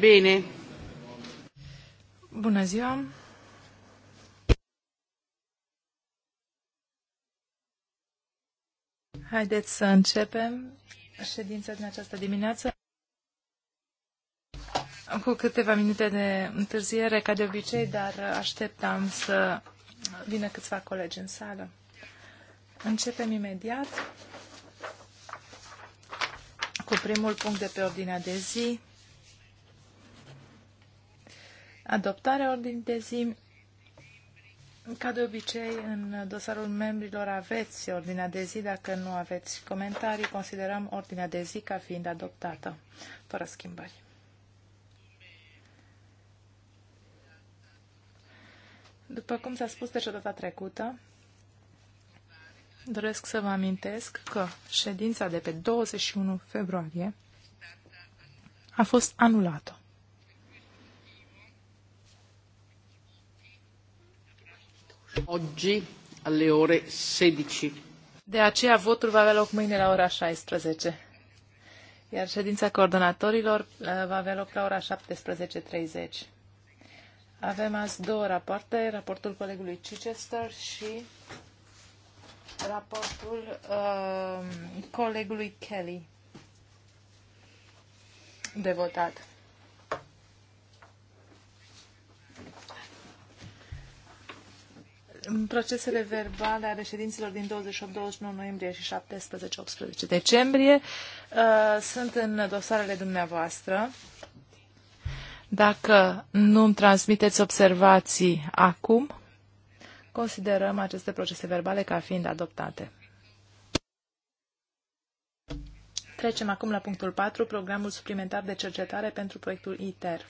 Bine. Bună ziua. Haideți să începem ședința din această dimineață. Cu câteva minute de întârziere, ca de obicei, dar așteptam să vină câțiva colegi în sală. Începem imediat cu primul punct de pe ordinea de zi, Adoptarea ordinii de zi. Ca de obicei, în dosarul membrilor aveți ordinea de zi. Dacă nu aveți comentarii, considerăm ordinea de zi ca fiind adoptată, fără schimbări. După cum s-a spus deja data trecută, doresc să vă amintesc că ședința de pe 21 februarie a fost anulată. Oggi alle ore 16. De aceea votul va avea loc mâine la ora 16. Iar ședința coordonatorilor uh, va avea loc la ora 17.30. Avem azi două rapoarte, raportul colegului Chichester și raportul uh, colegului Kelly de votat. procesele verbale ale ședințelor din 28-29 noiembrie și 17-18 decembrie uh, sunt în dosarele dumneavoastră. Dacă nu îmi transmiteți observații acum, considerăm aceste procese verbale ca fiind adoptate. Trecem acum la punctul 4, programul suplimentar de cercetare pentru proiectul ITER.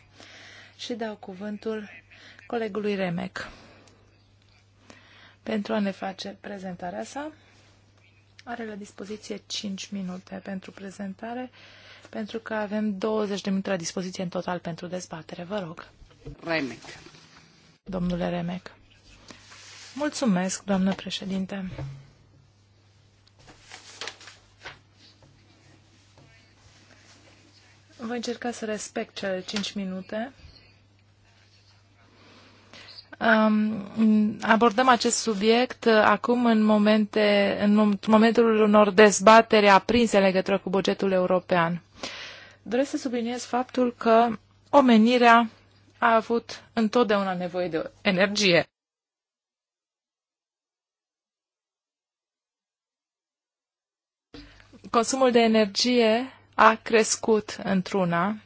Și dau cuvântul colegului Remec pentru a ne face prezentarea sa. Are la dispoziție 5 minute pentru prezentare, pentru că avem 20 de minute la dispoziție în total pentru dezbatere. Vă rog. Remec. Domnule Remec. Mulțumesc, doamnă președinte. Voi încerca să respect cele 5 minute abordăm acest subiect uh, acum în, momente, în momentul unor dezbateri aprinse în legătură cu bugetul european. Doresc să subliniez faptul că omenirea a avut întotdeauna nevoie de energie. Consumul de energie a crescut într-una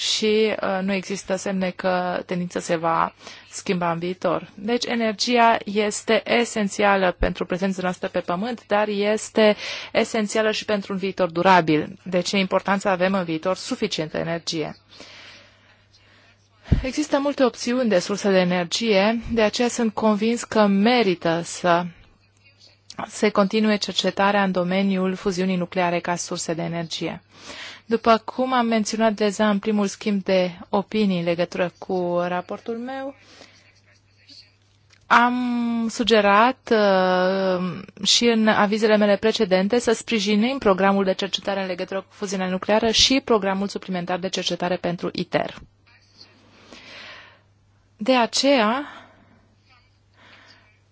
și uh, nu există semne că tendința se va schimba în viitor. Deci energia este esențială pentru prezența noastră pe Pământ, dar este esențială și pentru un viitor durabil. Deci e important să avem în viitor suficientă energie. Există multe opțiuni de surse de energie, de aceea sunt convins că merită să se continue cercetarea în domeniul fuziunii nucleare ca surse de energie. După cum am menționat deja în primul schimb de opinii în legătură cu raportul meu, am sugerat uh, și în avizele mele precedente să sprijinim programul de cercetare în legătură cu fuziunea nucleară și programul suplimentar de cercetare pentru ITER. De aceea,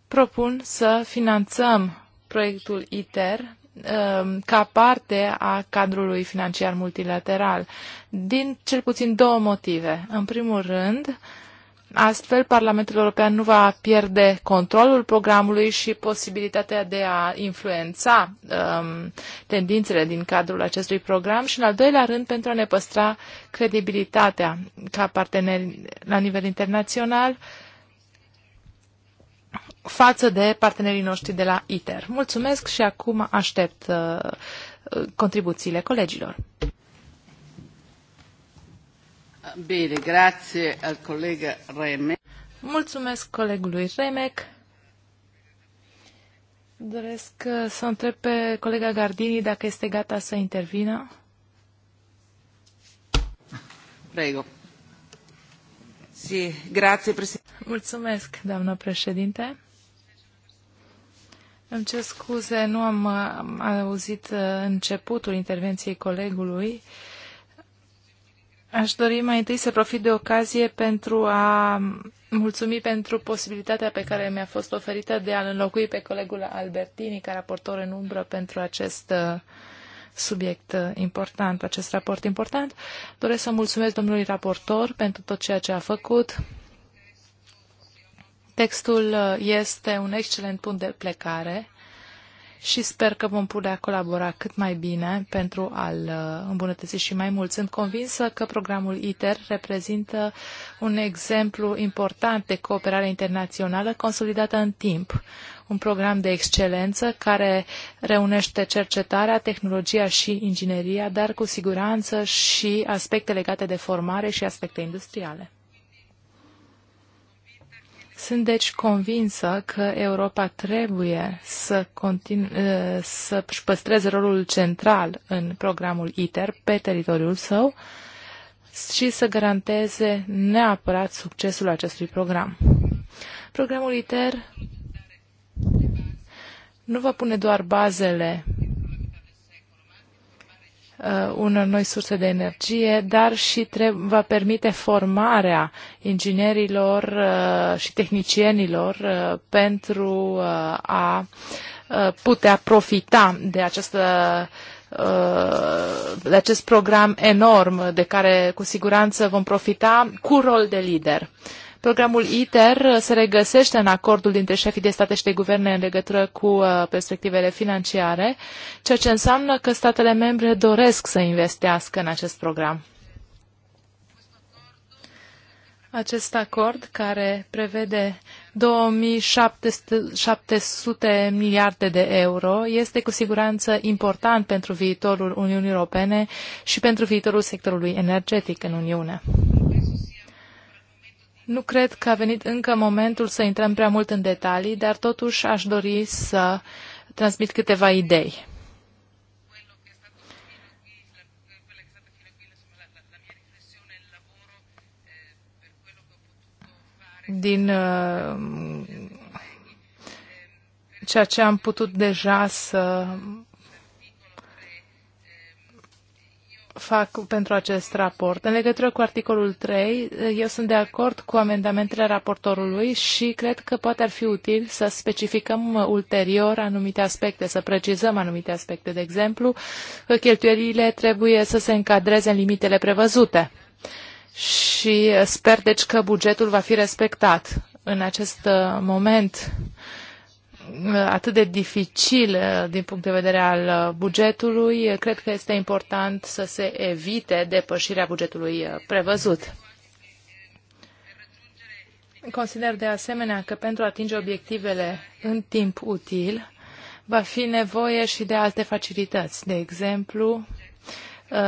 propun să finanțăm proiectul ITER Um, ca parte a cadrului financiar multilateral, din cel puțin două motive. În primul rând, astfel Parlamentul European nu va pierde controlul programului și posibilitatea de a influența um, tendințele din cadrul acestui program și, în al doilea rând, pentru a ne păstra credibilitatea ca parteneri la nivel internațional uh, față de partenerii noștri de la ITER. Mulțumesc și acum aștept uh, contribuțiile colegilor. Bine, grație al colegă Remec. Mulțumesc colegului Remec. Doresc uh, să întreb pe colega Gardini dacă este gata să intervină. Prego. Si, grazie, Mulțumesc, doamnă președinte. Îmi cer scuze, nu am, am auzit uh, începutul intervenției colegului. Aș dori mai întâi să profit de ocazie pentru a mulțumi pentru posibilitatea pe care mi-a fost oferită de a-l înlocui pe colegul Albertini, ca raportor în umbră pentru acest uh, subiect uh, important, acest raport important. Doresc să mulțumesc domnului raportor pentru tot ceea ce a făcut, Textul uh, este un excelent punct de plecare și sper că vom putea colabora cât mai bine pentru a-l uh, îmbunătăți și mai mult. Sunt convinsă că programul ITER reprezintă un exemplu important de cooperare internațională consolidată în timp. Un program de excelență care reunește cercetarea, tehnologia și ingineria, dar cu siguranță și aspecte legate de formare și aspecte industriale. Sunt deci convinsă că Europa trebuie să, continu- ă, să își păstreze rolul central în programul ITER pe teritoriul său și să garanteze neapărat succesul acestui program. Programul ITER nu va pune doar bazele uh, unor noi surse de energie, dar și va permite formarea inginerilor uh, și tehnicienilor uh, pentru uh, a uh, putea profita de această uh, de acest program enorm de care cu siguranță vom profita cu rol de lider. Programul ITER se regăsește în acordul dintre șefii de state și de guverne în legătură cu uh, perspectivele financiare, ceea ce înseamnă că statele membre doresc să investească în acest program. Acest acord care prevede 2700 miliarde de euro este cu siguranță important pentru viitorul Uniunii Europene și pentru viitorul sectorului energetic în Uniune. Nu cred că a venit încă momentul să intrăm prea mult în detalii, dar totuși aș dori să transmit câteva idei. Din uh, ceea ce am putut deja să fac pentru acest raport. În legătură cu articolul 3, eu sunt de acord cu amendamentele raportorului și cred că poate ar fi util să specificăm ulterior anumite aspecte, să precizăm anumite aspecte. De exemplu, că cheltuielile trebuie să se încadreze în limitele prevăzute. Și sper deci că bugetul va fi respectat. În acest moment atât de dificil uh, din punct de vedere al uh, bugetului, cred că este important să se evite depășirea bugetului uh, prevăzut. Consider de asemenea că pentru a atinge obiectivele în timp util, va fi nevoie și de alte facilități. De exemplu,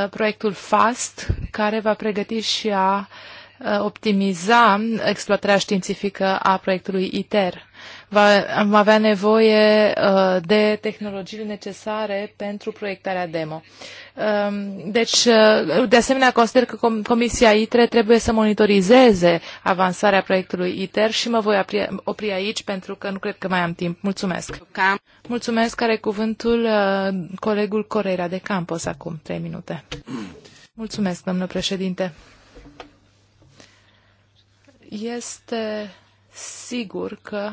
proiectul FAST, care va pregăti și a optimiza exploatarea științifică a proiectului ITER va avea nevoie uh, de tehnologiile necesare pentru proiectarea demo. Um, deci, uh, de asemenea, consider că Comisia ITRE trebuie să monitorizeze avansarea proiectului ITER și mă voi opri aici pentru că nu cred că mai am timp. Mulțumesc! Mulțumesc, care cuvântul uh, colegul Coreira de Campos acum, trei minute. Mulțumesc, domnule președinte. Este sigur că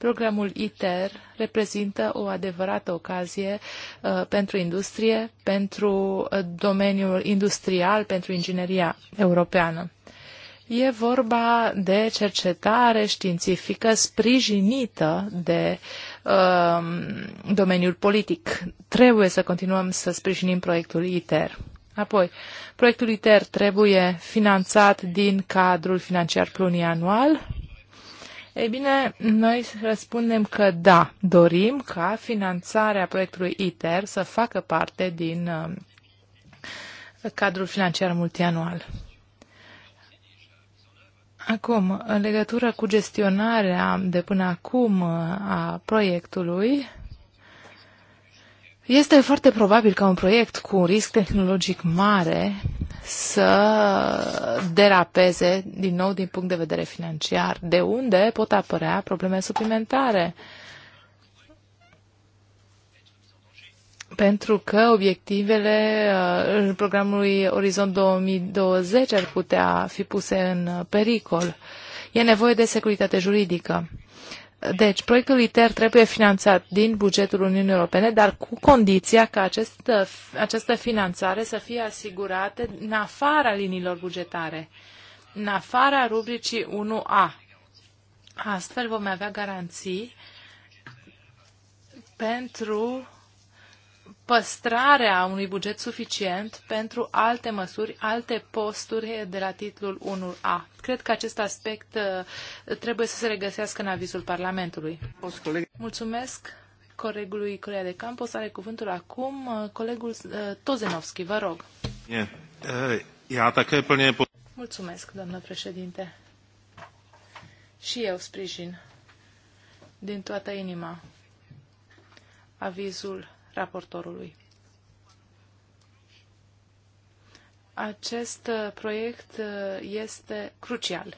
Programul ITER reprezintă o adevărată ocazie uh, pentru industrie, pentru uh, domeniul industrial, pentru ingineria europeană. E vorba de cercetare științifică sprijinită de uh, domeniul politic. Trebuie să continuăm să sprijinim proiectul ITER. Apoi, proiectul ITER trebuie finanțat din cadrul financiar plurianual, ei bine, noi răspundem că da, dorim ca finanțarea proiectului ITER să facă parte din uh, cadrul financiar multianual. Acum, în legătură cu gestionarea de până acum uh, a proiectului, este foarte probabil ca un proiect cu un risc tehnologic mare să derapeze din nou din punct de vedere financiar, de unde pot apărea probleme suplimentare. Pentru că obiectivele uh, în programului Orizont 2020 ar putea fi puse în pericol. E nevoie de securitate juridică. Deci, proiectul ITER trebuie finanțat din bugetul Uniunii Europene, dar cu condiția ca această, această finanțare să fie asigurată în afara liniilor bugetare, în afara rubricii 1A. Astfel vom avea garanții pentru păstrarea unui buget suficient pentru alte măsuri, alte posturi de la titlul 1A. Cred că acest aspect uh, trebuie să se regăsească în avizul Parlamentului. Mulțumesc colegului Corea de Campos. Are cuvântul acum uh, colegul uh, Tozenovski. Vă rog. Mulțumesc, doamnă președinte. Și eu sprijin din toată inima avizul raportorului. Acest proiect este crucial.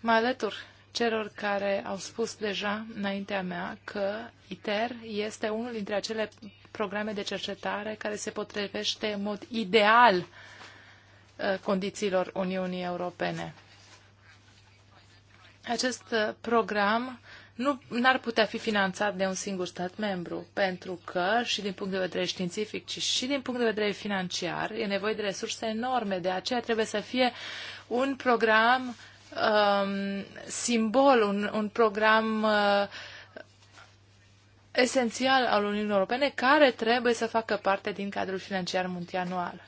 Mă alătur celor care au spus deja înaintea mea că ITER este unul dintre acele programe de cercetare care se potrivește în mod ideal uh, condițiilor Uniunii Europene acest uh, program nu ar putea fi finanțat de un singur stat membru, pentru că și din punct de vedere științific, ci și din punct de vedere financiar, e nevoie de resurse enorme. De aceea trebuie să fie un program um, simbol, un, un program uh, esențial al Uniunii Europene, care trebuie să facă parte din cadrul financiar multianual.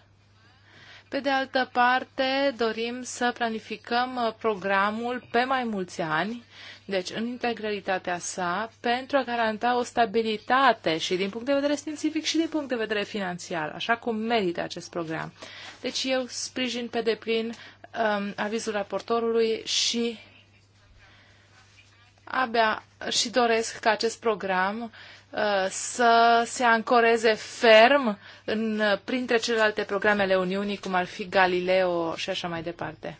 Pe de altă parte, dorim să planificăm uh, programul pe mai mulți ani, deci în integralitatea sa, pentru a garanta o stabilitate și din punct de vedere științific și din punct de vedere financiar, așa cum merită acest program. Deci eu sprijin pe deplin um, avizul raportorului și abia și doresc ca acest program uh, să se ancoreze ferm în, uh, printre celelalte programele Uniunii, cum ar fi Galileo și așa mai departe.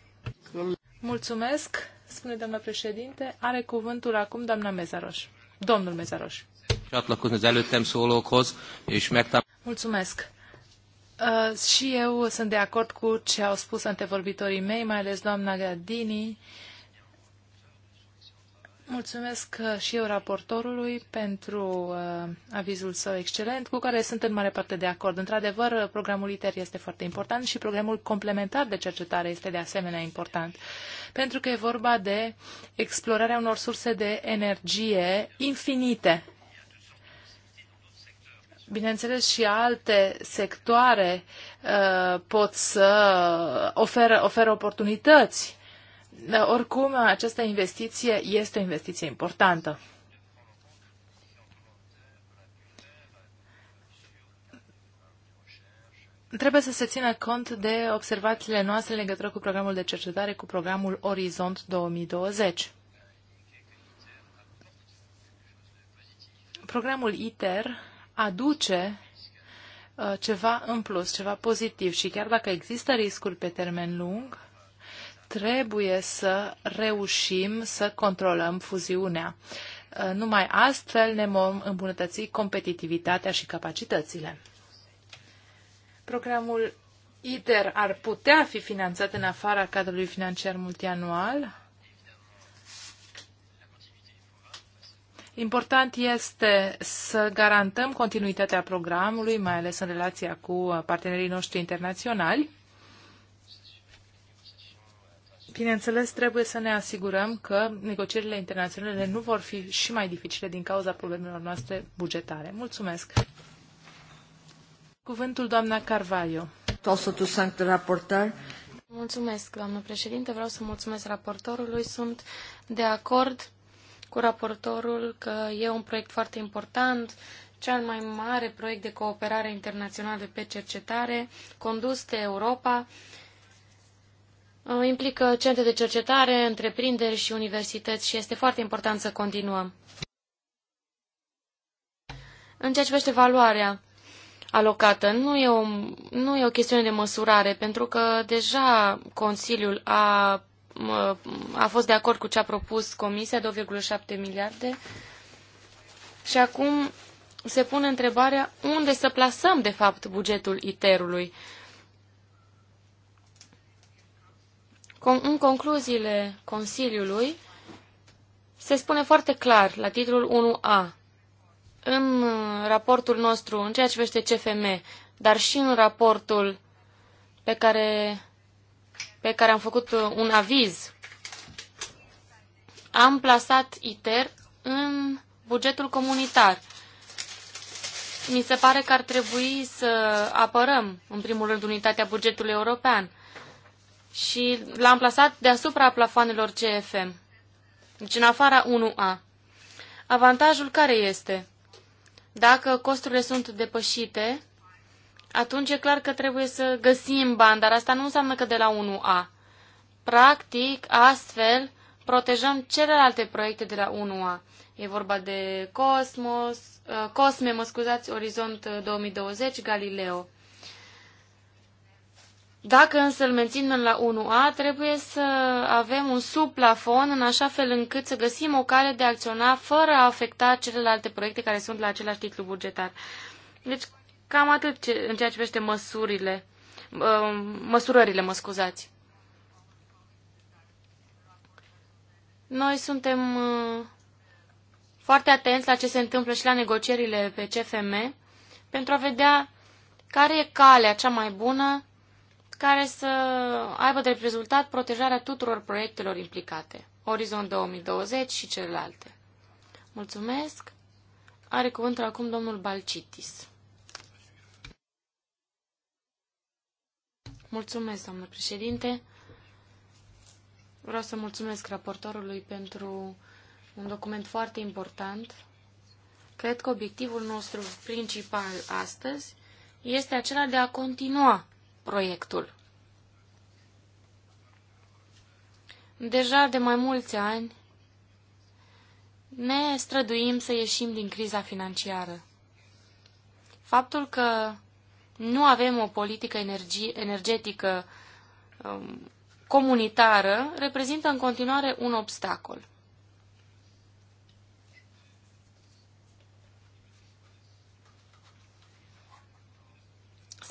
Mulțumesc, spune doamna președinte. Are cuvântul acum doamna Mezaroș. Domnul Mezaroș. Mulțumesc. Uh, și eu sunt de acord cu ce au spus antevorbitorii mei, mai ales doamna Gardini. Mulțumesc uh, și eu raportorului pentru uh, avizul său excelent, cu care sunt în mare parte de acord. Într-adevăr, uh, programul ITER este foarte important și programul complementar de cercetare este de asemenea important, pentru că e vorba de explorarea unor surse de energie infinite. Bineînțeles, și alte sectoare uh, pot să oferă, oferă oportunități da, oricum, această investiție este o investiție importantă. Trebuie să se țină cont de observațiile noastre în legătură cu programul de cercetare, cu programul Orizont 2020. Programul ITER aduce uh, ceva în plus, ceva pozitiv și chiar dacă există riscuri pe termen lung, trebuie să reușim să controlăm fuziunea. Uh, numai astfel ne vom îmbunătăți competitivitatea și capacitățile. Programul ITER ar putea fi finanțat în afara cadrului financiar multianual. Important este să garantăm continuitatea programului, mai ales în relația cu uh, partenerii noștri internaționali. Bineînțeles, trebuie să ne asigurăm că negocierile internaționale nu vor fi și mai dificile din cauza problemelor noastre bugetare. Mulțumesc! Cuvântul doamna Carvalho. Mulțumesc, doamnă președinte. Vreau să mulțumesc raportorului. Sunt de acord cu raportorul că e un proiect foarte important, cel mai mare proiect de cooperare internațională pe cercetare, condus de Europa Uh, implică centre de cercetare, întreprinderi și universități și este foarte important să continuăm. În ceea ce privește valoarea alocată, nu e, o, nu e o chestiune de măsurare, pentru că deja Consiliul a, uh, a fost de acord cu ce a propus Comisia, 2,7 miliarde, și acum se pune întrebarea unde să plasăm, de fapt, bugetul ITER-ului. În concluziile Consiliului se spune foarte clar la titlul 1A în raportul nostru în ceea ce vește CFM, dar și în raportul pe care, pe care am făcut un aviz, am plasat ITER în bugetul comunitar. Mi se pare că ar trebui să apărăm, în primul rând, unitatea bugetului european și l-am plasat deasupra plafoanelor CFM, deci în afara 1A. Avantajul care este? Dacă costurile sunt depășite, atunci e clar că trebuie să găsim bani, dar asta nu înseamnă că de la 1A. Practic, astfel, protejăm celelalte proiecte de la 1A. E vorba de Cosmos, uh, Cosme, mă scuzați, Orizont 2020, uh, Galileo. Dacă însă îl menținem la 1A, trebuie să avem un subplafon în așa fel încât să găsim o cale de a acționa fără a afecta celelalte proiecte care sunt la același titlu bugetar. Deci, cam atât ce, în ceea ce privește măsurile, um, măsurările, mă scuzați. Noi suntem uh, foarte atenți la ce se întâmplă și la negocierile pe CFM pentru a vedea care e calea cea mai bună care să aibă drept rezultat protejarea tuturor proiectelor implicate, Orizont 2020 și celelalte. Mulțumesc! Are cuvântul acum domnul Balcitis. Mulțumesc, domnul președinte. Vreau să mulțumesc raportorului pentru un document foarte important. Cred că obiectivul nostru principal astăzi este acela de a continua proiectul. Deja de mai mulți ani ne străduim să ieșim din criza financiară. Faptul că nu avem o politică energie, energetică um, comunitară reprezintă în continuare un obstacol.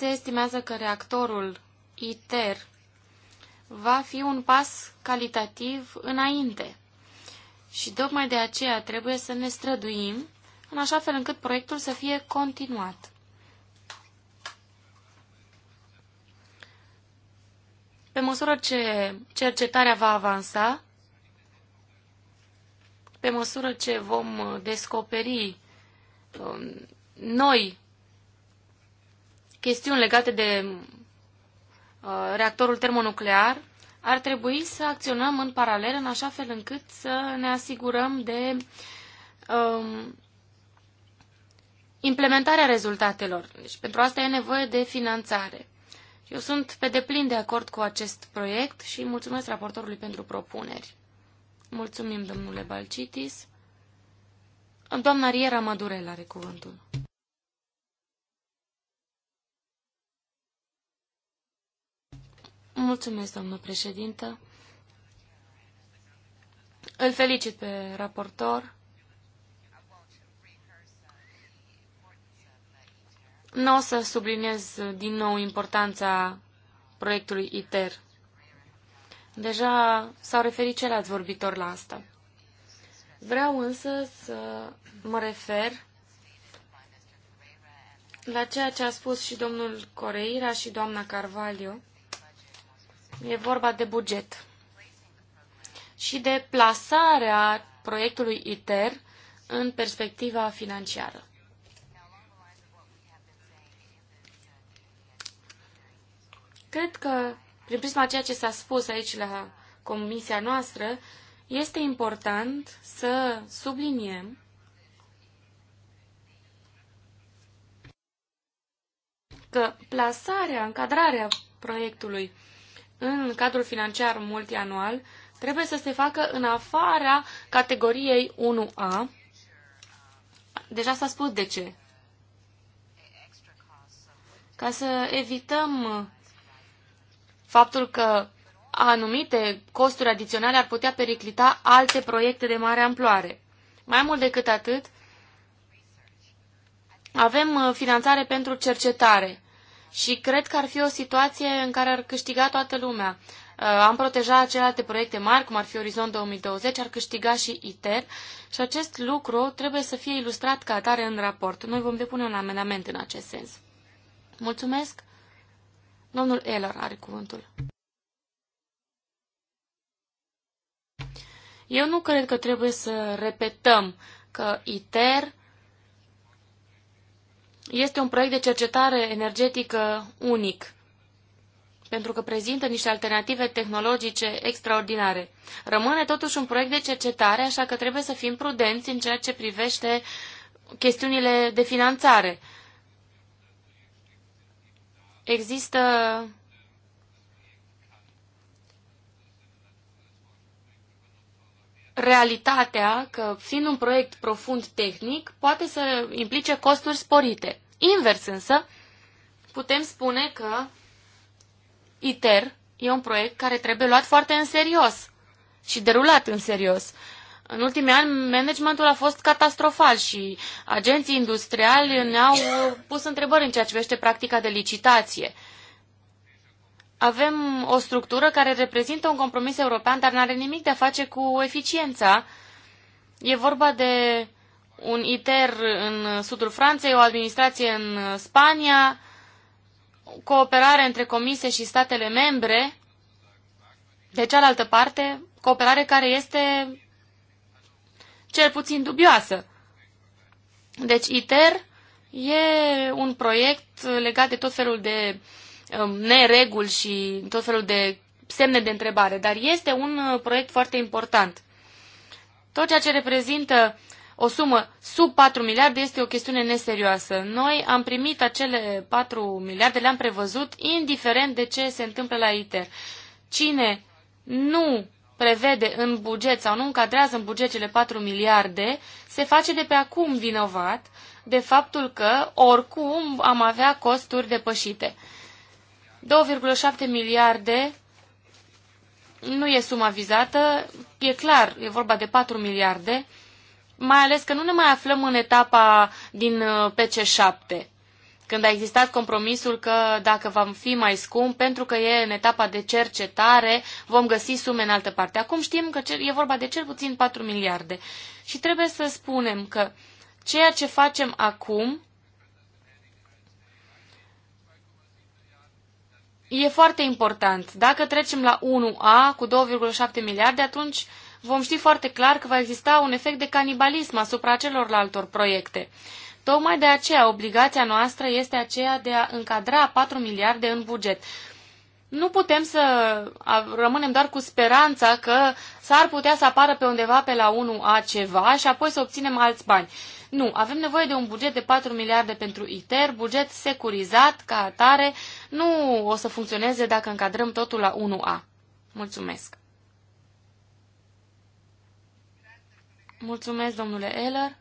se estimează că reactorul ITER va fi un pas calitativ înainte. Și tocmai de aceea trebuie să ne străduim în așa fel încât proiectul să fie continuat. Pe măsură ce cercetarea va avansa, pe măsură ce vom descoperi um, noi chestiuni legate de uh, reactorul termonuclear, ar trebui să acționăm în paralel în așa fel încât să ne asigurăm de um, implementarea rezultatelor. Deci pentru asta e nevoie de finanțare. Eu sunt pe deplin de acord cu acest proiect și mulțumesc raportorului pentru propuneri. Mulțumim, domnule Balcitis. Doamna Riera Madurel are cuvântul. Mulțumesc, doamnă președintă. Îl felicit pe raportor. Nu o să subliniez din nou importanța proiectului ITER. Deja s-au referit ceilalți vorbitori la asta. Vreau însă să mă refer la ceea ce a spus și domnul Coreira și doamna Carvalho E vorba de buget și de plasarea proiectului ITER în perspectiva financiară. Cred că, prin prisma ceea ce s-a spus aici la comisia noastră, este important să subliniem că plasarea, încadrarea proiectului în cadrul financiar multianual trebuie să se facă în afara categoriei 1A. Deja s-a spus de ce. Ca să evităm faptul că anumite costuri adiționale ar putea periclita alte proiecte de mare amploare. Mai mult decât atât, avem uh, finanțare pentru cercetare. Și cred că ar fi o situație în care ar câștiga toată lumea. Uh, am protejat celelalte proiecte mari, cum ar fi Orizont 2020, ar câștiga și ITER și acest lucru trebuie să fie ilustrat ca atare în raport. Noi vom depune un amendament în acest sens. Mulțumesc. Domnul Eller are cuvântul. Eu nu cred că trebuie să repetăm că ITER este un proiect de cercetare energetică unic, pentru că prezintă niște alternative tehnologice extraordinare. Rămâne totuși un proiect de cercetare, așa că trebuie să fim prudenți în ceea ce privește chestiunile de finanțare. Există realitatea că, fiind un proiect profund tehnic, poate să implice costuri sporite. Invers însă, putem spune că ITER e un proiect care trebuie luat foarte în serios și derulat în serios. În ultimii ani, managementul a fost catastrofal și agenții industriali ne-au pus întrebări în ceea ce privește practica de licitație. Avem o structură care reprezintă un compromis european, dar nu are nimic de a face cu eficiența. E vorba de un ITER în sudul Franței, o administrație în Spania, cooperare între comise și statele membre, de cealaltă parte, cooperare care este cel puțin dubioasă. Deci ITER e un proiect legat de tot felul de um, nereguli și tot felul de semne de întrebare, dar este un uh, proiect foarte important. Tot ceea ce reprezintă o sumă sub 4 miliarde este o chestiune neserioasă. Noi am primit acele 4 miliarde, le-am prevăzut, indiferent de ce se întâmplă la ITER. Cine nu prevede în buget sau nu încadrează în buget cele 4 miliarde, se face de pe acum vinovat de faptul că oricum am avea costuri depășite. 2,7 miliarde nu e suma vizată, e clar, e vorba de 4 miliarde, mai ales că nu ne mai aflăm în etapa din uh, PC7, când a existat compromisul că dacă vom fi mai scump, pentru că e în etapa de cercetare, vom găsi sume în altă parte. Acum știm că e vorba de cel puțin 4 miliarde. Și trebuie să spunem că ceea ce facem acum e foarte important. Dacă trecem la 1A cu 2,7 miliarde, atunci vom ști foarte clar că va exista un efect de canibalism asupra celorlaltor proiecte. Tocmai de aceea obligația noastră este aceea de a încadra 4 miliarde în buget. Nu putem să rămânem doar cu speranța că s-ar putea să apară pe undeva pe la 1A ceva și apoi să obținem alți bani. Nu, avem nevoie de un buget de 4 miliarde pentru ITER, buget securizat ca atare, nu o să funcționeze dacă încadrăm totul la 1A. Mulțumesc! Mulțumesc, domnule Eller.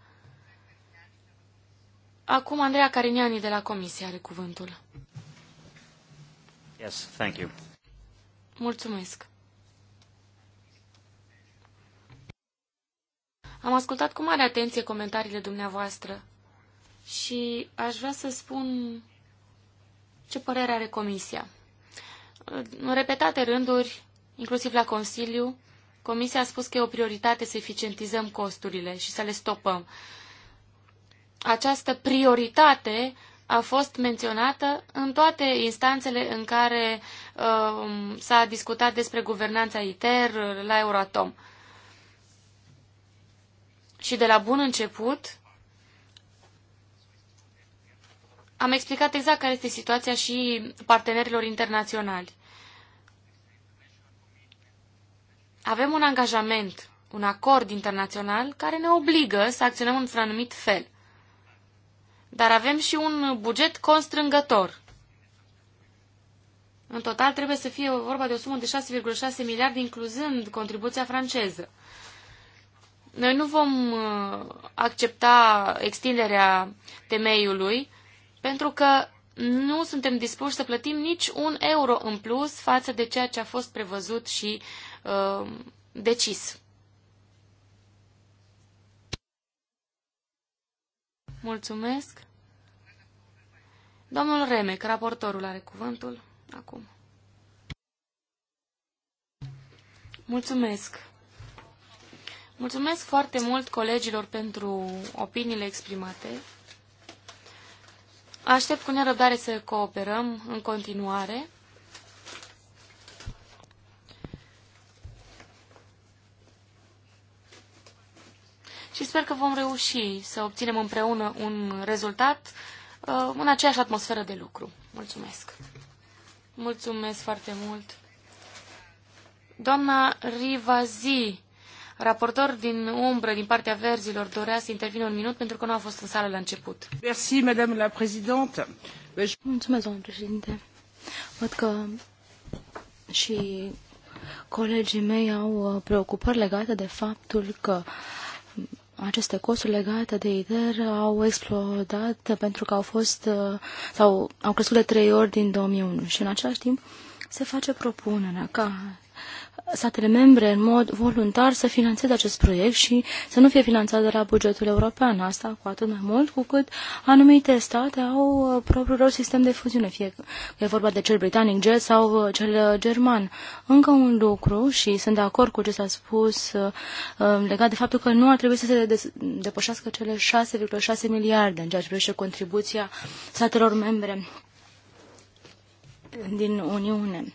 Acum Andreea Cariniani de la Comisie are cuvântul. Yes, thank you. Mulțumesc. Am ascultat cu mare atenție comentariile dumneavoastră și aș vrea să spun ce părere are Comisia. În repetate rânduri, inclusiv la Consiliu, Comisia a spus că e o prioritate să eficientizăm costurile și să le stopăm. Această prioritate a fost menționată în toate instanțele în care um, s-a discutat despre guvernanța ITER la Euratom. Și de la bun început am explicat exact care este situația și partenerilor internaționali. avem un angajament, un acord internațional care ne obligă să acționăm într-un anumit fel. Dar avem și un buget constrângător. În total trebuie să fie vorba de o sumă de 6,6 miliarde, incluzând contribuția franceză. Noi nu vom uh, accepta extinderea temeiului, pentru că nu suntem dispuși să plătim nici un euro în plus față de ceea ce a fost prevăzut și Uh, decis. Mulțumesc. Domnul Remec, raportorul, are cuvântul acum. Mulțumesc. Mulțumesc foarte mult colegilor pentru opiniile exprimate. Aștept cu nerăbdare să cooperăm în continuare. și sper că vom reuși să obținem împreună un rezultat uh, în aceeași atmosferă de lucru. Mulțumesc! Mulțumesc foarte mult! Doamna Rivazi, raportor din umbră din partea verzilor, dorea să intervină un minut pentru că nu a fost în sală la început. Merci, madame la présidente. Mulțumesc, doamnă președinte. Văd că și colegii mei au uh, preocupări legate de faptul că uh, aceste costuri legate de ITER au explodat pentru că au fost sau au crescut de trei ori din 2001 și în același timp se face propunerea ca statele membre în mod voluntar să finanțeze acest proiect și să nu fie finanțat de la bugetul european. Asta cu atât mai mult cu cât anumite state au uh, propriul lor sistem de fuziune, fie că e vorba de cel britanic GET sau uh, cel uh, german. Încă un lucru și sunt de acord cu ce s-a spus legat de faptul că nu ar trebui să se depășească cele 6,6 miliarde în ceea ce privește contribuția statelor membre din Uniune.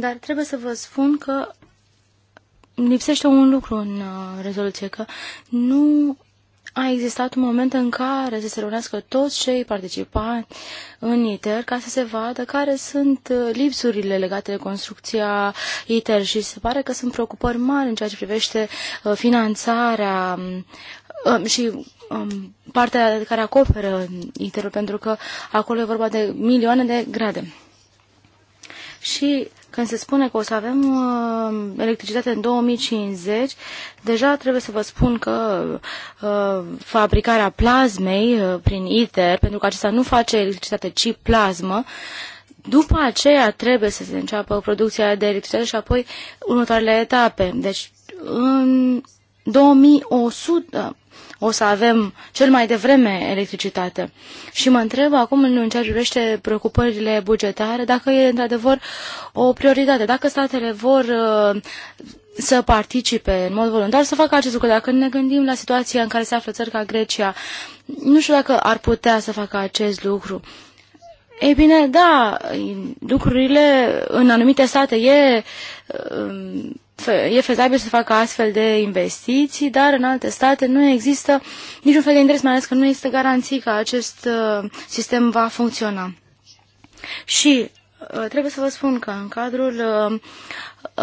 Dar trebuie să vă spun că lipsește un lucru în uh, rezoluție, că nu a existat un moment în care să se reunească toți cei participanți în ITER ca să se vadă care sunt uh, lipsurile legate de construcția ITER și se pare că sunt preocupări mari în ceea ce privește uh, finanțarea um, um, și um, partea care acoperă ITER-ul, pentru că acolo e vorba de milioane de grade. Și când se spune că o să avem uh, electricitate în 2050, deja trebuie să vă spun că uh, fabricarea plasmei uh, prin ITER, pentru că acesta nu face electricitate, ci plasmă, după aceea trebuie să se înceapă producția de electricitate și apoi următoarele etape. Deci în 2100, o să avem cel mai devreme electricitate. Și mă întreb acum în ceea ce privește preocupările bugetare, dacă e într-adevăr o prioritate, dacă statele vor uh, să participe în mod voluntar, să facă acest lucru. Dacă ne gândim la situația în care se află țări ca Grecia, nu știu dacă ar putea să facă acest lucru. Ei bine, da, lucrurile în anumite state e um, e fezabil să facă astfel de investiții, dar în alte state nu există niciun fel de interes, mai ales că nu există garanții că acest uh, sistem va funcționa. Și Uh, trebuie să vă spun că în cadrul uh,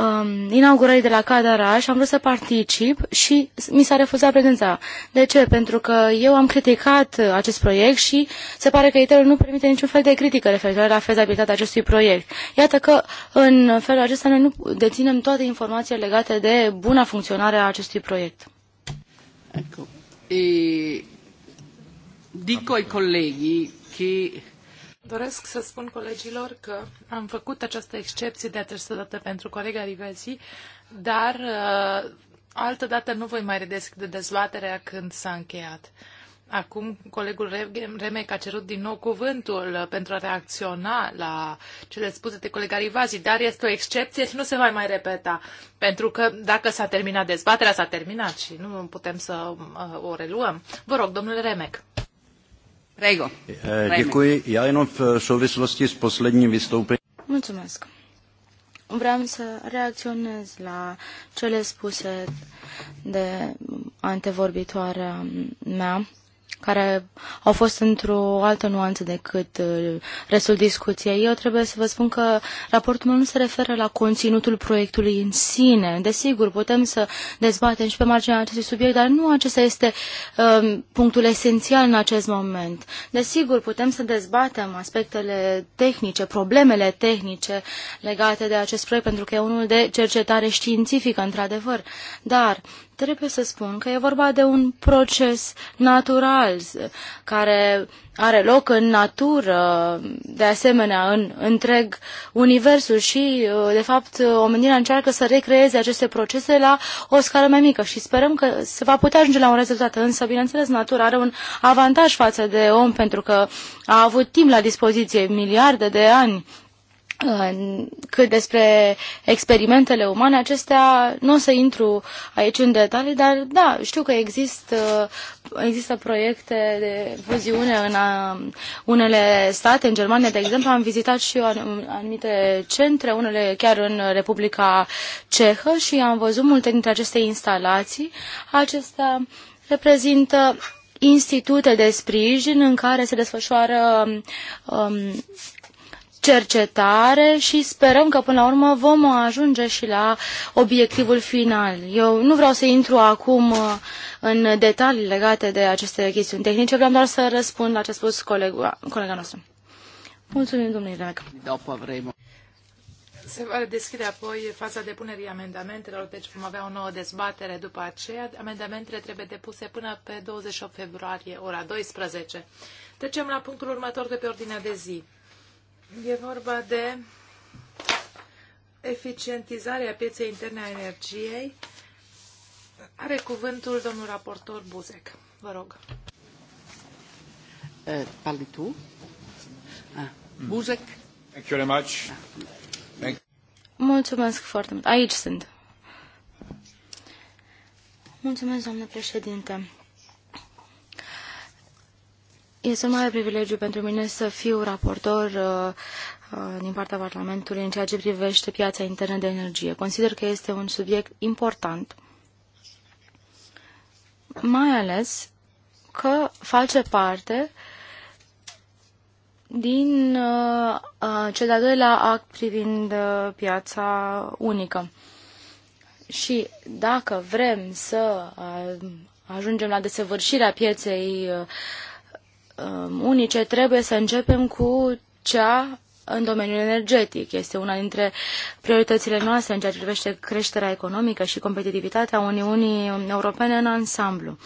um, inaugurării de la Cadaraș am vrut să particip și mi s-a refuzat prezența. De ce? Pentru că eu am criticat acest proiect și se pare că iter nu permite niciun fel de critică referitoare la fezabilitatea acestui proiect. Iată că în felul acesta noi nu deținem toate informațiile legate de buna funcționare a acestui proiect. Ecco. E... Dico ai colleghi che Doresc să spun colegilor că am făcut această excepție de această dată pentru colega Rivesi, dar uh, altă dată nu voi mai redeschide dezbaterea când s-a încheiat. Acum colegul Remec a cerut din nou cuvântul uh, pentru a reacționa la cele spuse de colega Rivazi, dar este o excepție și nu se va mai repeta, pentru că dacă s-a terminat dezbaterea, s-a terminat și nu putem să uh, o reluăm. Vă rog, domnule Remec. Prego. Eh, děkuji. Já jenom eh, v souvislosti s posledním vystoupením. Mulțumesc. Vreau să reacționez la cele spuse de antevorbitoarea mea care au fost într-o altă nuanță decât uh, restul discuției. Eu trebuie să vă spun că raportul meu nu se referă la conținutul proiectului în sine. Desigur, putem să dezbatem și pe marginea acestui subiect, dar nu acesta este um, punctul esențial în acest moment. Desigur, putem să dezbatem aspectele tehnice, problemele tehnice legate de acest proiect, pentru că e unul de cercetare științifică, într-adevăr. Dar Trebuie să spun că e vorba de un proces natural care are loc în natură, de asemenea în întreg universul și, uh, de fapt, omenirea încearcă să recreeze aceste procese la o scară mai mică și sperăm că se va putea ajunge la un rezultat. Însă, bineînțeles, natura are un avantaj față de om pentru că a avut timp la dispoziție miliarde de ani cât despre experimentele umane, acestea nu o să intru aici în detalii, dar da, știu că există, uh, există proiecte de fuziune în a, uh, unele state, în Germania, de exemplu, am vizitat și eu anumite centre, unele chiar în Republica Cehă și am văzut multe dintre aceste instalații. Acestea reprezintă institute de sprijin în care se desfășoară um, cercetare și sperăm că până la urmă vom ajunge și la obiectivul final. Eu nu vreau să intru acum uh, în detalii legate de aceste chestiuni tehnice, vreau doar să răspund la ce a spus colegul colega noastră. Mulțumim, domnule Rac. Se va deschide apoi faza depunerii amendamentelor, deci vom avea o nouă dezbatere după aceea. Amendamentele trebuie depuse până pe 28 februarie, ora 12. Trecem la punctul următor de pe ordinea de zi. E vorba de eficientizarea pieței interne a energiei. Are cuvântul domnul raportor Buzec. Vă rog. Uh, parli tu? Ah, Buzek. Thank you very much. Ah. Thank Mulțumesc foarte mult. Aici sunt. Mulțumesc, doamnă președinte. Este un mare privilegiu pentru mine să fiu raportor uh, uh, din partea Parlamentului în ceea ce privește piața internă de energie. Consider că este un subiect important, mai ales că face parte din uh, cel de-al doilea act privind piața unică. Și dacă vrem să ajungem la desăvârșirea pieței uh, Um, unice, trebuie să începem cu cea în domeniul energetic. Este una dintre prioritățile noastre în ceea ce privește creșterea economică și competitivitatea Uniunii Europene în ansamblu.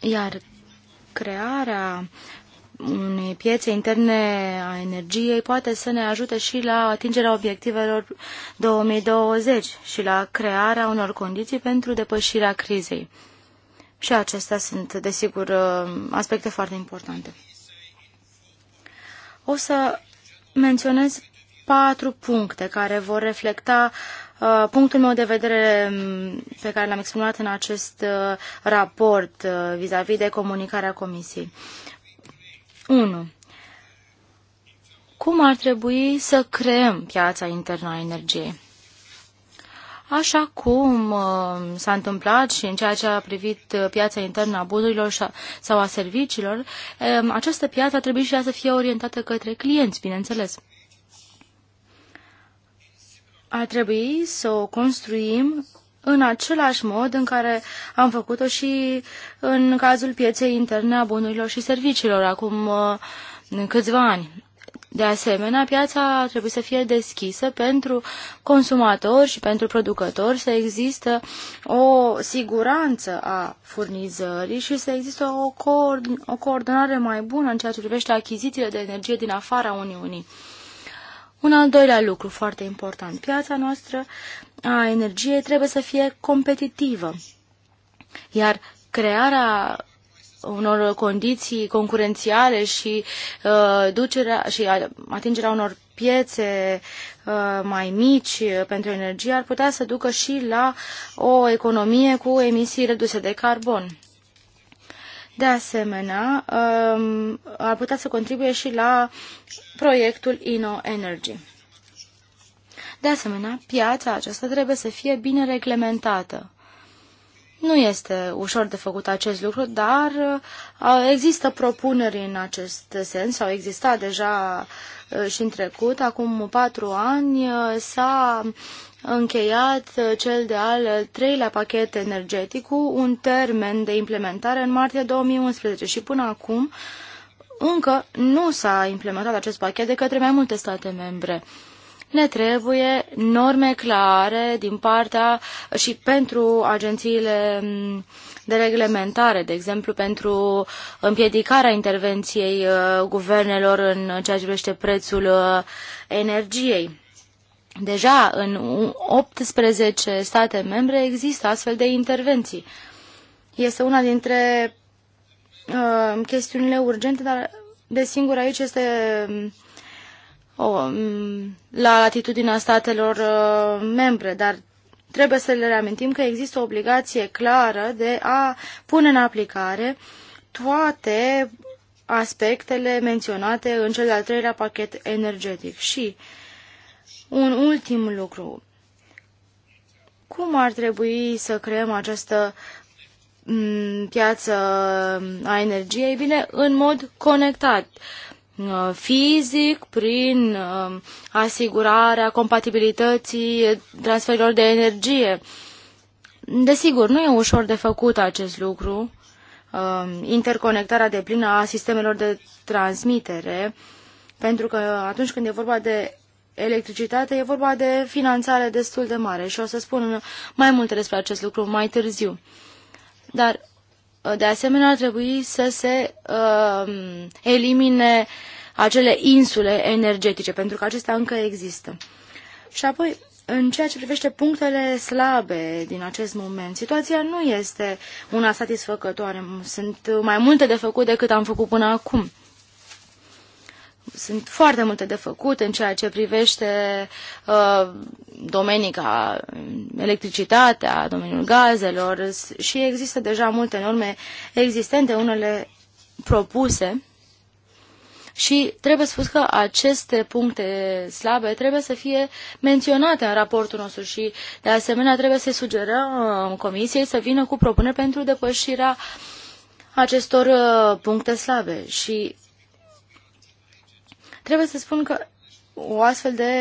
Iar crearea unei piețe interne a energiei poate să ne ajute și la atingerea obiectivelor 2020 și la crearea unor condiții pentru depășirea crizei. Și acestea sunt, desigur, uh, aspecte foarte importante. O să menționez patru puncte care vor reflecta uh, punctul meu de vedere mm, pe care l-am exprimat în acest uh, raport vis-a-vis -vis de comunicarea Comisiei. 1. Cum ar trebui să creăm piața internă a energiei? așa cum uh, s-a întâmplat și în ceea ce a privit uh, piața internă a bunurilor sau a serviciilor, um, această piață a trebuit și ea să fie orientată către clienți, bineînțeles. Ar trebui să o construim în același mod în care am făcut-o și în cazul pieței interne a bunurilor și serviciilor acum uh, câțiva ani. De asemenea, piața trebuie să fie deschisă pentru consumatori și pentru producători, să există o siguranță a furnizării și să există o, coord o coordonare mai bună în ceea ce privește achizițiile de energie din afara Uniunii. Un al doilea lucru foarte important, piața noastră a energiei trebuie să fie competitivă, iar crearea unor condiții concurențiale și uh, ducerea și atingerea unor piețe uh, mai mici pentru energie ar putea să ducă și la o economie cu emisii reduse de carbon. De asemenea, uh, ar putea să contribuie și la proiectul Ino Energy. De asemenea, piața aceasta trebuie să fie bine reglementată nu este ușor de făcut acest lucru, dar uh, există propuneri în acest sens, sau exista deja uh, și în trecut. Acum patru ani uh, s-a încheiat cel de-al treilea pachet energetic cu un termen de implementare în martie 2011 și până acum încă nu s-a implementat acest pachet de către mai multe state membre ne trebuie norme clare din partea și pentru agențiile mm, de reglementare, de exemplu pentru împiedicarea intervenției uh, guvernelor în ceea ce privește prețul uh, energiei. Deja în 18 state membre există astfel de intervenții. Este una dintre uh, chestiunile urgente, dar de singur aici este mm, Mm, la latitudinea statelor uh, membre, dar trebuie să le reamintim că există o obligație clară de a pune în aplicare toate aspectele menționate în cel de-al treilea pachet energetic. Și un ultim lucru. Cum ar trebui să creăm această mm, piață a energiei? Bine, în mod conectat. Uh, fizic, prin uh, asigurarea compatibilității transferilor de energie. Desigur, nu e ușor de făcut acest lucru, uh, interconectarea de plină a sistemelor de transmitere, pentru că atunci când e vorba de electricitate, e vorba de finanțare destul de mare și o să spun mai multe despre acest lucru mai târziu. Dar de asemenea, ar trebui să se uh, elimine acele insule energetice, pentru că acestea încă există. Și apoi, în ceea ce privește punctele slabe din acest moment, situația nu este una satisfăcătoare. Sunt mai multe de făcut decât am făcut până acum sunt foarte multe de făcut în ceea ce privește uh, domenii ca electricitatea, domeniul gazelor și există deja multe norme existente, unele propuse și trebuie spus că aceste puncte slabe trebuie să fie menționate în raportul nostru și de asemenea trebuie să sugerăm uh, comisiei să vină cu propuneri pentru depășirea acestor uh, puncte slabe și Trebuie să spun că o astfel de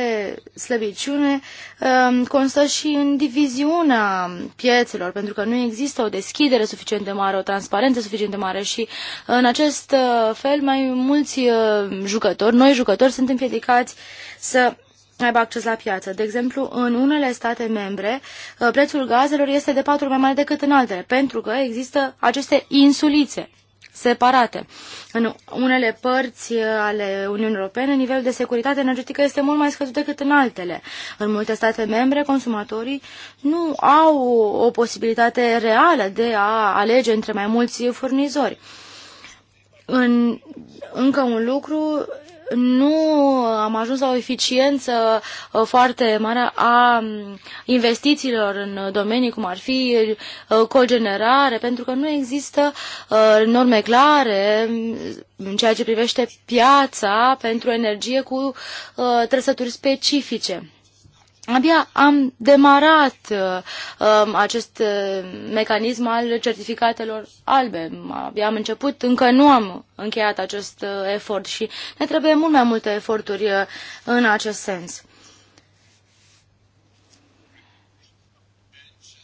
slăbiciune um, constă și în diviziunea piețelor, pentru că nu există o deschidere suficient de mare, o transparență suficient de mare și în acest uh, fel mai mulți uh, jucători, noi jucători, sunt împiedicați să aibă acces la piață. De exemplu, în unele state membre, uh, prețul gazelor este de patru mai mare decât în altele, pentru că există aceste insulițe separate. În unele părți ale Uniunii Europene, nivelul de securitate energetică este mult mai scăzut decât în altele. În multe state membre, consumatorii nu au o posibilitate reală de a alege între mai mulți furnizori. În, încă un lucru nu am ajuns la o eficiență uh, foarte mare a mm, investițiilor în domenii cum ar fi uh, cogenerare, pentru că nu există uh, norme clare mm, în ceea ce privește piața pentru energie cu trăsături specifice. Abia am demarat uh, um, acest uh, mecanism al certificatelor albe. Abia am început, încă nu am încheiat acest uh, efort și ne trebuie mult mai multe eforturi uh, în acest sens.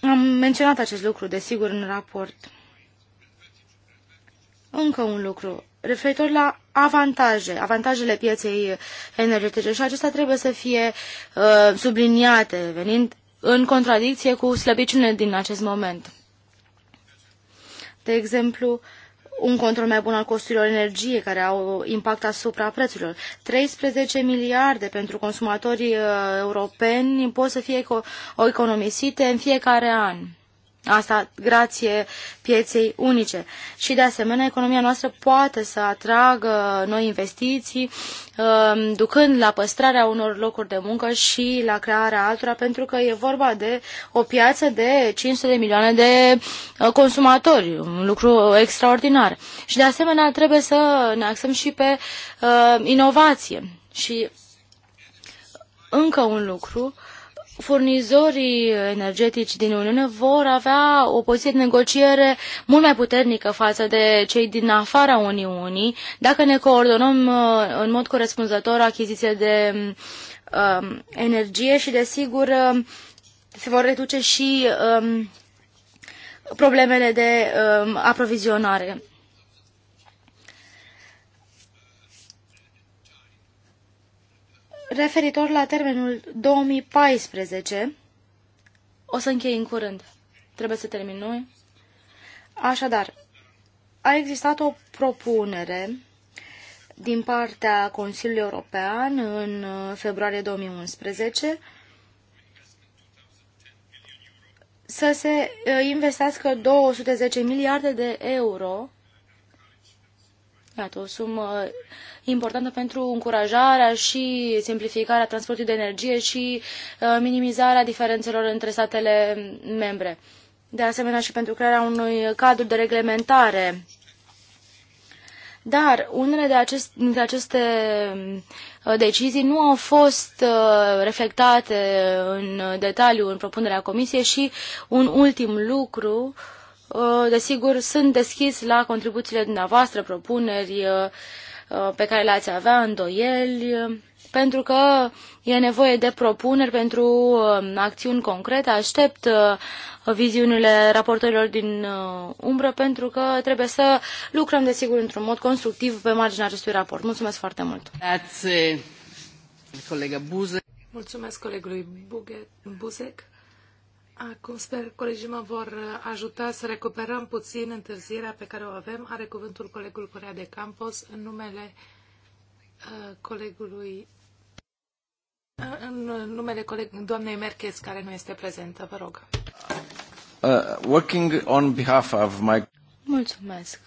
Am menționat acest lucru, desigur, în raport. Încă un lucru referitor la avantaje, avantajele pieței energetice și acestea trebuie să fie uh, subliniate, venind în contradicție cu slăbiciunile din acest moment. De exemplu, un control mai bun al costurilor energiei care au impact asupra prețurilor. 13 miliarde pentru consumatorii uh, europeni pot să fie economisite în fiecare an. Asta grație pieței unice. Și de asemenea, economia noastră poate să atragă noi investiții, um, ducând la păstrarea unor locuri de muncă și la crearea altora, pentru că e vorba de o piață de 500 de milioane de uh, consumatori, un lucru extraordinar. Și de asemenea, trebuie să ne axăm și pe uh, inovație. Și încă un lucru, uh, furnizorii energetici din Uniune vor avea o poziție de negociere mult mai puternică față de cei din afara Uniunii dacă ne coordonăm uh, în mod corespunzător achiziție de um, energie și, desigur, um, se vor reduce și um, problemele de um, aprovizionare. Referitor la termenul 2014, o să închei în curând. Trebuie să termin noi. Așadar, a existat o propunere din partea Consiliului European în februarie 2011 să se investească 210 miliarde de euro, iată o sumă importantă pentru încurajarea și simplificarea transportului de energie și uh, minimizarea diferențelor între statele membre. De asemenea și pentru crearea unui cadru de reglementare. Dar unele de acest, dintre aceste uh, decizii nu au fost uh, reflectate în detaliu în propunerea comisiei și un ultim lucru Desigur, sunt deschis la contribuțiile dumneavoastră, propuneri Uh, pe care le-ați avea, îndoieli, uh, pentru că e nevoie de propuneri pentru uh, acțiuni concrete. Aștept viziunile raportorilor din umbră pentru că trebuie să lucrăm, desigur, într-un mod constructiv pe marginea acestui raport. Mulțumesc foarte mult! Mulțumesc colegului Buzek. Acum sper colegii mă vor ajuta să recuperăm puțin întârzierea pe care o avem. Are cuvântul colegul Corea de Campos în numele uh, colegului uh, în numele coleg, doamnei Merkes, care nu este prezentă, vă rog. Uh, working on behalf of my... Mulțumesc.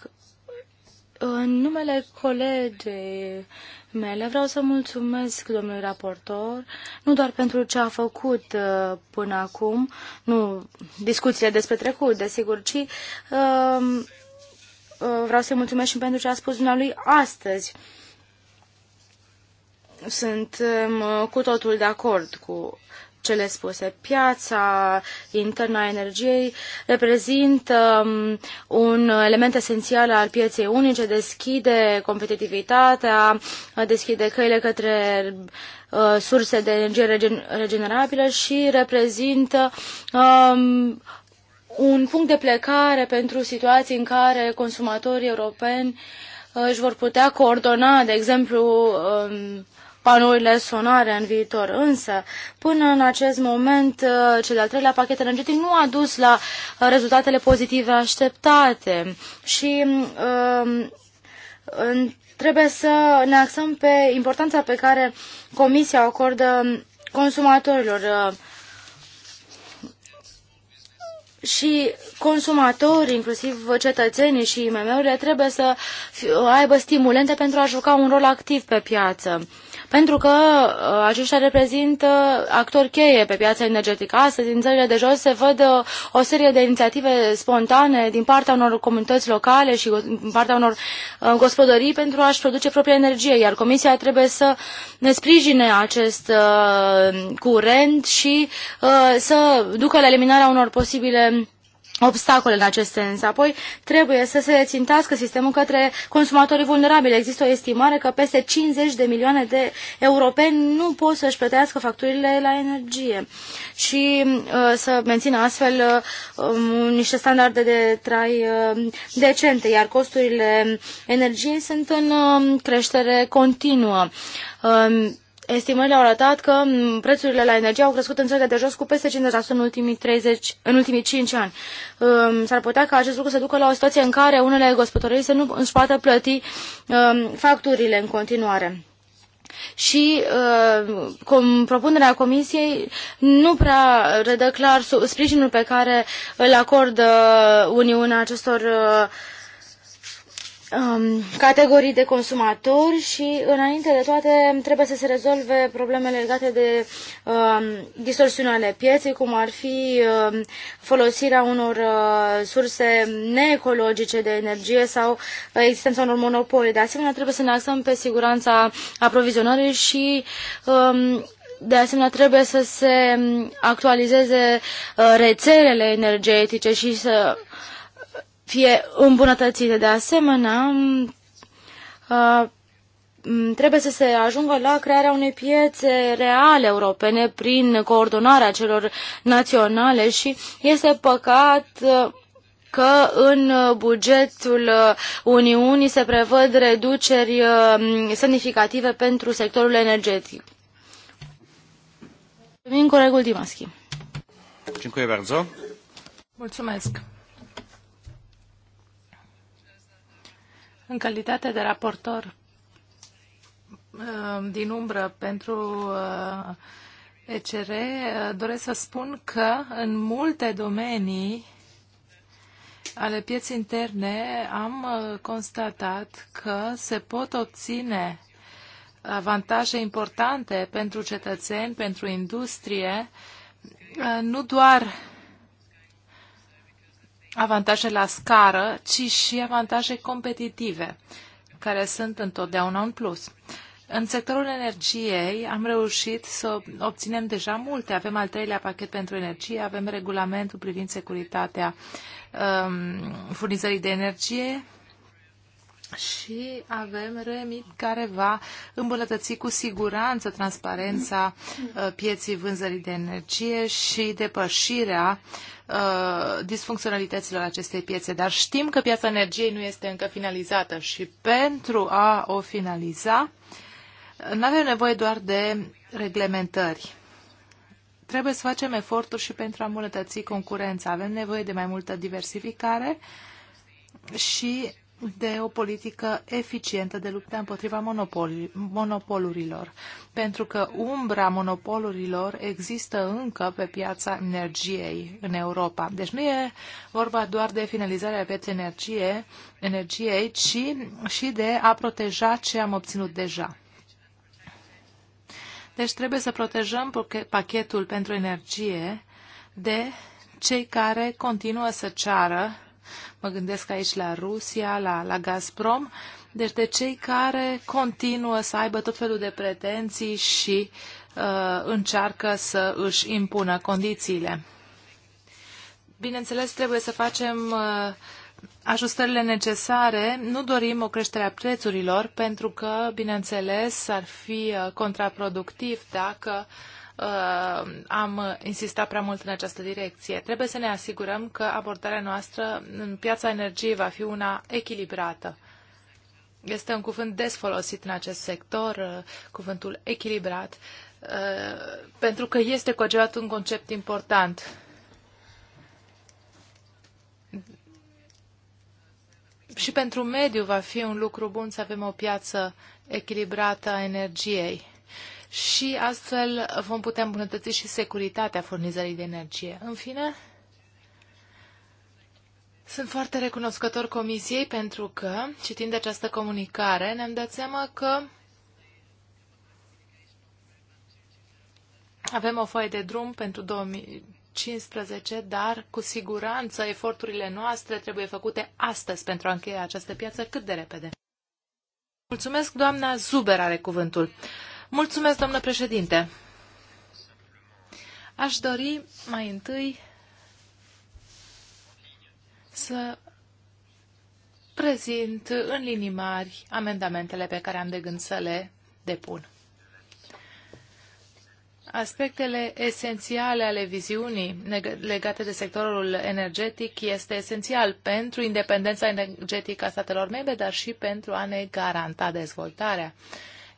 În numele colegei mele vreau să mulțumesc domnului raportor, nu doar pentru ce a făcut uh, până acum, nu discuțiile despre trecut, desigur, ci um, uh, vreau să-i mulțumesc și pentru ce a spus dumnealui astăzi. Sunt uh, cu totul de acord cu cele spuse. Piața internă a energiei reprezintă um, un element esențial al pieței unice, deschide competitivitatea, deschide căile către uh, surse de energie regenerabilă și reprezintă um, un punct de plecare pentru situații în care consumatorii europeni uh, își vor putea coordona, de exemplu, um, panourile sonare în viitor. Însă, până în acest moment, uh, cel de-al treilea pachet energetic nu a dus la uh, rezultatele pozitive așteptate și um, trebuie să ne axăm pe importanța pe care Comisia o acordă consumatorilor. Uh, și consumatorii, inclusiv cetățenii și IMM-urile, trebuie să aibă stimulente pentru a juca un rol activ pe piață pentru că uh, aceștia reprezintă actori cheie pe piața energetică. Astăzi, în țările de jos, se văd uh, o serie de inițiative spontane din partea unor comunități locale și uh, din partea unor gospodării pentru a-și produce propria energie, iar Comisia trebuie să ne sprijine acest curent și să ducă la eliminarea unor posibile obstacole în acest sens. Apoi trebuie să se țintească sistemul către consumatorii vulnerabili. Există o estimare că peste 50 de milioane de europeni nu pot să-și plătească facturile la energie și uh, să mențină astfel uh, um, niște standarde de trai uh, decente, iar costurile energiei sunt în uh, creștere continuă. Uh, estimările au arătat că prețurile la energie au crescut în țările de jos cu peste 50% în ultimii, 30, în ultimii 5 ani. Ehm, s-ar putea ca acest lucru să ducă la o situație în care unele gospodării să nu își poată plăti ehm, facturile în continuare și uh, com, propunerea Comisiei nu prea redă clar sprijinul pe care îl acordă uh, Uniunea acestor uh, um, categorii de consumatori și, înainte de toate, trebuie să se rezolve problemele legate de um, ale pieței, cum ar fi um, folosirea unor uh, surse neecologice de energie sau uh, existența unor monopole. De asemenea, trebuie să ne axăm pe siguranța aprovizionării și um, de asemenea, trebuie să se um, actualizeze uh, rețelele energetice și să uh, fie îmbunătățite. De asemenea, trebuie să se ajungă la crearea unei piețe reale europene prin coordonarea celor naționale și este păcat că în bugetul Uniunii se prevăd reduceri semnificative pentru sectorul energetic. Mulțumim, colegul Dimaschi. Mulțumesc. În calitate de raportor uh, din umbră pentru uh, ECR, uh, doresc să spun că în multe domenii ale pieții interne am constatat că se pot obține avantaje importante pentru cetățeni, pentru industrie, nu doar avantaje la scară, ci și avantaje competitive, care sunt întotdeauna un plus. În sectorul energiei am reușit să obținem deja multe. Avem al treilea pachet pentru energie, avem regulamentul privind securitatea um, furnizării de energie și avem remit care va îmbunătăți cu siguranță transparența uh, pieții vânzării de energie și depășirea uh, Uh, disfuncționalităților acestei piețe, dar știm că piața energiei nu este încă finalizată și pentru a o finaliza, nu avem nevoie doar de reglementări. Trebuie să facem eforturi și pentru a îmbunătăți concurența. Avem nevoie de mai multă diversificare și de o politică eficientă de luptă împotriva monopolurilor, pentru că umbra monopolurilor există încă pe piața energiei în Europa. Deci nu e vorba doar de finalizarea pieței energie, energiei, ci și de a proteja ce am obținut deja. Deci trebuie să protejăm pachetul pentru energie de cei care continuă să ceară Mă gândesc aici la Rusia, la, la Gazprom. Deci de cei care continuă să aibă tot felul de pretenții și uh, încearcă să își impună condițiile. Bineînțeles, trebuie să facem uh, ajustările necesare. Nu dorim o creștere a prețurilor pentru că, bineînțeles, ar fi uh, contraproductiv dacă uh, uh, am insistat prea mult în această direcție. Trebuie să ne asigurăm că abordarea noastră în piața energiei va fi una echilibrată. Este un cuvânt des folosit în acest sector, uh, cuvântul echilibrat, uh, pentru că este cu adevărat un concept important. Și pentru mediu va fi un lucru bun să avem o piață echilibrată a energiei și astfel vom putea îmbunătăți și securitatea furnizării de energie. În fine, sunt foarte recunoscător Comisiei pentru că, citind această comunicare, ne-am dat seama că avem o foaie de drum pentru 2015, dar cu siguranță eforturile noastre trebuie făcute astăzi pentru a încheia această piață cât de repede. Mulțumesc, doamna Zuber are cuvântul. Mulțumesc, domnule președinte. Aș dori mai întâi să prezint în linii mari amendamentele pe care am de gând să le depun. Aspectele esențiale ale viziunii legate de sectorul energetic este esențial pentru independența energetică a statelor membre, dar și pentru a ne garanta dezvoltarea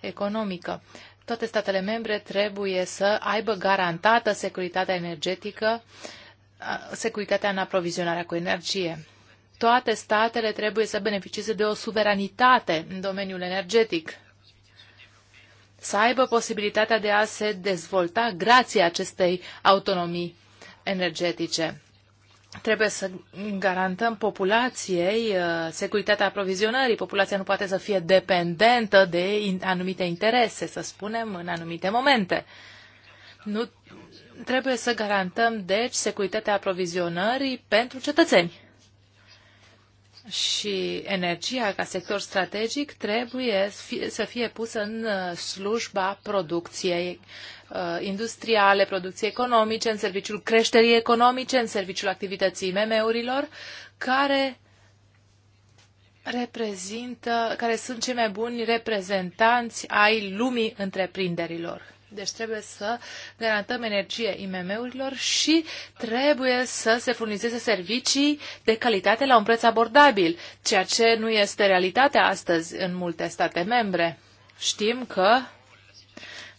economică. Toate statele membre trebuie să aibă garantată securitatea energetică, securitatea în aprovizionarea cu energie. Toate statele trebuie să beneficieze de o suveranitate în domeniul energetic, să aibă posibilitatea de a se dezvolta grație acestei autonomii energetice trebuie să garantăm populației uh, securitatea aprovizionării. Populația nu poate să fie dependentă de anumite interese, să spunem, în anumite momente. Nu trebuie să garantăm, deci, securitatea aprovizionării pentru cetățeni. Și energia ca sector strategic trebuie să fie pusă în uh, slujba producției Uh, industriale, producții economice, în serviciul creșterii economice, în serviciul activității MM-urilor, care reprezintă, care sunt cei mai buni reprezentanți ai lumii întreprinderilor. Deci trebuie să garantăm energie IMM-urilor și trebuie să se furnizeze servicii de calitate la un preț abordabil, ceea ce nu este realitatea astăzi în multe state membre. Știm că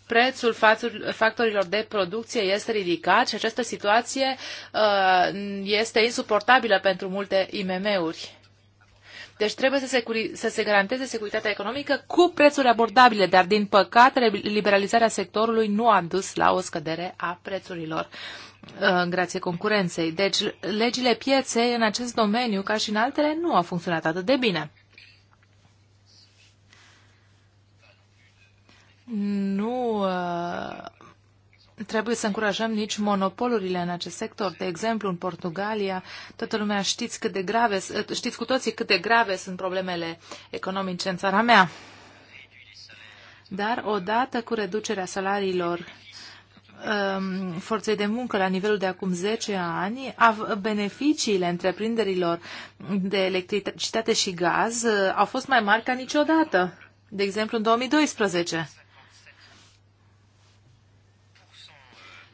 prețul factorilor de producție este ridicat și această situație uh, este insuportabilă pentru multe IMM-uri. Deci trebuie să se, să se garanteze securitatea economică cu prețuri abordabile, dar din păcate liberalizarea sectorului nu a dus la o scădere a prețurilor uh, grație concurenței. Deci legile pieței în acest domeniu, ca și în altele, nu au funcționat atât de bine. nu uh, trebuie să încurajăm nici monopolurile în acest sector. De exemplu, în Portugalia, toată lumea știți cât de grave, uh, știți cu toții cât de grave sunt problemele economice în țara mea. Dar odată cu reducerea salariilor um, forței de muncă la nivelul de acum 10 ani, beneficiile întreprinderilor de electricitate și gaz uh, au fost mai mari ca niciodată. De exemplu, în 2012.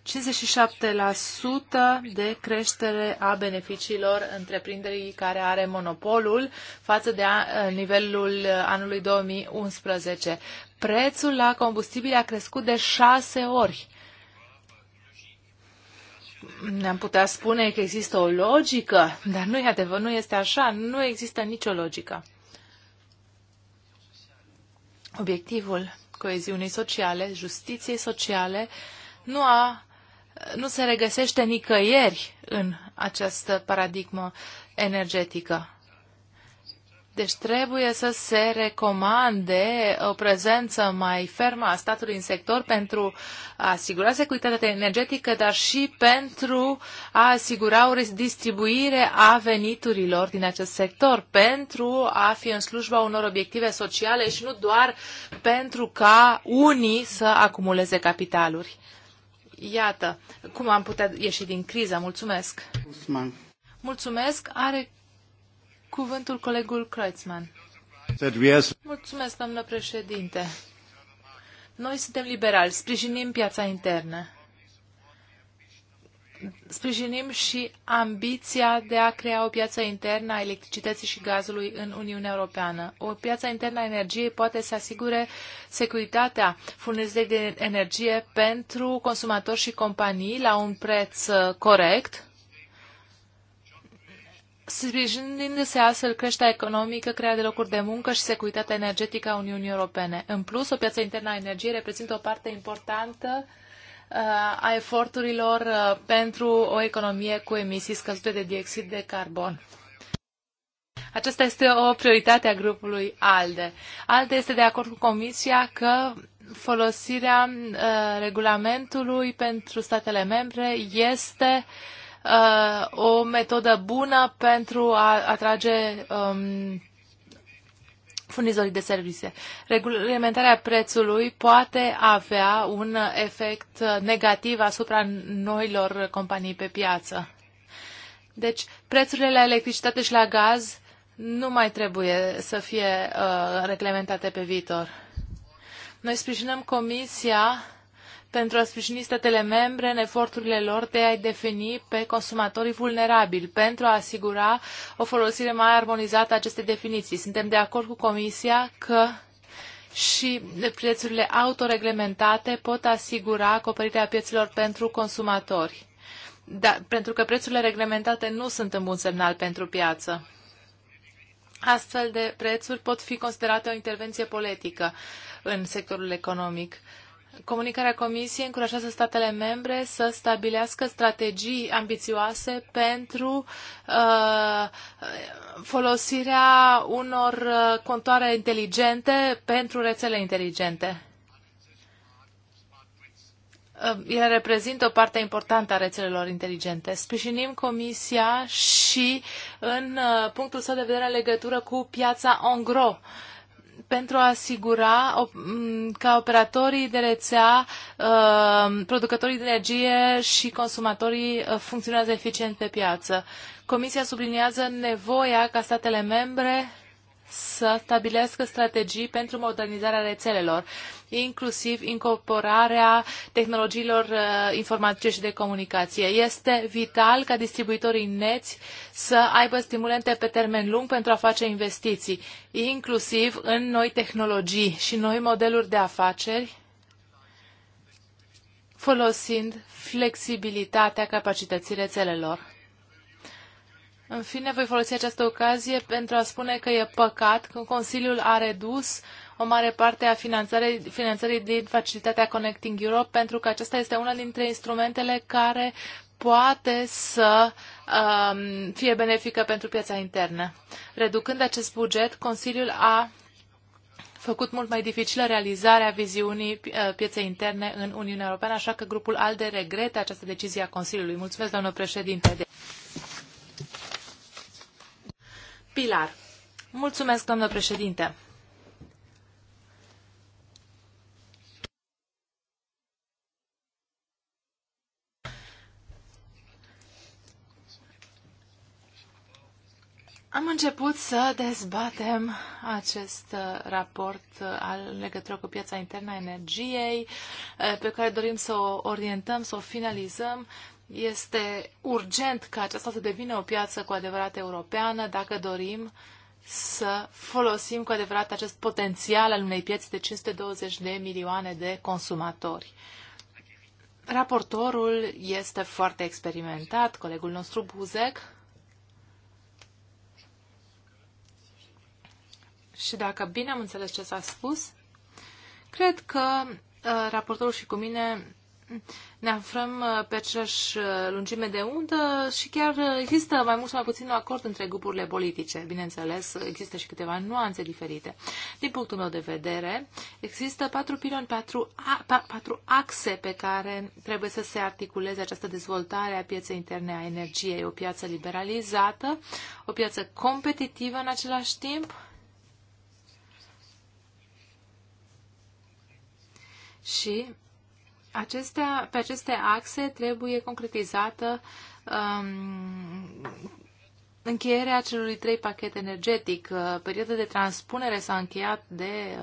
57% de creștere a beneficiilor întreprinderii care are monopolul față de nivelul anului 2011. Prețul la combustibil a crescut de șase ori. Ne-am putea spune că există o logică, dar nu e adevăr, nu este așa, nu există nicio logică. Obiectivul coeziunii sociale, justiției sociale, nu a nu se regăsește nicăieri în această paradigmă energetică. Deci trebuie să se recomande o prezență mai fermă a statului în sector pentru a asigura securitatea energetică, dar și pentru a asigura o distribuire a veniturilor din acest sector, pentru a fi în slujba unor obiective sociale și nu doar pentru ca unii să acumuleze capitaluri iată cum am putea ieși din criză. Mulțumesc! Usman. Mulțumesc! Are cuvântul colegul Kreutzmann. Mulțumesc, doamnă președinte! Noi suntem liberali, sprijinim piața internă sprijinim și ambiția de a crea o piață internă a electricității și gazului în Uniunea Europeană. O piață internă a energiei poate să asigure securitatea furnizării de energie pentru consumatori și companii la un preț corect, sprijinindu-se astfel creșterea economică, crearea de locuri de muncă și securitatea energetică a Uniunii Europene. În plus, o piață internă a energiei reprezintă o parte importantă Uh, a eforturilor uh, pentru o economie cu emisii scăzute de dioxid de carbon. Aceasta este o prioritate a grupului ALDE. ALDE este de acord cu Comisia că folosirea uh, regulamentului pentru statele membre este o metodă bună pentru a atrage um, furnizorii de servicii. Reglementarea prețului poate avea un efect negativ asupra noilor companii pe piață. Deci, prețurile la electricitate și la gaz nu mai trebuie să fie uh, reglementate pe viitor. Noi sprijinăm Comisia pentru a sprijini statele membre în eforturile lor de a-i defini pe consumatorii vulnerabili, pentru a asigura o folosire mai armonizată a acestei definiții. Suntem de acord cu Comisia că și prețurile autoreglementate pot asigura acoperirea piețelor pentru consumatori. Da, pentru că prețurile reglementate nu sunt un bun semnal pentru piață. Astfel de prețuri pot fi considerate o intervenție politică în sectorul economic. Comunicarea Comisiei încurajează statele membre să stabilească strategii ambițioase pentru uh, folosirea unor uh, contoare inteligente pentru rețele inteligente. Uh, ele reprezintă o parte importantă a rețelelor inteligente. Sprijinim Comisia și în uh, punctul său de vedere în legătură cu piața Ongro. Uh, pentru a asigura ca operatorii de rețea, uh, producătorii de energie și consumatorii uh, funcționează eficient pe piață. Comisia subliniază nevoia ca statele membre să stabilească strategii pentru modernizarea rețelelor, inclusiv incorporarea tehnologiilor uh, informatice și de comunicație. Este vital ca distribuitorii neți să aibă stimulente pe termen lung pentru a face investiții, inclusiv în noi tehnologii și noi modeluri de afaceri, folosind flexibilitatea capacității rețelelor. În fine, voi folosi această ocazie pentru a spune că e păcat că Consiliul a redus o mare parte a finanțării, finanțării din facilitatea Connecting Europe, pentru că aceasta este una dintre instrumentele care poate să um, fie benefică pentru piața internă. Reducând acest buget, Consiliul a făcut mult mai dificilă realizarea viziunii uh, pieței interne în Uniunea Europeană, așa că grupul ALDE regretă această decizie a Consiliului. Mulțumesc, doamnă președinte. Pilar. Mulțumesc, domnule președinte. Am început să dezbatem acest uh, raport uh, al legătură cu piața internă a energiei, uh, pe care dorim să o orientăm, să o finalizăm este urgent ca aceasta să devină o piață cu adevărat europeană dacă dorim să folosim cu adevărat acest potențial al unei piețe de 520 de milioane de consumatori. Raportorul este foarte experimentat, colegul nostru Buzek. Și dacă bine am înțeles ce s-a spus, cred că uh, raportorul și cu mine ne aflăm uh, pe aceeași uh, lungime de undă și chiar uh, există mai mult sau mai puțin un acord între grupurile politice. Bineînțeles, există și câteva nuanțe diferite. Din punctul meu de vedere, există patru piloni, patru, a, patru axe pe care trebuie să se articuleze această dezvoltare a pieței interne a energiei. O piață liberalizată, o piață competitivă în același timp, și Acestea, pe aceste axe trebuie concretizată um, încheierea celui trei pachet energetic. Uh, perioada de transpunere s-a încheiat de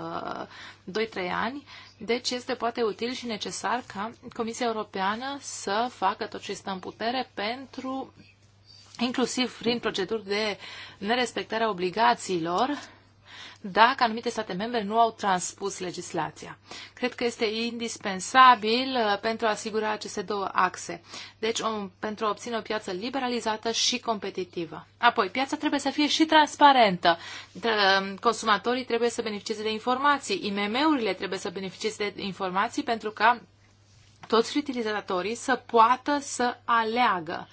uh, 2-3 ani, deci este poate util și necesar ca Comisia Europeană să facă tot ce stă în putere pentru, inclusiv prin proceduri de nerespectare a obligațiilor, dacă anumite state membre nu au transpus legislația. Cred că este indispensabil uh, pentru a asigura aceste două axe. Deci, o, pentru a obține o piață liberalizată și competitivă. Apoi, piața trebuie să fie și transparentă. Um, consumatorii trebuie să beneficieze de informații. IMM-urile trebuie să beneficieze de informații pentru ca toți utilizatorii să poată să aleagă.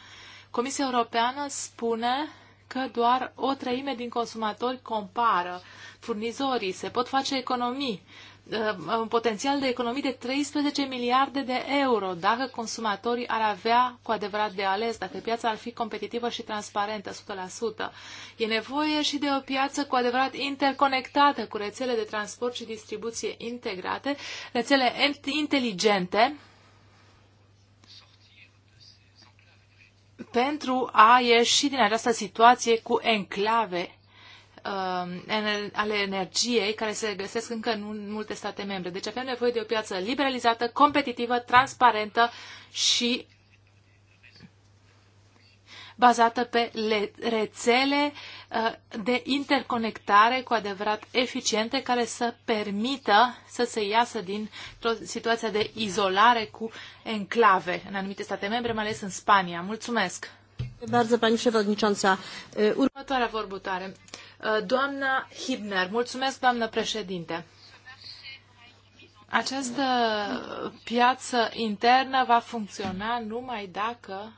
Comisia Europeană spune că doar o treime din consumatori compară furnizorii, se pot face economii, uh, un potențial de economii de 13 miliarde de euro dacă consumatorii ar avea cu adevărat de ales, dacă piața ar fi competitivă și transparentă 100%. E nevoie și de o piață cu adevărat interconectată cu rețele de transport și distribuție integrate, rețele inteligente, pentru a ieși din această situație cu enclave um, ale energiei care se găsesc încă în multe state membre. Deci avem nevoie de o piață liberalizată, competitivă, transparentă și bazată pe rețele uh, de interconectare cu adevărat eficiente care să permită să se iasă din situația de izolare cu enclave în anumite state membre, mai ales în Spania. Mulțumesc! Uh, următoarea vorbitoare. Uh, doamna Hibner. Mulțumesc, doamnă președinte. Această piață internă va funcționa numai dacă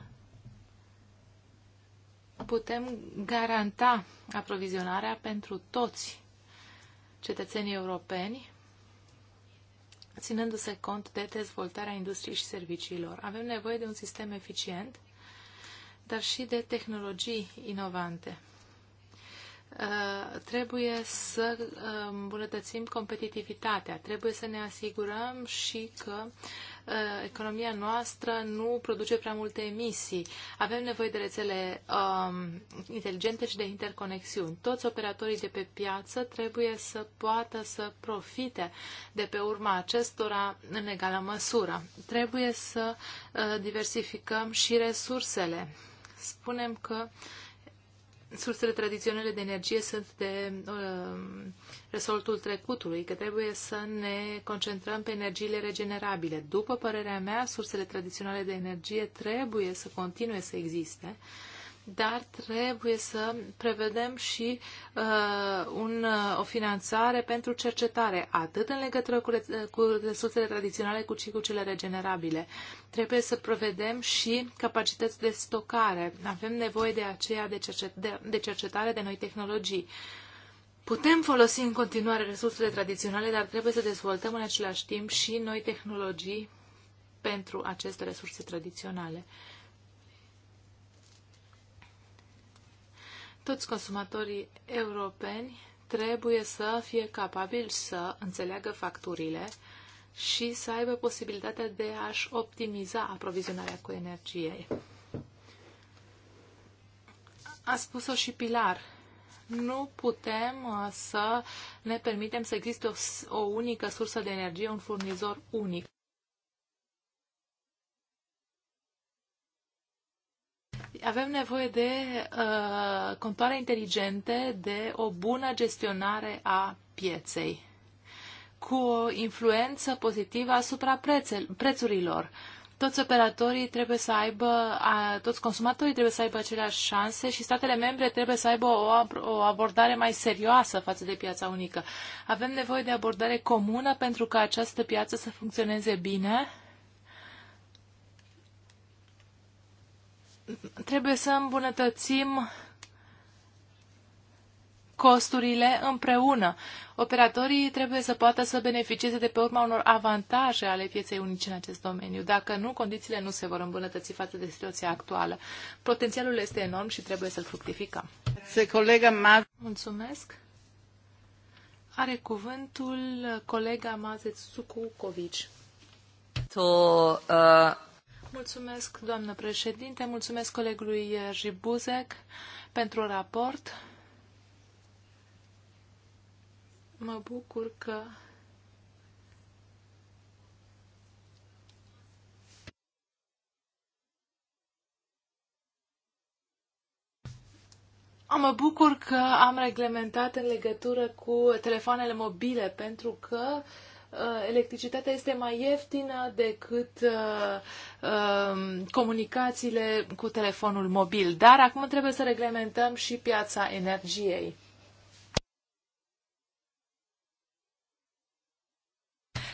putem garanta aprovizionarea pentru toți cetățenii europeni, ținându-se cont de dezvoltarea industriei și serviciilor. Avem nevoie de un sistem eficient, dar și de tehnologii inovante. Uh, trebuie să uh, îmbunătățim competitivitatea, trebuie să ne asigurăm și că uh, Uh, economia noastră nu produce prea multe emisii. Avem nevoie de rețele um, inteligente și de interconexiuni. Toți operatorii de pe piață trebuie să poată să profite de pe urma acestora în egală măsură. Trebuie să uh, diversificăm și resursele. Spunem că uh, sursele tradiționale de energie sunt de uh, resortul trecutului, că trebuie să ne concentrăm pe energiile regenerabile. După părerea mea, sursele tradiționale de energie trebuie să continue să existe, uh, dar trebuie să prevedem și uh, un, uh, o finanțare pentru cercetare, atât în legătură cu, re- cu resursele tradiționale, cu și cu cele regenerabile. Trebuie să prevedem și capacități de stocare. Avem nevoie de aceea de, cercet- de, de cercetare de noi tehnologii. Putem folosi în continuare resursele tradiționale, dar trebuie să dezvoltăm în același timp și noi tehnologii pentru aceste resurse tradiționale. toți consumatorii europeni trebuie să fie capabili să înțeleagă facturile și să aibă posibilitatea de a-și optimiza aprovizionarea cu energie. A spus-o și Pilar. Nu putem uh, să ne permitem să existe o, o unică sursă de energie, un furnizor unic. Avem nevoie de uh, contoare inteligente, de o bună gestionare a pieței, cu o influență pozitivă asupra prețel, prețurilor. Toți operatorii trebuie să aibă, a, toți consumatorii trebuie să aibă aceleași șanse și statele membre trebuie să aibă o, o abordare mai serioasă față de piața unică. Avem nevoie de abordare comună pentru ca această piață să funcționeze bine trebuie să îmbunătățim costurile împreună. Operatorii trebuie să poată să beneficieze de pe urma unor avantaje ale pieței unice în acest domeniu. Dacă nu, condițiile nu se vor îmbunătăți față de situația actuală. Potențialul este enorm și trebuie să-l fructificăm. Se colegă Maz... Mulțumesc. Are cuvântul colega Mazet Sukukovici. To, uh, Mulțumesc, doamnă președinte, mulțumesc colegului Jibuzek pentru raport. Mă bucur că Mă bucur că am reglementat în legătură cu telefoanele mobile, pentru că uh, Uh, electricitatea este mai ieftină decât uh, um, comunicațiile cu telefonul mobil. Dar acum trebuie să reglementăm și piața energiei.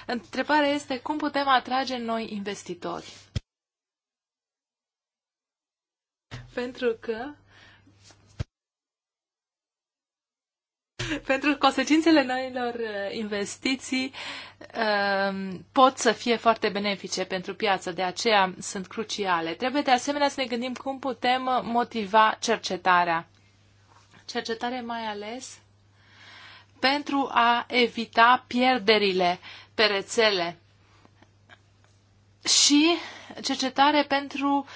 Întrebarea este cum putem atrage noi investitori. Pentru că pentru consecințele noilor uh, investiții um, pot să fie foarte benefice pentru piață, de aceea sunt cruciale. Trebuie de asemenea să ne gândim cum putem motiva cercetarea. Cercetare mai ales pentru a evita pierderile pe rețele și cercetare pentru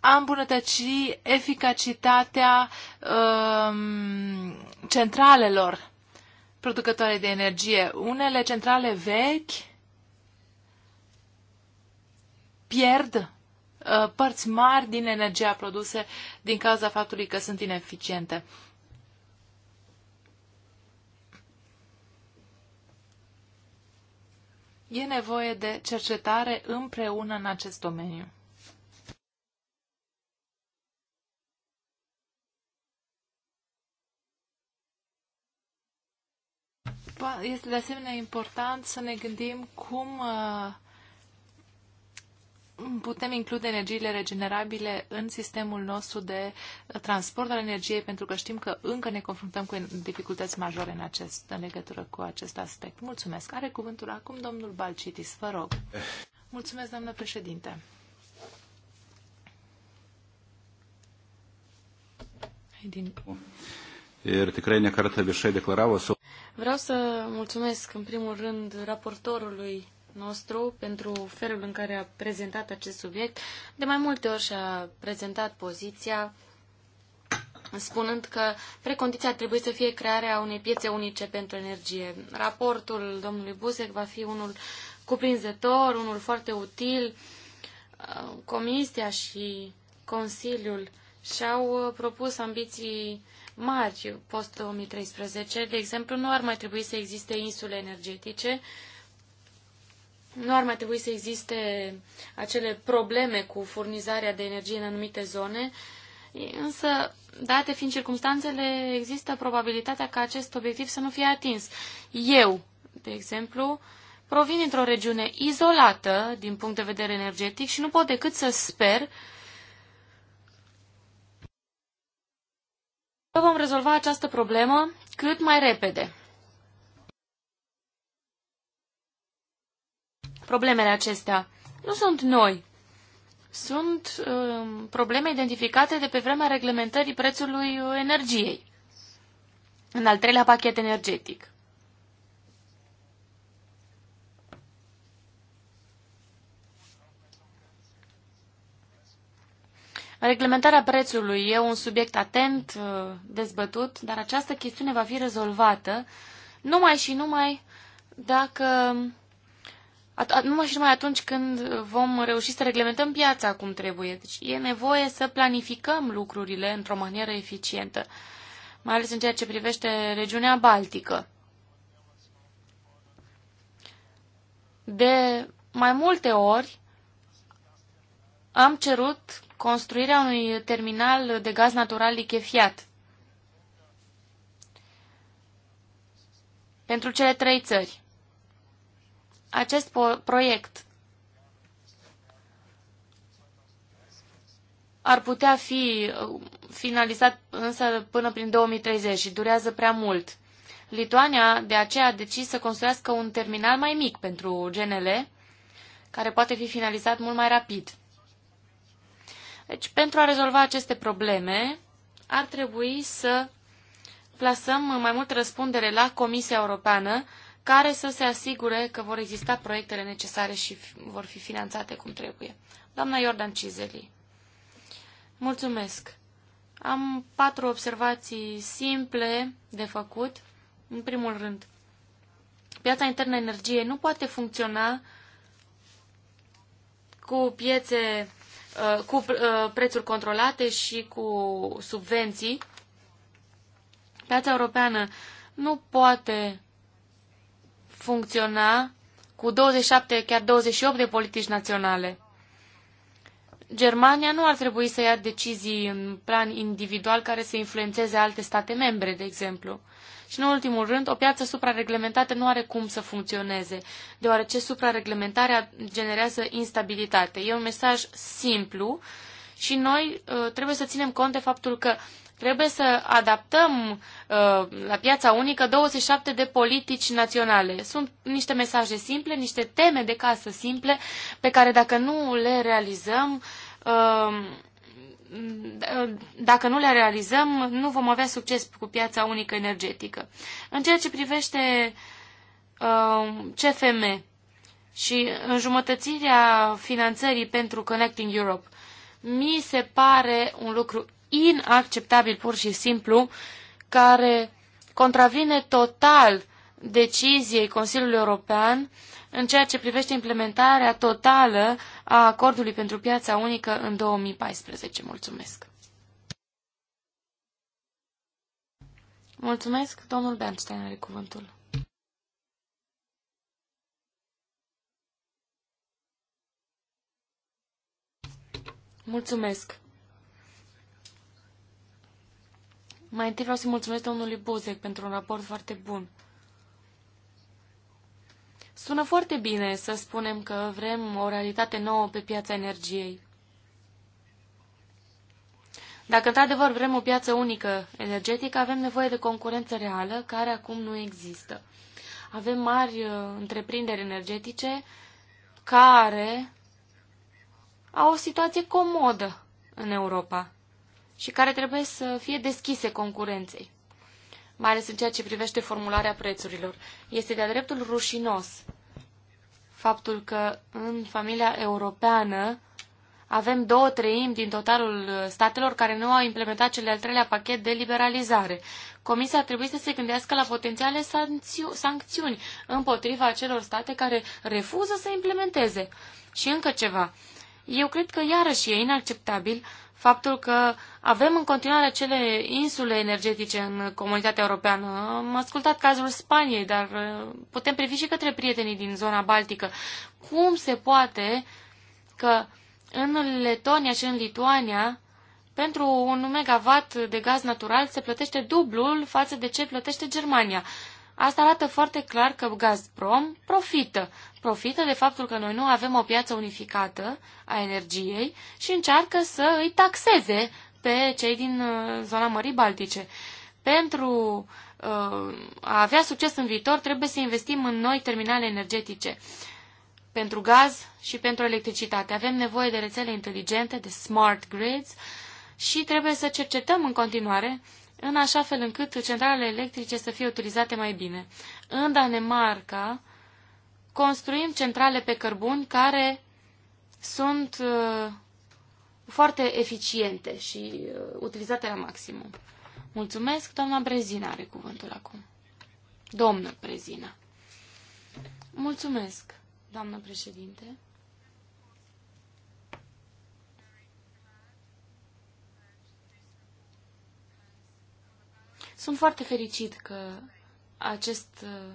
a îmbunătăți eficacitatea um, centralelor producătoare de energie. Unele centrale vechi pierd uh, părți mari din energia produse din cauza faptului că sunt ineficiente. E nevoie de cercetare împreună în acest domeniu. este de asemenea important să ne gândim cum uh, putem include energiile regenerabile în sistemul nostru de transport al energiei, pentru că știm că încă ne confruntăm cu dificultăți majore în, acest, în legătură cu acest aspect. Mulțumesc. Are cuvântul acum domnul Balcitis. Vă rog. Mulțumesc, doamnă președinte. Din... Ir tikrai nekartą să deklaravo savo Vreau să mulțumesc în primul rând raportorului nostru pentru felul în care a prezentat acest subiect. De mai multe ori și-a prezentat poziția spunând că precondiția trebuie să fie crearea unei piețe unice pentru energie. Raportul domnului Buzek va fi unul cuprinzător, unul foarte util. Comisia și Consiliul și-au propus ambiții mari post-2013. De exemplu, nu ar mai trebui să existe insule energetice, nu ar mai trebui să existe acele probleme cu furnizarea de energie în anumite zone, însă, date fiind circumstanțele, există probabilitatea ca acest obiectiv să nu fie atins. Eu, de exemplu, provin dintr-o regiune izolată din punct de vedere energetic și nu pot decât să sper că vom rezolva această problemă cât mai repede. Problemele acestea nu sunt noi. Sunt uh, probleme identificate de pe vremea reglementării prețului uh, energiei, în al treilea pachet energetic. Reglementarea prețului e un subiect atent uh, dezbătut, dar această chestiune va fi rezolvată numai și numai dacă at- numai și numai atunci când vom reuși să reglementăm piața cum trebuie. Deci e nevoie să planificăm lucrurile într-o manieră eficientă, mai ales în ceea ce privește regiunea Baltică. De mai multe ori am cerut construirea unui terminal de gaz natural lichefiat pentru cele trei țări. Acest proiect ar putea fi uh, finalizat însă până prin 2030 și durează prea mult. Lituania de aceea a decis să construiască un terminal mai mic pentru GNL, care poate fi finalizat mult mai rapid. Deci, pentru a rezolva aceste probleme, ar trebui să plasăm mai multă răspundere la Comisia Europeană, care să se asigure că vor exista proiectele necesare și vor fi finanțate cum trebuie. Doamna Iordan Cizeli. Mulțumesc. Am patru observații simple de făcut. În primul rând, piața internă energiei nu poate funcționa cu piețe Uh, cu uh, prețuri controlate și cu subvenții. Piața europeană nu poate funcționa cu 27, chiar 28 de politici naționale. Germania nu ar trebui să ia decizii în plan individual care să influențeze alte state membre, de exemplu. Și, în ultimul rând, o piață suprareglementată nu are cum să funcționeze, deoarece suprareglementarea generează instabilitate. E un mesaj simplu și noi uh, trebuie să ținem cont de faptul că trebuie să adaptăm uh, la piața unică 27 de politici naționale. Sunt niște mesaje simple, niște teme de casă simple, pe care dacă nu le realizăm, uh, dacă nu le realizăm, nu vom avea succes cu piața unică energetică. În ceea ce privește uh, CFM și înjumătățirea finanțării pentru Connecting Europe, mi se pare un lucru inacceptabil pur și simplu, care contravine total deciziei Consiliului European în ceea ce privește implementarea totală a acordului pentru piața unică în 2014. Mulțumesc! Mulțumesc, domnul Bernstein are cuvântul. Mulțumesc. Mai întâi vreau să mulțumesc domnului Buzek pentru un raport foarte bun. Sună foarte bine să spunem că vrem o realitate nouă pe piața energiei. Dacă într-adevăr vrem o piață unică energetică, avem nevoie de concurență reală, care acum nu există. Avem mari uh, întreprinderi energetice care au o situație comodă în Europa și care trebuie să fie deschise concurenței mai ales în ceea ce privește formularea prețurilor. Este de-a dreptul rușinos faptul că în familia europeană avem două treimi din totalul statelor care nu au implementat cel al treilea pachet de liberalizare. Comisia ar trebui să se gândească la potențiale sancțiuni împotriva acelor state care refuză să implementeze. Și încă ceva. Eu cred că iarăși e inacceptabil faptul că avem în continuare cele insule energetice în comunitatea europeană. Am ascultat cazul Spaniei, dar uh, putem privi și către prietenii din zona baltică. Cum se poate că în Letonia și în Lituania, pentru un megawatt de gaz natural se plătește dublul față de ce plătește Germania. Asta arată foarte clar că Gazprom profită. Profită de faptul că noi nu avem o piață unificată a energiei și încearcă să îi taxeze pe cei din uh, zona Mării Baltice. Pentru uh, a avea succes în viitor, trebuie să investim în noi terminale energetice pentru gaz și pentru electricitate. Avem nevoie de rețele inteligente, de smart grids și trebuie să cercetăm în continuare în așa fel încât centralele electrice să fie utilizate mai bine. În Danemarca construim centrale pe cărbuni care sunt uh, foarte eficiente și uh, utilizate la maximum. Mulțumesc, doamna Brezina are cuvântul acum. Domnul Brezina. Mulțumesc, doamnă președinte. Sunt foarte fericit că acest uh,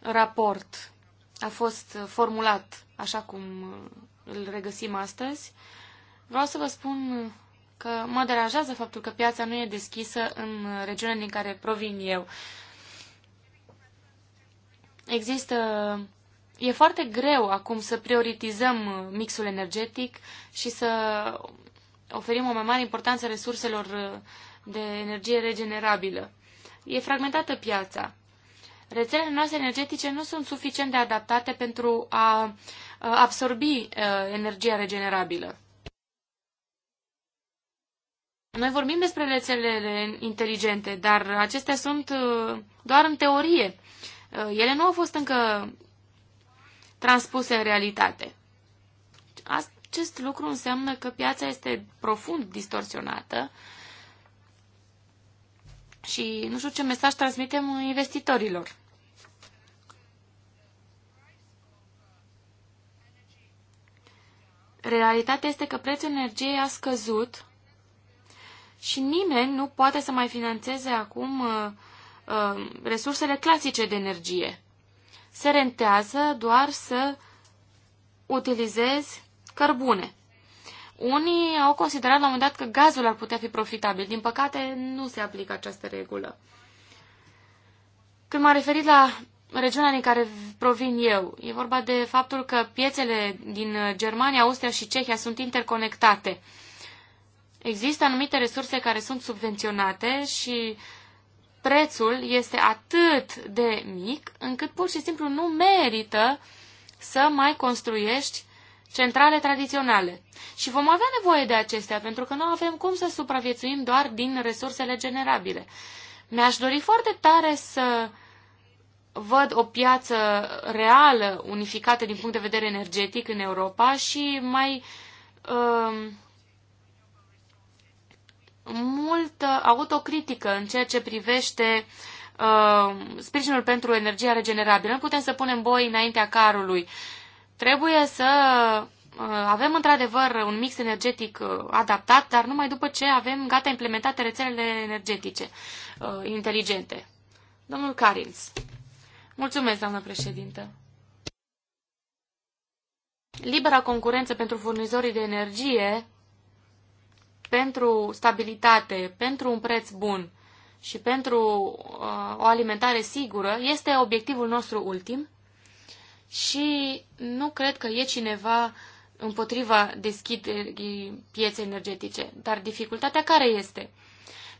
raport a fost uh, formulat așa cum uh, îl regăsim astăzi. Vreau să vă spun că mă deranjează faptul că piața nu e deschisă în regiunea din care provin eu. Există e foarte greu acum să prioritizăm mixul energetic și să oferim o mai mare importanță resurselor de energie regenerabilă. E fragmentată piața. Rețelele noastre energetice nu sunt suficient de adaptate pentru a absorbi energia regenerabilă. Noi vorbim despre rețelele inteligente, dar acestea sunt doar în teorie. Ele nu au fost încă transpuse în realitate. Acest lucru înseamnă că piața este profund distorsionată și nu știu ce mesaj transmitem investitorilor. Realitatea este că prețul energiei a scăzut și nimeni nu poate să mai financeze acum uh, uh, resursele clasice de energie. Se rentează doar să utilizezi cărbune. Unii au considerat la un moment dat că gazul ar putea fi profitabil. Din păcate, nu se aplică această regulă. Când m-am referit la regiunea din care provin eu, e vorba de faptul că piețele din Germania, Austria și Cehia sunt interconectate. Există anumite resurse care sunt subvenționate și prețul este atât de mic încât pur și simplu nu merită să mai construiești centrale tradiționale. Și vom avea nevoie de acestea, pentru că nu avem cum să supraviețuim doar din resursele generabile. Mi-aș dori foarte tare să văd o piață reală, unificată din punct de vedere energetic în Europa și mai uh, multă autocritică în ceea ce privește uh, sprijinul pentru energia regenerabilă. Nu putem să punem boi înaintea carului. Uh, Trebuie să uh, avem într-adevăr un mix energetic uh, adaptat, dar numai după ce avem gata implementate rețelele energetice uh, inteligente. Domnul Carins. Mulțumesc, doamnă președintă. Libera concurență pentru furnizorii de energie, pentru stabilitate, pentru un preț bun și pentru uh, o alimentare sigură este obiectivul nostru ultim și nu cred că e cineva împotriva deschiderii pieței energetice. Dar dificultatea care este?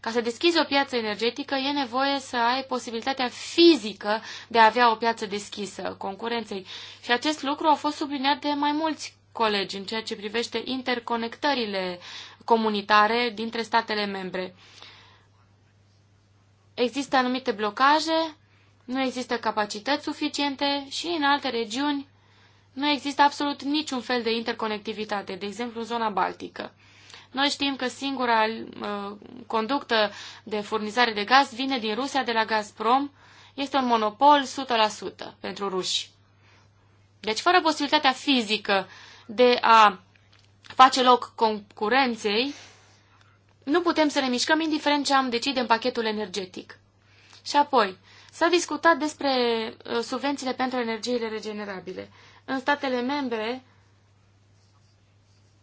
Ca să deschizi o piață energetică, e nevoie să ai posibilitatea fizică de a avea o piață deschisă concurenței. Și acest lucru a fost subliniat de mai mulți colegi în ceea ce privește interconectările comunitare dintre statele membre. Există anumite blocaje nu există capacități suficiente și în alte regiuni nu există absolut niciun fel de interconectivitate, de exemplu în zona Baltică. Noi știm că singura uh, conductă de furnizare de gaz vine din Rusia de la Gazprom. Este un monopol 100% pentru ruși. Deci fără posibilitatea fizică de a face loc concurenței, nu putem să ne mișcăm indiferent ce am decide în pachetul energetic. Și apoi, S-a discutat despre uh, subvențiile pentru energiile regenerabile. În statele membre,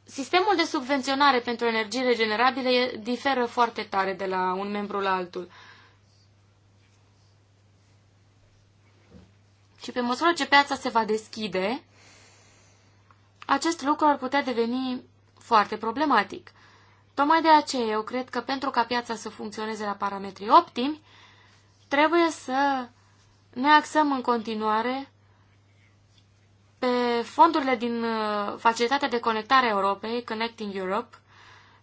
sistemul de subvenționare pentru energii regenerabile diferă foarte tare de la un membru la altul. Și pe măsură ce piața se va deschide, acest lucru ar putea deveni foarte problematic. Tocmai de aceea eu cred că pentru ca piața să funcționeze la parametri optimi, Trebuie să ne axăm în continuare pe fondurile din uh, Facilitatea de Conectare a Europei, Connecting Europe,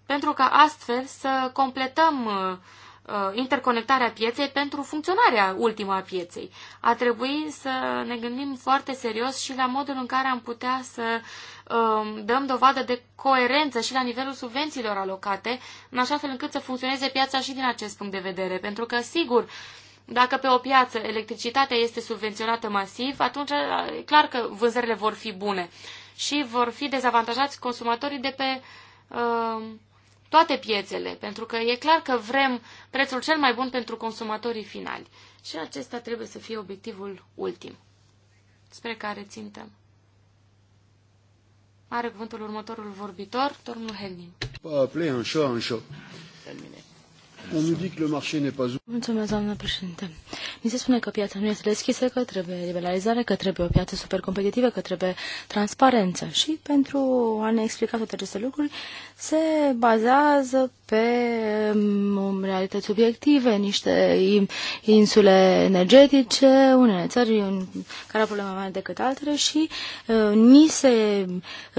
pentru ca astfel să completăm uh, uh, interconectarea pieței pentru funcționarea ultimă a pieței. A trebui să ne gândim foarte serios și la modul în care am putea să um, dăm dovadă de coerență și la nivelul subvențiilor alocate, în așa fel încât să funcționeze piața și din acest punct de vedere. Pentru că, sigur, uh, dacă pe o piață electricitatea este subvenționată masiv, atunci e clar că vânzările vor fi bune și vor fi dezavantajați consumatorii de pe uh, toate piețele, pentru că e clar că vrem prețul cel mai bun pentru consumatorii finali. Și acesta trebuie să fie obiectivul ultim, spre care țintăm. Are cuvântul următorul vorbitor, domnul Henning. un chat un chat. On nous dit que le marché n'est pas Mulțumesc, doamnă președinte. Mi se spune că piața nu este deschisă, că trebuie liberalizare, că trebuie o piață super competitivă, că trebuie transparență. Și pentru a ne explica toate aceste lucruri, se bazează pe um, realități obiective, niște insule energetice, unele țări care au probleme mai mari decât altele și uh, ni se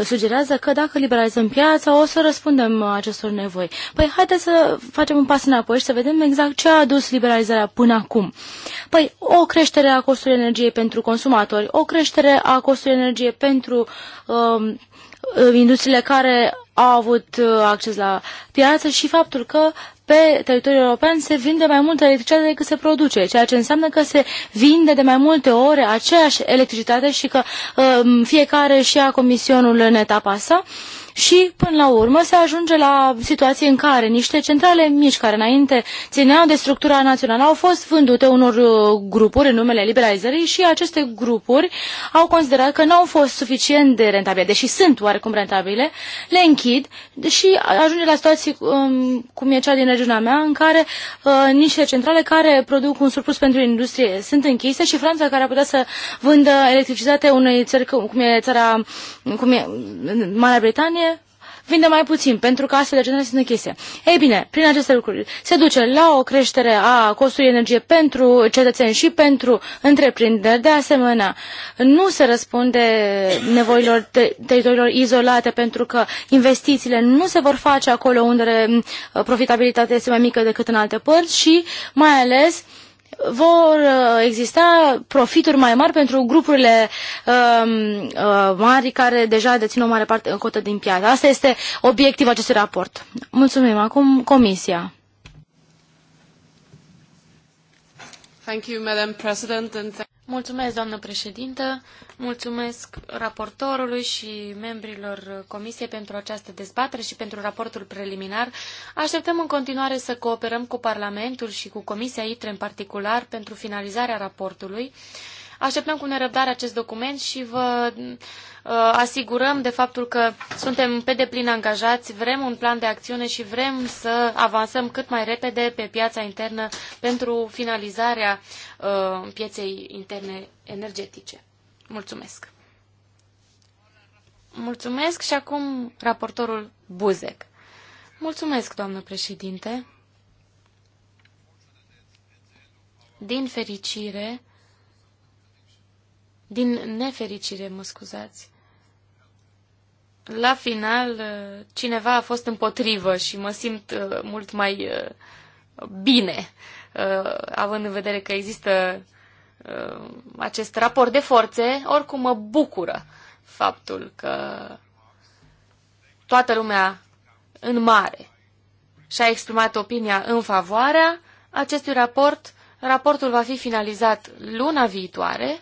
sugerează că dacă liberalizăm piața, o să răspundem acestor nevoi. Păi haideți să facem un pas înapoi și să vedem exact ce a adus dus liberalizarea până acum? Păi o creștere a costului energiei pentru consumatori, o creștere a costului energiei pentru uh, industriile care au avut uh, acces la piață și faptul că pe teritoriul european se vinde mai multă electricitate decât se produce, ceea ce înseamnă că se vinde de mai multe ore aceeași electricitate și că um, fiecare și a comisionul în etapa sa. Uh, și până la urmă se ajunge la situații în care niște centrale mici care înainte țineau de structura națională au fost vândute unor uh, grupuri în numele liberalizării și aceste grupuri au considerat că nu au fost suficient de rentabile, deși sunt oarecum rentabile, le închid și ajunge la situații um, cum e cea din regiunea mea în care uh, niște centrale care produc un surplus pentru industrie sunt închise și Franța care ar putea să vândă electricitate unei țări cum e țara cum e Marea Britanie vinde mai puțin, pentru că astfel de centre sunt închise. Ei bine, prin aceste lucruri se duce la o creștere a costului energie pentru cetățeni și pentru întreprinderi. De asemenea, nu se răspunde nevoilor te teritoriilor izolate, pentru că investițiile nu se vor face acolo unde mm, profitabilitatea este mai mică decât în alte părți și, mai ales, uh, vor uh, exista profituri mai mari pentru grupurile um, uh, mari care deja dețin o mare parte în cotă din piață. Asta este obiectivul acestui raport. Mulțumim. Acum Comisia. Thank you, Madam President, and Mulțumesc, doamnă președintă, mulțumesc raportorului și membrilor comisiei pentru această dezbatere și pentru raportul preliminar. Așteptăm în continuare să cooperăm cu Parlamentul și cu Comisia ITRE în particular pentru finalizarea raportului. Așteptăm cu nerăbdare acest document și vă uh, asigurăm de faptul că suntem pe deplin angajați, vrem un plan de acțiune și vrem să avansăm cât mai repede pe piața internă pentru finalizarea uh, pieței interne energetice. Mulțumesc! Mulțumesc și acum raportorul Buzek. Mulțumesc, doamnă președinte. Din fericire, din nefericire, mă scuzați. La final, uh, cineva a fost împotrivă și mă simt uh, mult mai uh, bine, având în vedere că există acest raport de forțe. Oricum, mă bucură faptul că toată lumea în mare și-a exprimat opinia în favoarea acestui raport. Raportul va fi finalizat luna viitoare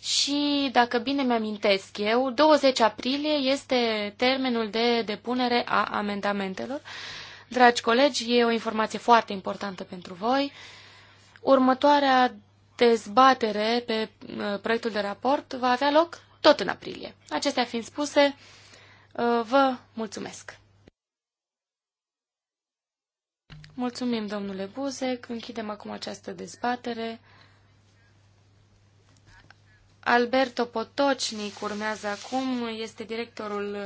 și, dacă bine mi-amintesc eu, 20 aprilie este termenul de depunere a amendamentelor. Dragi colegi, e o informație foarte importantă pentru voi. Următoarea dezbatere pe uh, proiectul de raport va avea loc tot în aprilie. Acestea fiind spuse, uh, vă mulțumesc! Mulțumim, domnule Buzec. Închidem acum această dezbatere. Alberto Potocnic urmează acum, este directorul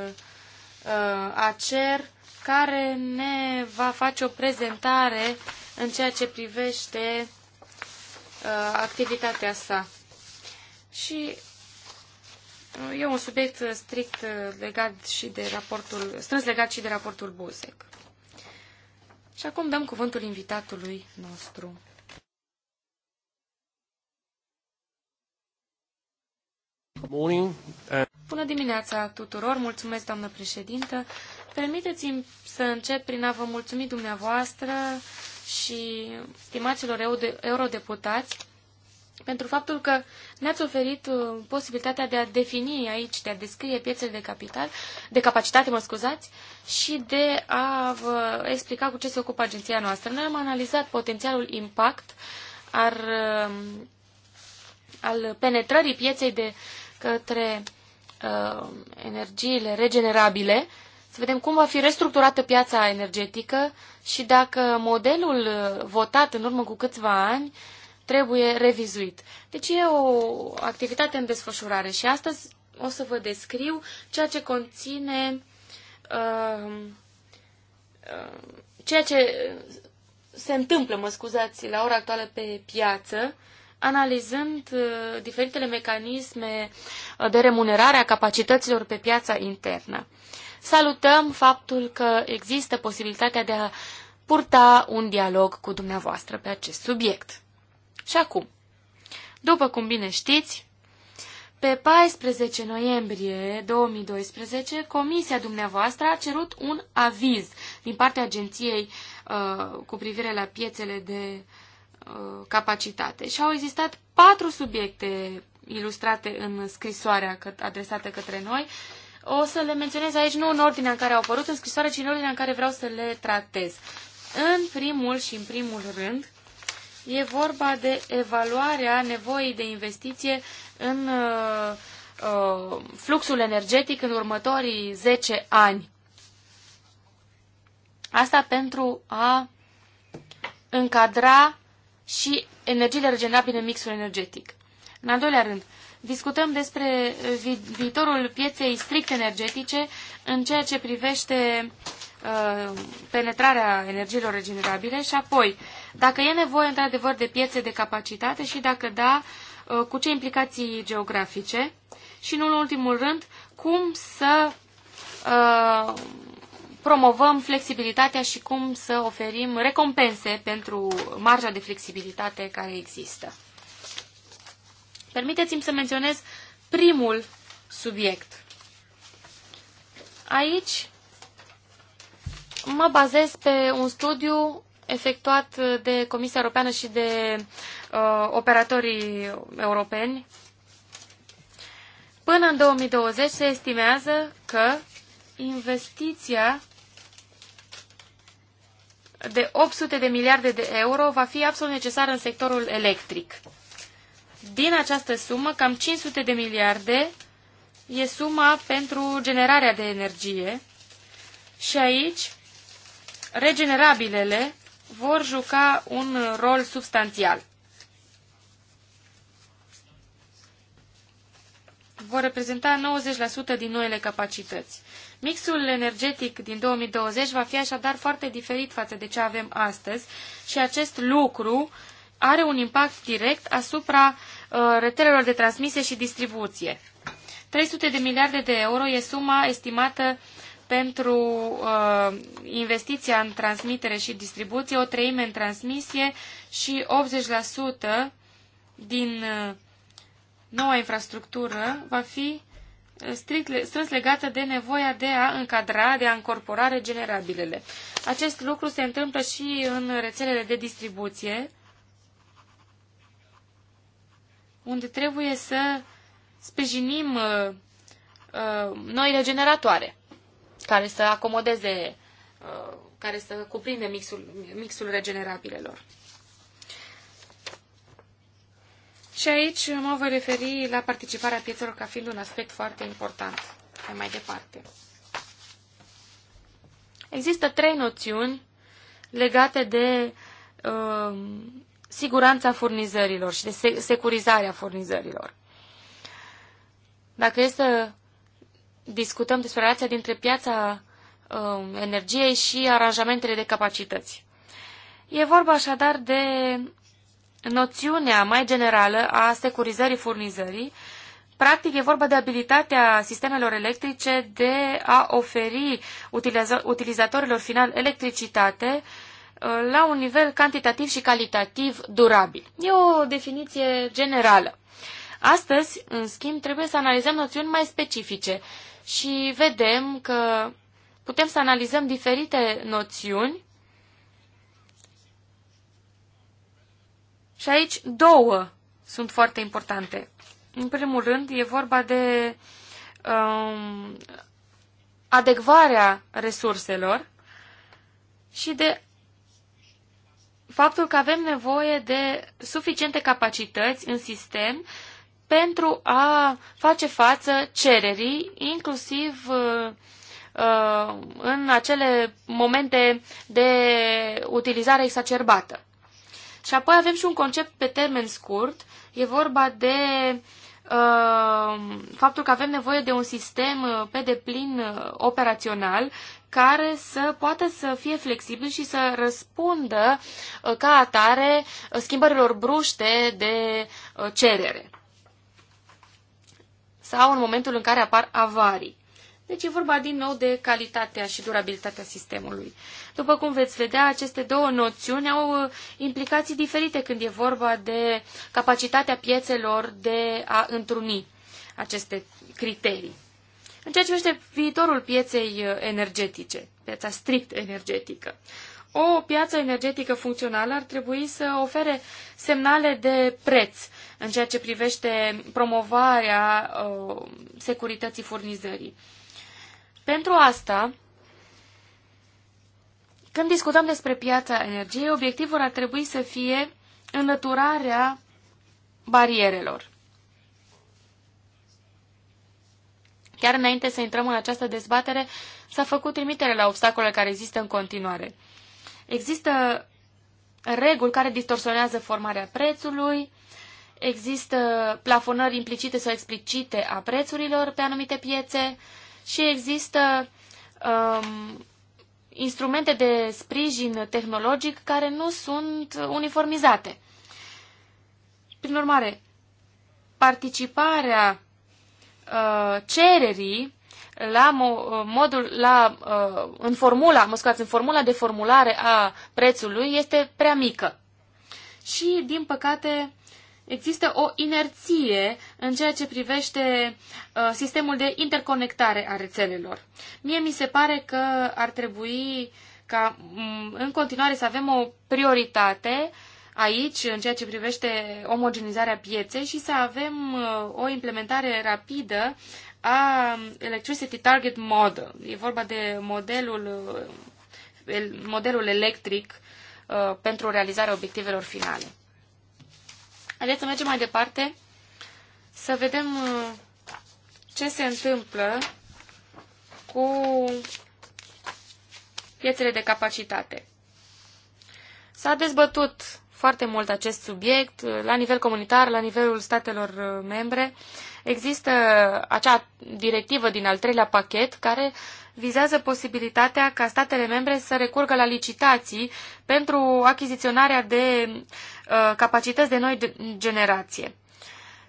uh, ACER, care ne va face o prezentare în ceea ce privește uh, activitatea sa. Și uh, e un subiect strict uh, legat și de raportul, strâns legat și de raportul Buzek. Și acum dăm cuvântul invitatului nostru. Bună dimineața tuturor, mulțumesc doamnă președintă. Permiteți-mi să încep prin a vă mulțumi dumneavoastră și stimaților eurodeputați pentru faptul că ne-ați oferit uh, posibilitatea de a defini aici, de a descrie piețele de capital, de capacitate, mă scuzați, și de a vă explica cu ce se ocupă agenția noastră. Noi am analizat potențialul impact ar, um, al penetrării pieței de către uh, energiile regenerabile, să vedem cum va fi restructurată piața energetică și dacă modelul uh, votat în urmă cu câțiva ani trebuie revizuit. Deci e o activitate în desfășurare și astăzi o să vă descriu ceea ce conține uh, uh, ceea ce se întâmplă, mă scuzați, la ora actuală pe piață analizând uh, diferitele mecanisme uh, de remunerare a capacităților pe piața internă. Salutăm faptul că există posibilitatea de a purta un dialog cu dumneavoastră pe acest subiect. Și acum, după cum bine știți, pe 14 noiembrie 2012, comisia dumneavoastră a cerut un aviz din partea agenției uh, cu privire la piețele de Uh, capacitate. Și au existat patru subiecte ilustrate în scrisoarea adresată către noi. O să le menționez aici nu în ordinea în care au apărut în scrisoare, ci în ordinea în care vreau să le tratez. În primul și în primul rând, e vorba de evaluarea nevoii de investiție în uh, uh, fluxul energetic în următorii 10 ani. Asta pentru a încadra și energiile regenerabile în mixul energetic. În al doilea rând, discutăm despre uh, vi viitorul pieței strict energetice în ceea ce privește uh, penetrarea energiilor regenerabile și apoi, dacă e nevoie într-adevăr de piețe de capacitate și dacă da, uh, cu ce implicații geografice și, în ultimul rând, cum să uh, promovăm flexibilitatea și cum să oferim recompense pentru marja de flexibilitate care există. Permiteți-mi să menționez primul subiect. Aici mă bazez pe un studiu efectuat de Comisia Europeană și de uh, operatorii europeni. Până în 2020 se estimează că investiția de 800 de miliarde de euro va fi absolut necesar în sectorul electric. Din această sumă, cam 500 de miliarde e suma pentru generarea de energie și aici regenerabilele vor juca un rol substanțial. Vor reprezenta 90% din noile capacități. Mixul energetic din 2020 va fi așadar foarte diferit față de ce avem astăzi și acest lucru are un impact direct asupra uh, rețelelor de transmisie și distribuție. 300 de miliarde de euro e suma estimată pentru uh, investiția în transmitere și distribuție, o treime în transmisie și 80% din uh, noua infrastructură va fi strict, strâns legată de nevoia de a încadra, de a încorpora regenerabilele. Acest lucru se întâmplă și în rețelele de distribuție, unde trebuie să sprijinim uh, uh, noi regeneratoare care să acomodeze, uh, care să cuprinde mixul, mixul regenerabilelor. Și aici mă voi referi la participarea piețelor ca fiind un aspect foarte important pe mai departe. Există trei noțiuni legate de uh, siguranța furnizărilor și de securizarea furnizărilor. Dacă este să discutăm despre relația dintre piața uh, energiei și aranjamentele de capacități. E vorba așadar de noțiunea mai generală a securizării furnizării, practic e vorba de abilitatea sistemelor electrice de a oferi utilizatorilor final electricitate uh, la un nivel cantitativ și calitativ durabil. E o definiție generală. Astăzi, în schimb, trebuie să analizăm noțiuni mai specifice și vedem că putem să analizăm diferite noțiuni Și aici două sunt foarte importante. În primul rând, e vorba de um, adecvarea resurselor și de faptul că avem nevoie de suficiente capacități în sistem pentru a face față cererii, inclusiv uh, uh, în acele momente de utilizare exacerbată. Și apoi avem și un concept pe termen scurt. E vorba de uh, faptul că avem nevoie de un sistem uh, pe deplin uh, operațional care să poată să fie flexibil și să răspundă ca atare schimbărilor bruște de cerere sau în momentul în care apar avarii. Deci e vorba din nou de calitatea și durabilitatea sistemului. După cum veți vedea, aceste două noțiuni au uh, implicații diferite când e vorba de capacitatea piețelor de a întruni aceste criterii. În ceea ce privește viitorul pieței uh, energetice, piața strict energetică, o piață energetică funcțională ar trebui să ofere semnale de preț în ceea ce privește promovarea uh, securității furnizării. Pentru asta, când discutăm despre piața energiei, obiectivul ar trebui să fie înlăturarea barierelor. Chiar înainte să intrăm în această dezbatere, s-a făcut trimitere la obstacole care există în continuare. Există reguli care distorsionează formarea prețului, există plafonări implicite sau explicite a prețurilor pe anumite piețe, și există um, instrumente de sprijin tehnologic care nu sunt uniformizate. Prin urmare, participarea uh, cererii la uh, modul, la, uh, în formula, mă scuzați, în formula de formulare a prețului este prea mică. Și, din păcate, există o inerție în ceea ce privește uh, sistemul de interconectare a rețelelor. Mie mi se pare că ar trebui ca um, în continuare să avem o prioritate aici în ceea ce privește omogenizarea pieței și să avem uh, o implementare rapidă a mm, Electricity Target Model. E vorba de modelul, uh, modelul electric uh, pentru realizarea obiectivelor finale. Haideți să mergem mai departe, să vedem uh, ce se întâmplă cu piețele de capacitate. S-a dezbătut foarte mult acest subiect uh, la nivel comunitar, la nivelul statelor uh, membre. Există acea directivă din al treilea pachet care vizează posibilitatea ca statele membre să recurgă la licitații pentru achiziționarea de uh, capacități de noi generație,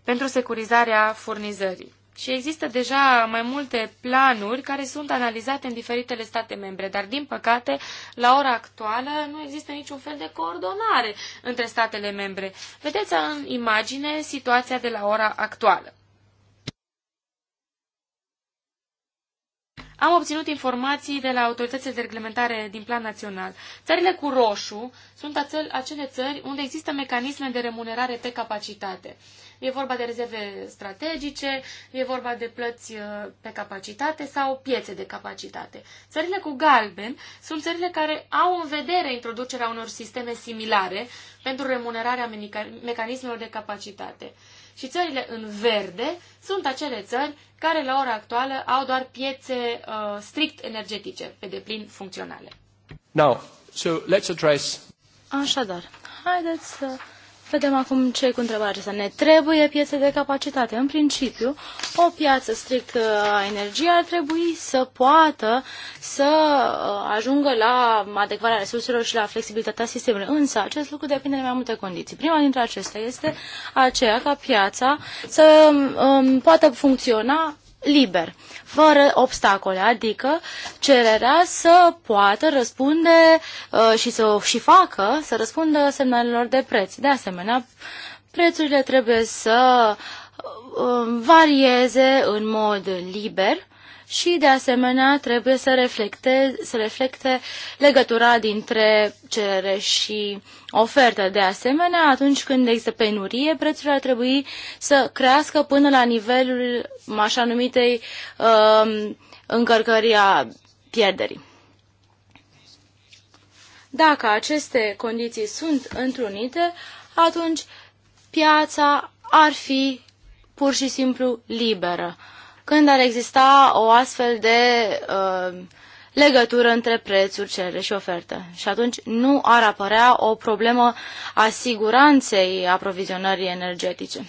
pentru securizarea furnizării. Și există deja mai multe planuri care sunt analizate în diferitele state membre, dar din păcate, la ora actuală, nu există niciun fel de coordonare între statele membre. Vedeți în imagine situația de la ora actuală. am obținut informații de la autoritățile de reglementare din plan național. Țările cu roșu sunt acele țări unde există mecanisme de remunerare pe capacitate. E vorba de rezerve strategice, e vorba de plăți uh, pe capacitate sau piețe de capacitate. Țările cu galben sunt țările care au în vedere introducerea unor sisteme similare pentru remunerarea mecanismelor de capacitate. Și țările în verde sunt acele țări care la ora actuală au doar piețe uh, strict energetice, pe deplin funcționale. Now, so let's address... Așadar, haideți să Vedem acum ce cu întrebarea asta. Ne trebuie piețe de capacitate. În principiu, o piață strict uh, a energiei ar trebui să poată să uh, ajungă la adecvarea resurselor și la flexibilitatea sistemului. Însă, acest lucru depinde de mai multe condiții. Prima dintre acestea este aceea ca piața să um, poată funcționa liber, fără obstacole, adică cererea să poată răspunde uh, și să și facă, să răspundă semnalelor de preț. De asemenea, prețurile trebuie să uh, varieze în mod liber și, de asemenea, trebuie să reflecte, să reflecte legătura dintre cerere și ofertă. De asemenea, atunci când există penurie, prețurile ar trebui să crească până la nivelul așa numitei uh, încărcării a pierderii. Dacă aceste condiții sunt întrunite, atunci piața ar fi pur și simplu liberă când ar exista o astfel de uh, legătură între prețuri, cerere și ofertă. Și atunci nu ar apărea o problemă a siguranței aprovizionării energetice.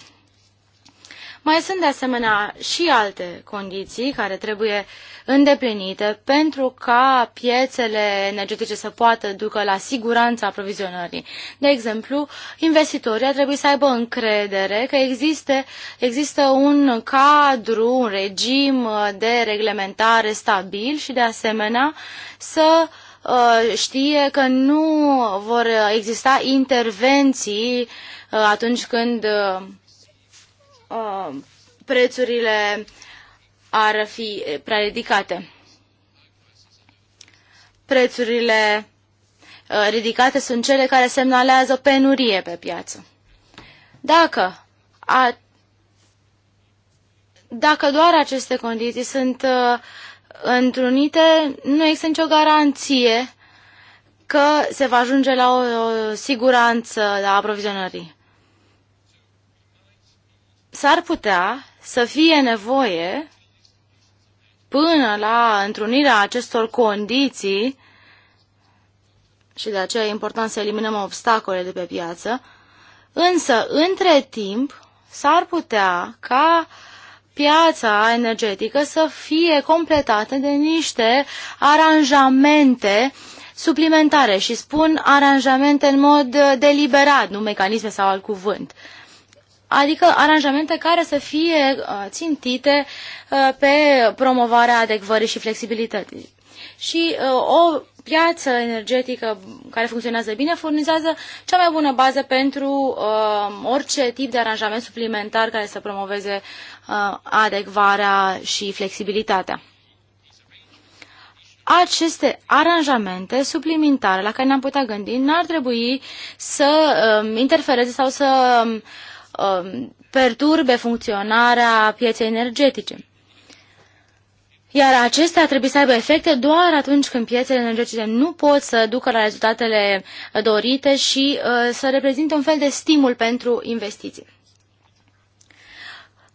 Mai sunt de asemenea și alte condiții care trebuie îndeplinite pentru ca piețele energetice să poată ducă la siguranța aprovizionării. De exemplu, investitorii trebuie să aibă încredere că existe, există un cadru, un regim de reglementare stabil și de asemenea să uh, știe că nu vor exista intervenții uh, atunci când uh, prețurile ar fi prea ridicate. Prețurile uh, ridicate sunt cele care semnalează penurie pe piață. Dacă, a, dacă doar aceste condiții sunt uh, întrunite, nu există nicio garanție că se va ajunge la o, o siguranță a aprovizionării s-ar putea să fie nevoie până la întrunirea acestor condiții și de aceea e important să eliminăm obstacole de pe piață, însă între timp s-ar putea ca piața energetică să fie completată de niște aranjamente suplimentare și spun aranjamente în mod deliberat, nu mecanisme sau alt cuvânt. Uh, adică aranjamente care să fie uh, țintite uh, pe promovarea adecvării și flexibilității. Și uh, o piață energetică care funcționează bine furnizează cea mai bună bază pentru orice tip de aranjament suplimentar care să promoveze adecvarea și flexibilitatea aceste aranjamente suplimentare la care ne-am putea gândi n-ar trebui să interfereze sau să um, Um, perturbe funcționarea pieței energetice. Iar acestea trebuie să aibă efecte doar atunci când piețele energetice nu pot să ducă la rezultatele dorite și uh, să reprezinte un fel de stimul pentru investiții.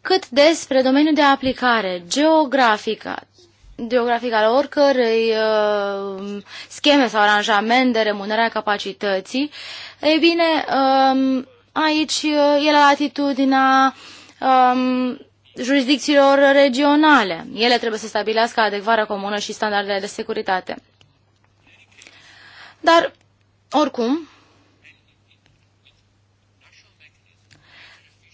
Cât despre domeniul de aplicare geografică, geografic al oricărei uh, scheme sau aranjament de remunerare a capacității, ei bine, uh, Aici uh, e la latitudinea um, jurisdicțiilor regionale. Ele trebuie să stabilească adecvarea comună și standardele de securitate. Dar, oricum,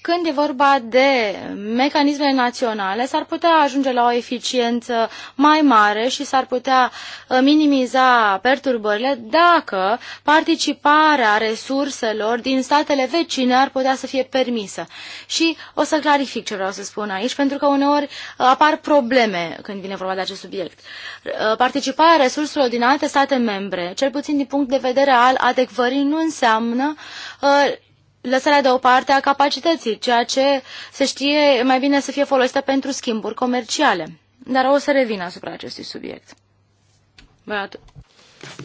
Când e vorba de mecanismele naționale, s-ar putea ajunge la o eficiență mai mare și s-ar putea uh, minimiza perturbările dacă participarea resurselor din statele vecine ar putea să fie permisă. Și o să clarific ce vreau să spun aici, pentru că uneori uh, apar probleme când vine vorba de acest subiect. Uh, participarea resurselor din alte state membre, cel puțin din punct de vedere al adecvării, nu înseamnă lăsarea deoparte a capacității, ceea ce se știe mai bine să fie folosită pentru schimburi comerciale. Dar o să revin asupra acestui subiect.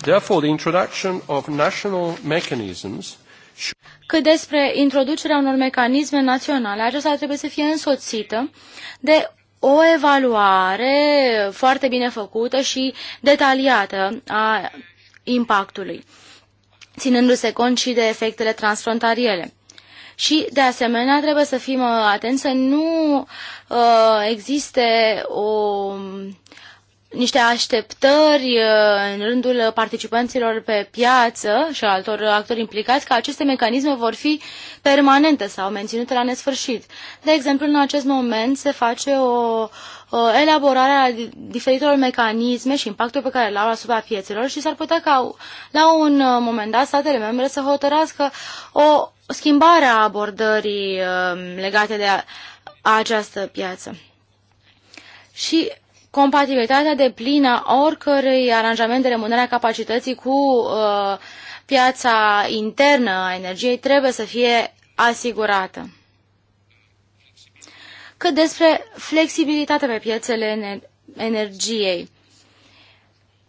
Therefore, the introduction of national mechanisms cât despre introducerea unor mecanisme naționale, aceasta trebuie să fie însoțită de o evaluare foarte bine făcută și detaliată a impactului ținându-se cont și de efectele transfrontaliere. Și, de asemenea, trebuie să fim uh, atenți să nu uh, existe o, niște așteptări uh, în rândul participanților pe piață și altor actori implicați că aceste mecanisme vor fi permanente sau menținute la nesfârșit. De exemplu, în acest moment se face o Uh, elaborarea diferitelor mecanisme și impactul pe care l au asupra piețelor și s-ar putea ca la un uh, moment dat statele membre să hotărască o schimbare a abordării um, legate de această piață. Și compatibilitatea de plină a oricărui aranjament de remunerare a capacității cu uh, piața internă a energiei trebuie să fie asigurată cât despre flexibilitatea pe piețele energiei.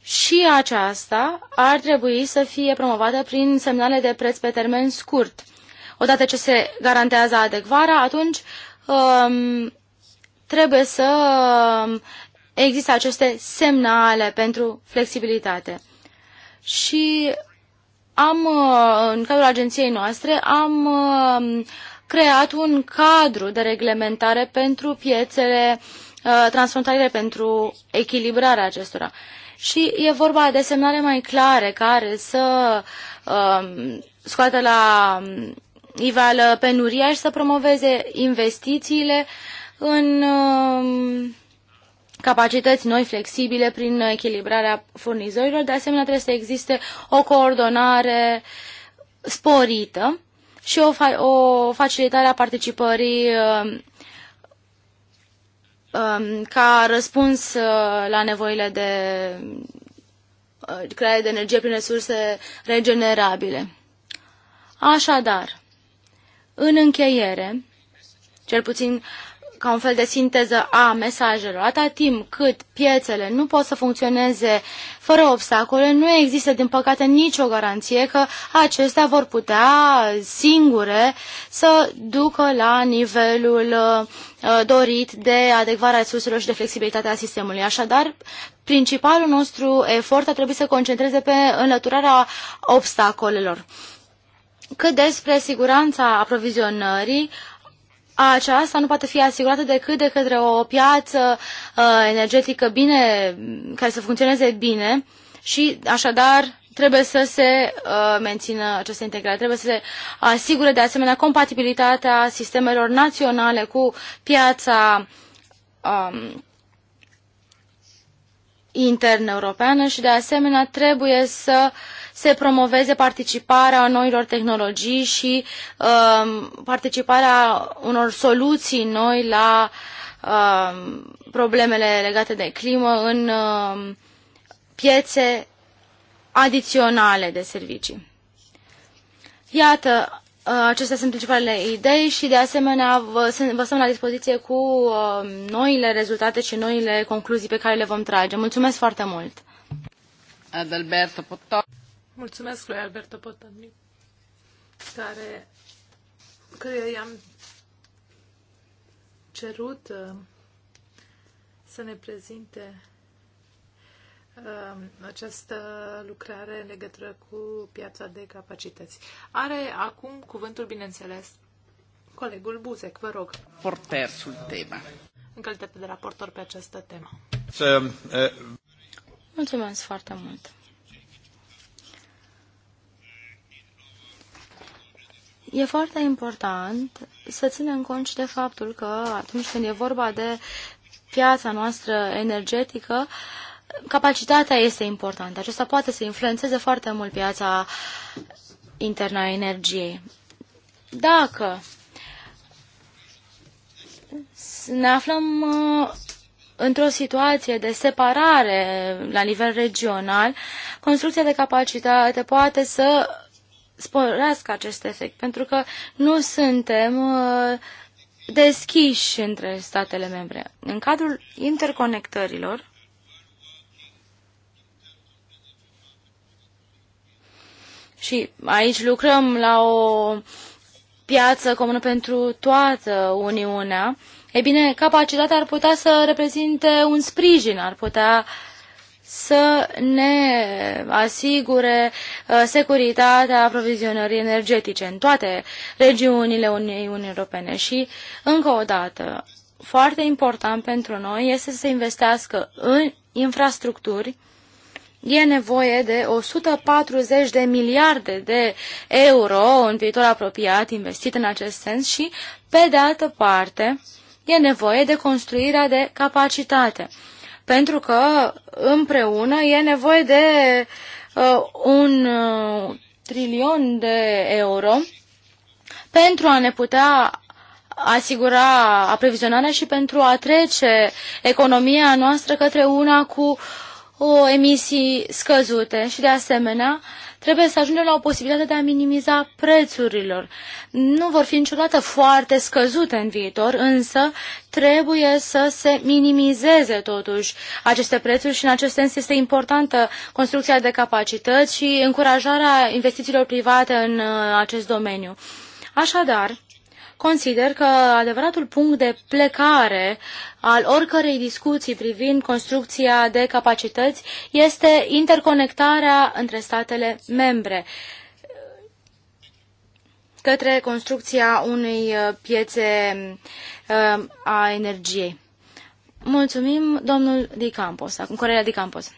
Și aceasta ar trebui să fie promovată prin semnale de preț pe termen scurt. Odată ce se garantează adecvarea, atunci um, trebuie să um, există aceste semnale pentru flexibilitate. Și am, uh, în cadrul agenției noastre, am um, creat un cadru de reglementare pentru piețele uh, transfrontaliere, pentru echilibrarea acestora. Și e vorba de semnale mai clare care să um, scoată la um, iveală penuria și să promoveze investițiile în um, capacități noi flexibile prin echilibrarea furnizorilor. De asemenea, trebuie să existe o coordonare sporită și o, fa o facilitare a participării um, um, ca răspuns uh, la nevoile de uh, creare de energie prin resurse regenerabile. Așadar, în încheiere, cel puțin ca un fel de sinteză a mesajelor. Atâta timp cât piețele nu pot să funcționeze fără obstacole, nu există, din păcate, nicio garanție că acestea vor putea singure să ducă la nivelul uh, dorit de adecvarea resurselor și de flexibilitatea sistemului. Așadar, principalul nostru efort a trebuit să concentreze pe înlăturarea obstacolelor. Cât despre siguranța aprovizionării, aceasta nu poate fi asigurată decât de către o piață uh, energetică bine, care să funcționeze bine și așadar trebuie să se uh, mențină această integrare, trebuie să se asigure de asemenea compatibilitatea sistemelor naționale cu piața um, internă europeană și de asemenea trebuie să se promoveze participarea noilor tehnologii și um, participarea unor soluții noi la um, problemele legate de climă în um, piețe adiționale de servicii. Iată, uh, acestea sunt principalele idei și de asemenea vă, stăm la dispoziție cu um, noile rezultate și noile concluzii pe care le vom trage. Mulțumesc foarte mult! Adalberto Potocnic. Mulțumesc lui Alberto Potami, care căruia i-am cerut uh, să ne prezinte uh, această lucrare în legătură cu piața de capacități. Are acum cuvântul, bineînțeles, colegul Buzec, vă rog. Portersul tema. În calitate de raportor pe această temă. Uh, Mulțumesc foarte mult. E foarte important să ținem cont și de faptul că atunci când e vorba de piața noastră energetică, capacitatea este importantă. Acesta poate să influențeze foarte mult piața internă a energiei. Dacă ne aflăm uh, într-o situație de separare la nivel regional, construcția de capacitate poate să sporească acest efect, pentru că nu suntem uh, deschiși între statele membre. În cadrul interconectărilor, și aici lucrăm la o piață comună pentru toată Uniunea, e bine, capacitatea ar putea să reprezinte un sprijin, ar putea uh, să ne asigure uh, securitatea aprovizionării energetice în toate regiunile Uniunii Europene. Și, încă o dată, foarte important pentru noi este să se investească în infrastructuri. E nevoie de 140 de miliarde de euro în viitor apropiat investit în acest sens și, pe de altă parte, e nevoie de construirea de capacitate pentru că împreună e nevoie de uh, un uh, trilion de euro pentru a ne putea asigura aprovizionarea și pentru a trece economia noastră către una cu o emisii scăzute și de asemenea uh, Trebuie să ajungem la o posibilitate de a minimiza prețurilor. Nu vor fi niciodată foarte scăzute în viitor, însă trebuie să se minimizeze totuși aceste prețuri și în acest sens este importantă construcția de capacități și încurajarea investițiilor private în uh, acest domeniu. Așadar, Consider că adevăratul punct de plecare al oricărei discuții privind construcția de capacități este interconectarea între statele membre către construcția unei uh, piețe uh, a energiei. Mulțumim, domnul Di Campos, acum Corelia Di Campos.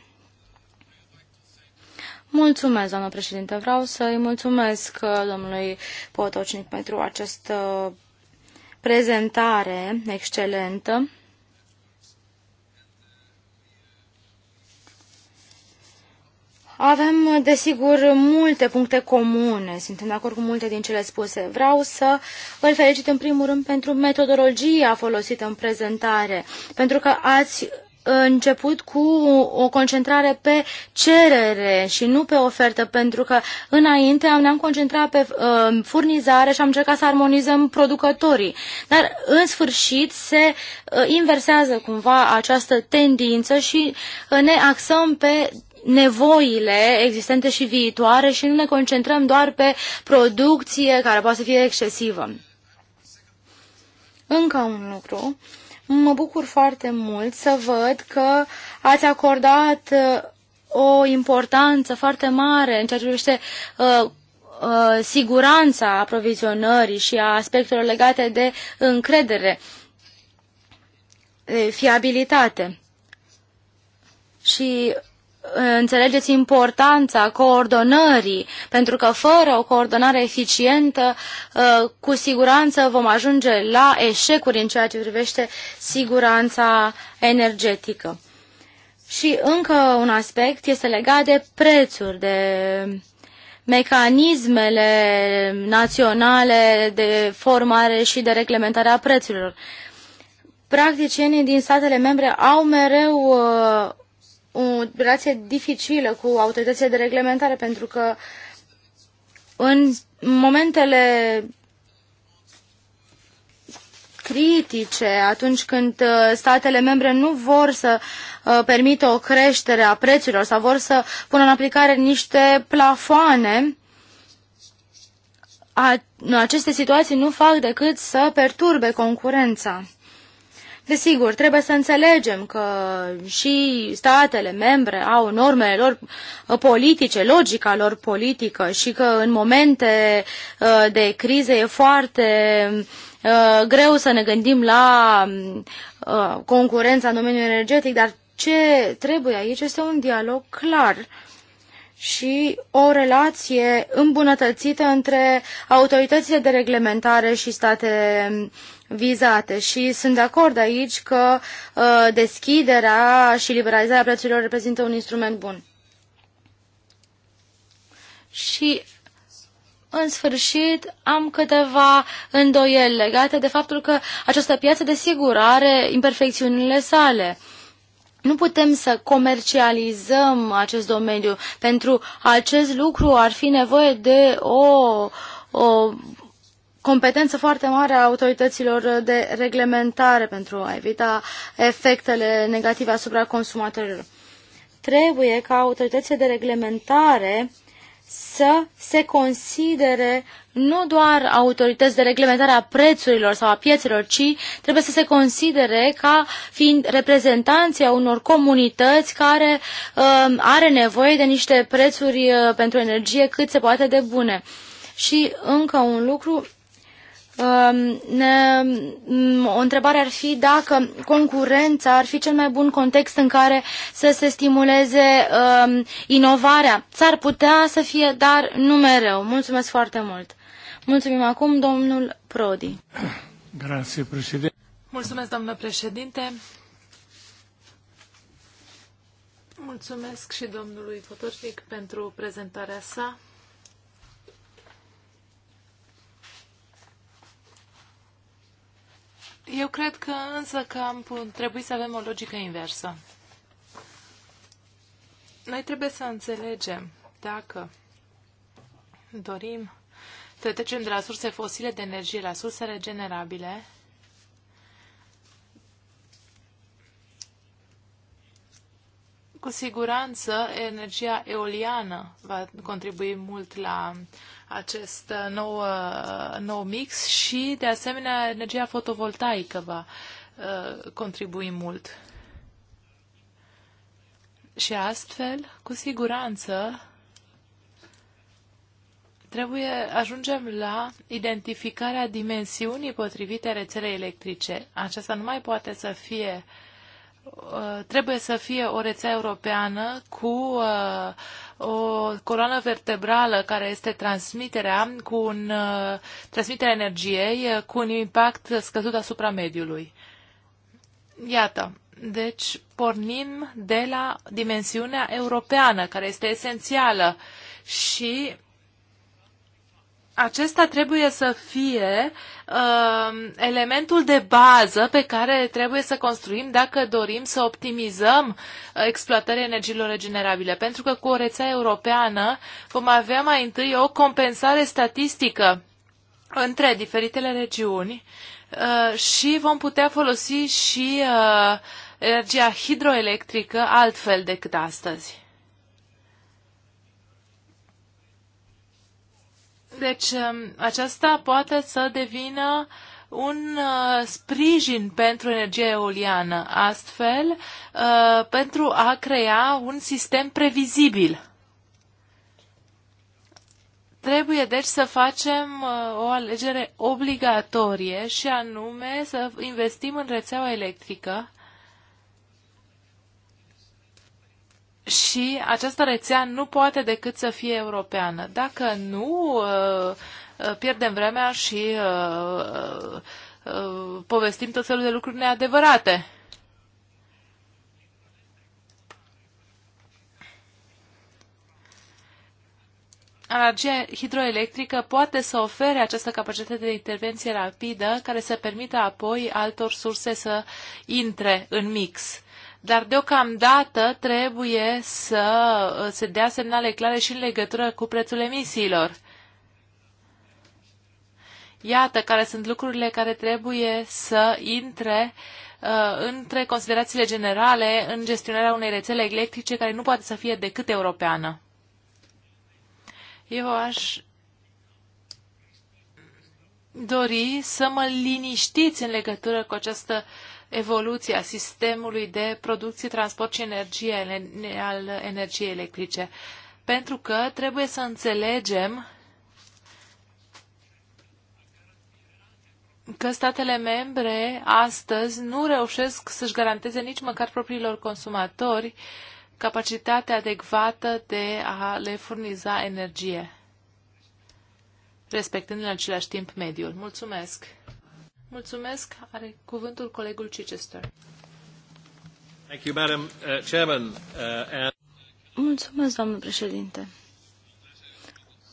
Mulțumesc, doamnă președinte. Vreau să-i mulțumesc uh, domnului Potocnic pentru această prezentare excelentă. Avem, desigur, multe puncte comune, suntem de acord cu multe din cele spuse. Vreau să îl felicit în primul rând pentru metodologia folosită în prezentare, pentru că ați început cu o concentrare pe cerere și nu pe ofertă, pentru că înainte ne-am concentrat pe uh, furnizare și am încercat să armonizăm producătorii. Dar în sfârșit se uh, inversează cumva această tendință și uh, ne axăm pe nevoile existente și viitoare și nu ne concentrăm doar pe producție care poate să fie excesivă. Încă un lucru. Uh, Mă bucur foarte mult să văd că ați acordat uh, o importanță foarte mare în ceea ce privește uh, uh, siguranța aprovizionării și a aspectelor legate de încredere, de fiabilitate. Și înțelegeți importanța coordonării, pentru că fără o coordonare eficientă, ă, cu siguranță vom ajunge la eșecuri în ceea ce privește siguranța energetică. Și încă un aspect este legat de prețuri, de mecanismele naționale de formare și de reglementare a prețurilor. Practicienii din statele membre au mereu ă, o relație dificilă cu autoritățile de reglementare, pentru că în momentele critice, atunci când uh, statele membre nu vor să uh, permită o creștere a prețurilor sau vor să pună în aplicare niște plafoane, aceste situații nu fac decât să perturbe concurența. Desigur, trebuie să înțelegem că și statele membre au normele lor uh, politice, logica lor politică și că în momente uh, de crize e foarte uh, greu să ne gândim la concurența în domeniul energetic, dar ce trebuie aici este un dialog clar și o relație îmbunătățită între autoritățile de reglementare și state vizate și sunt de acord aici că uh, deschiderea și liberalizarea prețurilor reprezintă un instrument bun. Și în sfârșit, am câteva îndoieli legate de faptul că această piață, desigur, are imperfecțiunile sale. Nu putem să comercializăm acest domeniu. Pentru acest lucru ar fi nevoie de o, o competență foarte mare a autorităților de reglementare pentru a evita efectele negative asupra consumatorilor. Trebuie ca autoritățile de reglementare să se considere nu doar autorități de reglementare a prețurilor sau a piețelor, ci trebuie să se considere ca fiind reprezentanții a unor comunități care uh, are nevoie de niște prețuri uh, pentru energie cât se poate de bune. Și încă un lucru, Um, ne, o întrebare ar fi dacă concurența ar fi cel mai bun context în care să se stimuleze um, inovarea. S-ar putea să fie, dar nu mereu. Mulțumesc foarte mult. Mulțumim acum, domnul Prodi. Grazie, președinte. Mulțumesc, domnule președinte. Mulțumesc și domnului Potoșnic pentru prezentarea sa. Eu cred că însă că am trebuit să avem o logică inversă. Noi trebuie să înțelegem dacă dorim să trecem de la surse fosile de energie la surse regenerabile, cu siguranță energia eoliană va contribui mult la acest uh, nou, uh, nou mix și, de asemenea, energia fotovoltaică va uh, contribui mult. Și astfel, cu siguranță, trebuie ajungem la identificarea dimensiunii potrivite a rețelei electrice. Aceasta nu mai poate să fie uh, Uh, trebuie să fie o rețea europeană cu uh, o coloană vertebrală care este transmiterea cu un, uh, transmiterea energiei cu un impact scăzut asupra mediului. Iată, deci pornim de la dimensiunea europeană, care este esențială și acesta trebuie să fie uh, elementul de bază pe care trebuie să construim dacă dorim să optimizăm uh, exploatarea energiilor regenerabile. Pentru că cu o rețea europeană vom avea mai întâi o compensare statistică între diferitele regiuni uh, și vom putea folosi și uh, energia hidroelectrică altfel decât astăzi. Deci um, aceasta poate să devină un uh, sprijin pentru energia eoliană, astfel uh, pentru a crea un sistem previzibil. Trebuie deci să facem uh, o alegere obligatorie și anume să investim în rețeaua electrică și această rețea nu poate decât să fie europeană. Dacă nu, uh, uh, pierdem vremea și uh, povestim tot felul de lucruri neadevărate. energia hidroelectrică poate să ofere această capacitate de intervenție rapidă care să permită apoi altor surse să intre în mix. Dar deocamdată trebuie să uh, se dea semnale clare și în legătură cu prețul emisiilor. Iată care sunt lucrurile care trebuie să intre uh, între considerațiile generale în gestionarea unei rețele electrice care nu poate să fie decât europeană. Eu aș dori să mă liniștiți în legătură cu această uh, evoluția sistemului de producție, transport și energie al energiei electrice. Pentru că trebuie să înțelegem că statele membre astăzi nu reușesc să-și garanteze nici măcar propriilor consumatori capacitatea adecvată de a le furniza energie, respectând în același timp mediul. Mulțumesc! Mulțumesc. Are cuvântul colegul Chichester. Thank you, Madam uh, Chairman. Uh, Mulțumesc, doamnă președinte.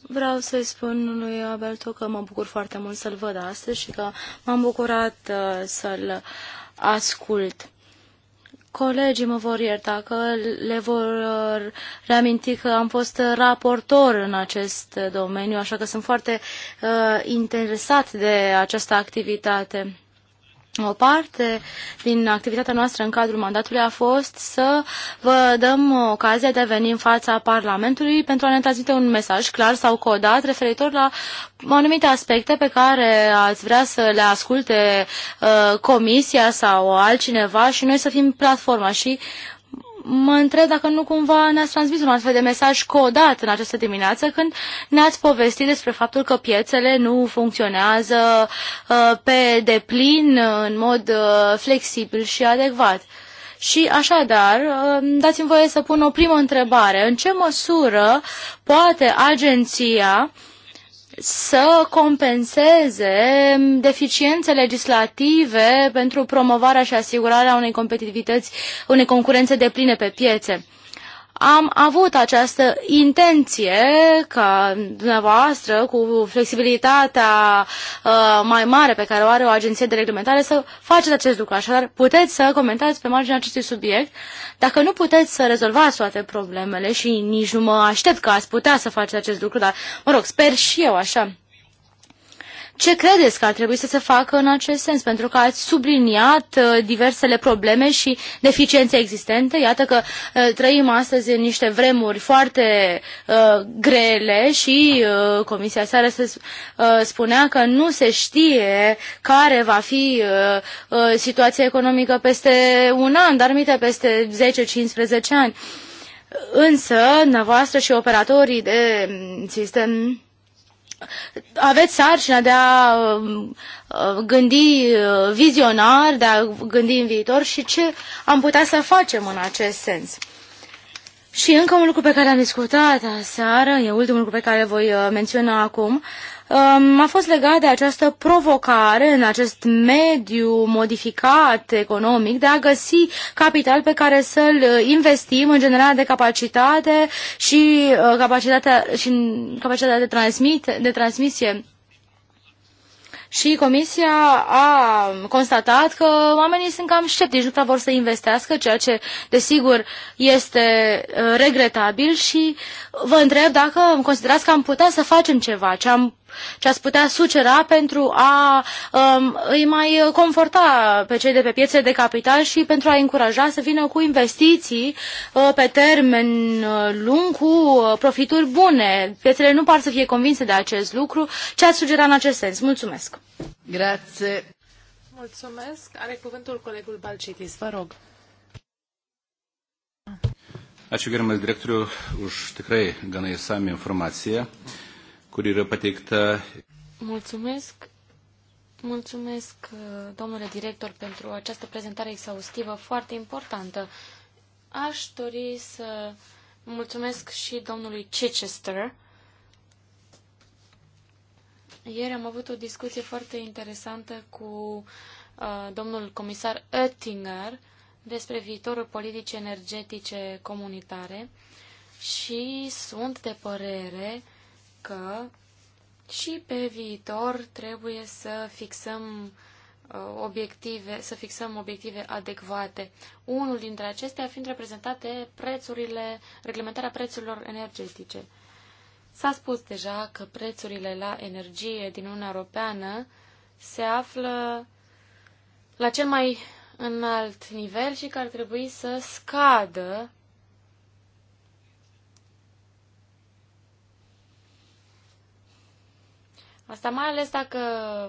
Vreau să-i spun lui Alberto că mă bucur foarte mult să-l văd astăzi și că m-am bucurat uh, să-l ascult. Colegii mă vor ierta că le vor uh, reaminti că am fost raportor în acest domeniu, așa că sunt foarte uh, interesat de această activitate. O parte din activitatea noastră în cadrul mandatului a fost să vă dăm ocazia de a veni în fața Parlamentului pentru a ne transmite un mesaj clar sau codat referitor la anumite aspecte pe care ați vrea să le asculte uh, comisia sau altcineva și noi să fim platforma și mă întreb dacă nu cumva ne-ați transmis un astfel de mesaj codat în această dimineață când ne-ați povestit despre faptul că piețele nu funcționează uh, pe deplin, uh, în mod uh, flexibil și adecvat. Și așadar, dați-mi voie să pun o primă întrebare. În ce măsură poate agenția uh, să compenseze deficiențe legislative pentru promovarea și asigurarea unei competitivități, unei concurențe de pline pe piețe am avut această intenție ca dumneavoastră, cu flexibilitatea uh, mai mare pe care o are o agenție de reglementare, să faceți acest lucru. Așadar, puteți să comentați pe marginea acestui subiect. Dacă nu puteți să rezolvați toate problemele și nici nu mă aștept că ați putea să faceți acest lucru, dar, mă rog, sper și eu așa. Ce credeți că ar trebui să se facă în acest sens? Pentru că ați subliniat uh, diversele probleme și deficiențe existente. Iată că uh, trăim astăzi în niște vremuri foarte uh, grele și uh, Comisia seară se uh, spunea că nu se știe care va fi uh, situația economică peste un an, dar minte peste 10-15 ani. Însă, dumneavoastră și operatorii de sistem aveți sarcina de a uh, gândi uh, vizionar, de a gândi în viitor și ce am putea să facem în acest sens. Și încă un lucru pe care am discutat aseară, e ultimul lucru pe care voi uh, menționa acum, uh, Um, a fost legat de această provocare în acest mediu modificat economic de a găsi capital pe care să-l uh, investim în generarea de capacitate și uh, capacitatea, și capacitatea de, transmit, de transmisie și comisia a constatat că oamenii sunt cam sceptici, nu prea vor să investească, ceea ce, desigur, este uh, regretabil și vă întreb dacă considerați că am putea să facem ceva, ce am ce ați putea sucera pentru a um, îi mai conforta pe cei de pe piețe de capital și pentru a încuraja să vină cu investiții uh, pe termen uh, lung cu uh, profituri bune. Piețele nu par să fie convinse de acest lucru. Ce ați sugera în acest sens? Mulțumesc! Grație! Mulțumesc! Are cuvântul colegul Balcitis, vă rog. Ačiū gerbiamas direktoriu už tikrai gana įsami informaciją. Uh, kur yra pateikta. Mulțumesc. Mulțumesc, domnule director, pentru această prezentare exhaustivă foarte importantă. Aș dori să mulțumesc și domnului Chichester. Ieri am avut o discuție foarte interesantă cu uh, domnul comisar Oettinger despre viitorul politicii energetice comunitare și sunt de părere uh, că și pe viitor trebuie să fixăm uh, obiective, să fixăm obiective adecvate. Unul dintre acestea fiind reprezentate prețurile, reglementarea prețurilor energetice. S-a spus deja că prețurile la energie din Uniunea Europeană se află la cel mai înalt nivel și că ar trebui să scadă Asta mai ales dacă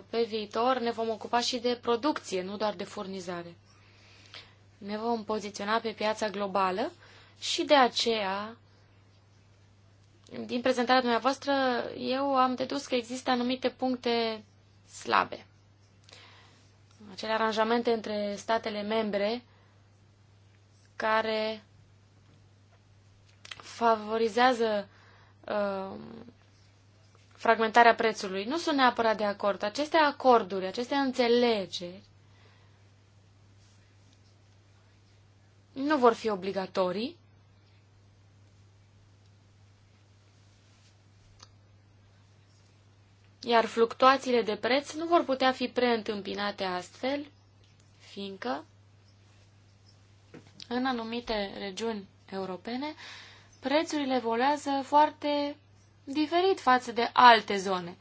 pe viitor ne vom ocupa și de producție, nu doar de furnizare. Ne vom poziționa pe piața globală și de aceea, din prezentarea dumneavoastră, eu am dedus că există anumite puncte slabe. Acele aranjamente între statele membre care favorizează uh, fragmentarea prețului. Nu sunt neapărat de acord. Aceste acorduri, aceste înțelegeri nu vor fi obligatorii. Iar fluctuațiile de preț nu vor putea fi preîntâmpinate astfel, fiindcă în anumite regiuni europene prețurile volează foarte diferit față de alte zone.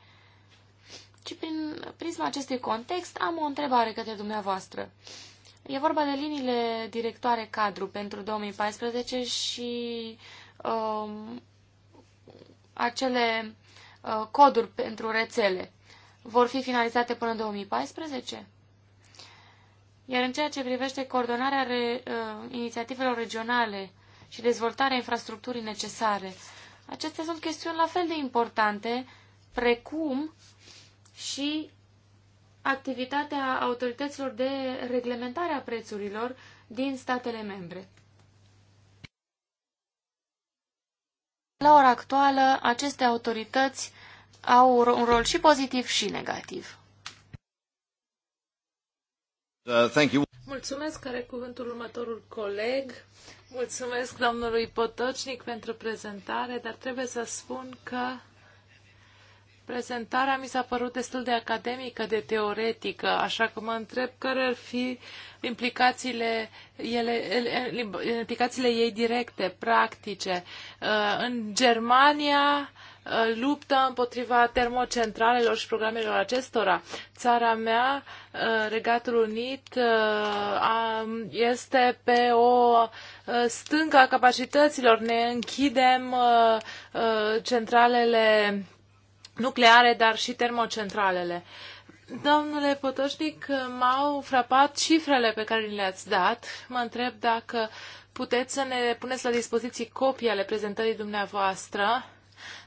Și prin prisma acestui context am o întrebare către dumneavoastră. E vorba de liniile directoare cadru pentru 2014 și uh, acele uh, coduri pentru rețele. Vor fi finalizate până în 2014? Iar în ceea ce privește coordonarea re, uh, inițiativelor regionale și dezvoltarea infrastructurii necesare, uh, Acestea sunt chestiuni la fel de importante, precum și activitatea autorităților de reglementare a prețurilor din statele membre. La ora actuală, aceste autorități au un rol și pozitiv și negativ. Uh, thank you. Mulțumesc, care cuvântul următorul coleg. Mulțumesc domnului Potocnic pentru prezentare, dar trebuie să spun că prezentarea mi s-a părut destul de academică, de teoretică, așa că mă întreb care ar fi implicațiile, ele, implicațiile ei directe, practice. Uh, în Germania uh, luptă împotriva termocentralelor și programelor acestora. Țara mea, uh, Regatul Unit, este pe o Uh, stânga capacităților, ne închidem uh, uh, centralele nucleare, dar și termocentralele. Domnule Potoșnic, m-au frapat cifrele pe care le-ați dat. Mă întreb dacă puteți să ne puneți la dispoziție copii ale prezentării dumneavoastră,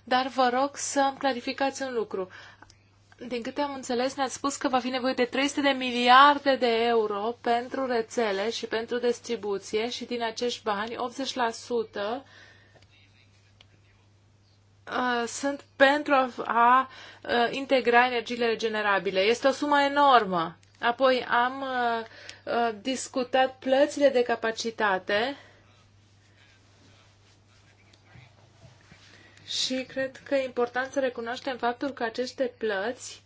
dar vă rog să clarificați un lucru din câte am înțeles, ne-ați spus că va fi nevoie de 300 de miliarde de euro pentru rețele și pentru distribuție și din acești bani, 80% uh, sunt pentru a uh, integra energiile regenerabile. Este o sumă enormă. Apoi am uh, discutat plățile de capacitate Și cred că e important să recunoaștem faptul că aceste plăți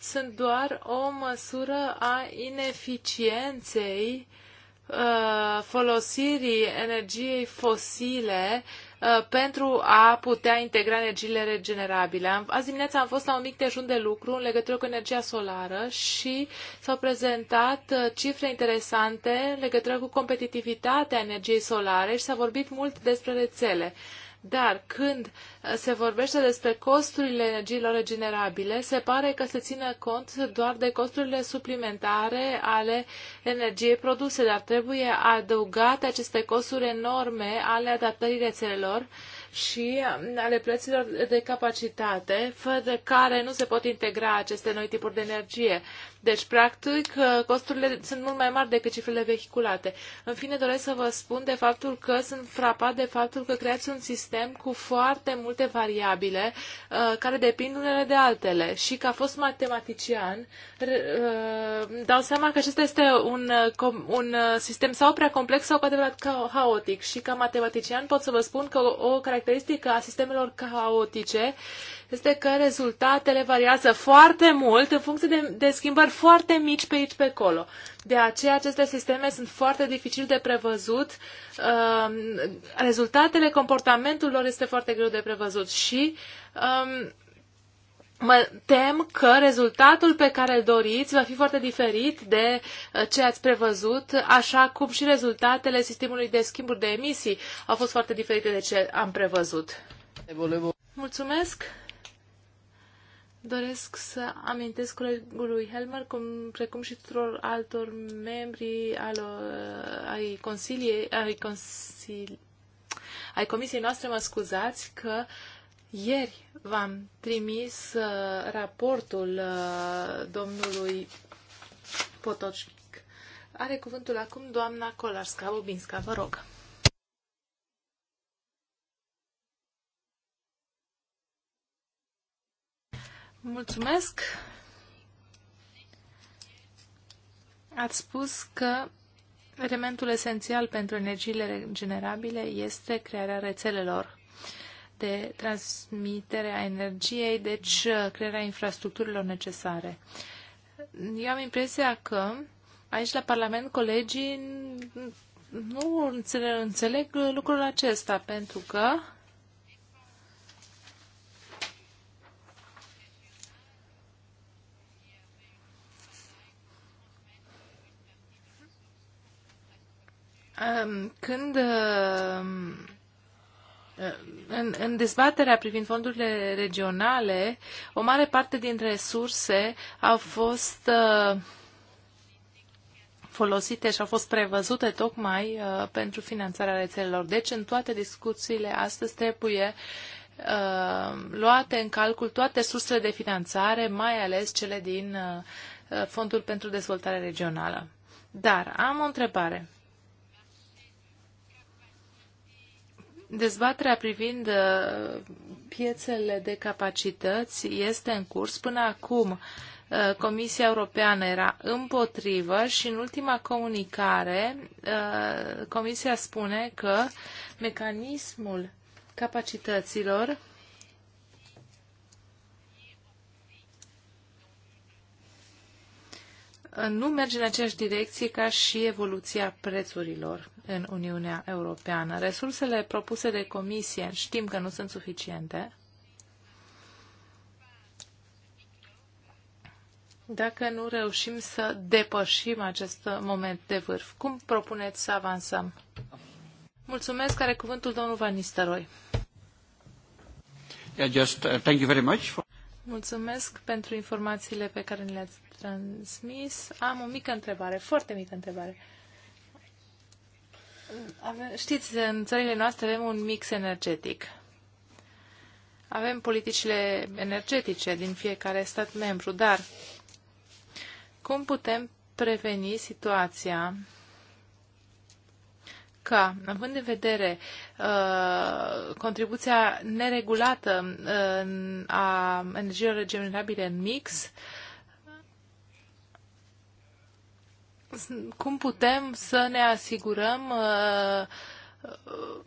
sunt doar o măsură a ineficienței uh, folosirii energiei fosile uh, pentru a putea integra energiile regenerabile. Azi dimineața am fost la un mic dejun de lucru în legătură cu energia solară și s-au prezentat uh, cifre interesante în legătură cu competitivitatea energiei solare și s-a vorbit mult despre rețele. Dar când uh, se vorbește despre costurile energiilor regenerabile, se pare că se ține cont doar de costurile suplimentare ale energiei produse, dar trebuie adăugate aceste costuri enorme ale adaptării rețelelor și um, ale plăților de capacitate, fără care nu se pot integra aceste noi tipuri de energie. Deci, practic, uh, costurile sunt mult mai mari decât cifrele vehiculate. În fine, doresc să vă spun de faptul că sunt frapat de faptul că creați un sistem cu foarte multe variabile uh, care depind unele de altele și că a fost matematician, uh, dau seama că acesta este un, un sistem sau prea complex sau cu adevărat haotic și ca matematician pot să vă spun că o caracteristică a sistemelor caotice este că rezultatele variază foarte mult în funcție de, de schimbări foarte mici pe aici, pe acolo. De aceea aceste sisteme sunt foarte dificil de prevăzut, uh, rezultatele, comportamentul lor este foarte greu de prevăzut și um, mă tem că rezultatul pe care îl doriți va fi foarte diferit de uh, ce ați prevăzut, așa cum și rezultatele sistemului de schimburi de emisii au fost foarte diferite de ce am prevăzut. Mulțumesc! Doresc să amintesc colegului Helmer, cum, precum și tuturor altor membri al, uh, ai, consilie, ai, consili, ai comisiei noastre, mă scuzați, că ieri v-am trimis uh, raportul uh, domnului Potocnic. Are cuvântul acum doamna Kolarska-Bobinska, vă rog. Mulțumesc. Ați spus că elementul esențial pentru energiile regenerabile este crearea rețelelor de transmitere a energiei, deci uh, crearea infrastructurilor necesare. Eu am impresia că aici la Parlament colegii nu înțeleg, înțeleg lucrul acesta, pentru că Când în, în dezbaterea privind fondurile regionale, o mare parte din resurse au fost uh, folosite și au fost prevăzute tocmai uh, pentru finanțarea rețelelor. Deci, în toate discuțiile astăzi trebuie uh, luate în calcul toate sursele de finanțare, mai ales cele din Fondul pentru Dezvoltare Regională. Dar am o întrebare. Dezbaterea privind uh, piețele de capacități este în curs. Până acum, uh, Comisia Europeană era împotrivă și în ultima comunicare uh, Comisia spune că mecanismul capacităților nu merge în aceeași direcție ca și evoluția prețurilor în Uniunea Europeană. Resursele propuse de comisie știm că nu sunt suficiente. Dacă nu reușim să depășim acest moment de vârf, cum propuneți să avansăm? Mulțumesc, care cuvântul domnul Van Nistelrooy. just, uh, thank you very much for... Mulțumesc pentru informațiile pe care le-ați transmis. Am o mică întrebare, foarte mică întrebare știți, în țările noastre avem un mix energetic. Avem politicile energetice din fiecare stat membru, dar cum putem preveni situația ca, având în vedere uh, contribuția neregulată uh, a energiilor regenerabile în mix, uh, cum putem să ne asigurăm uh, uh,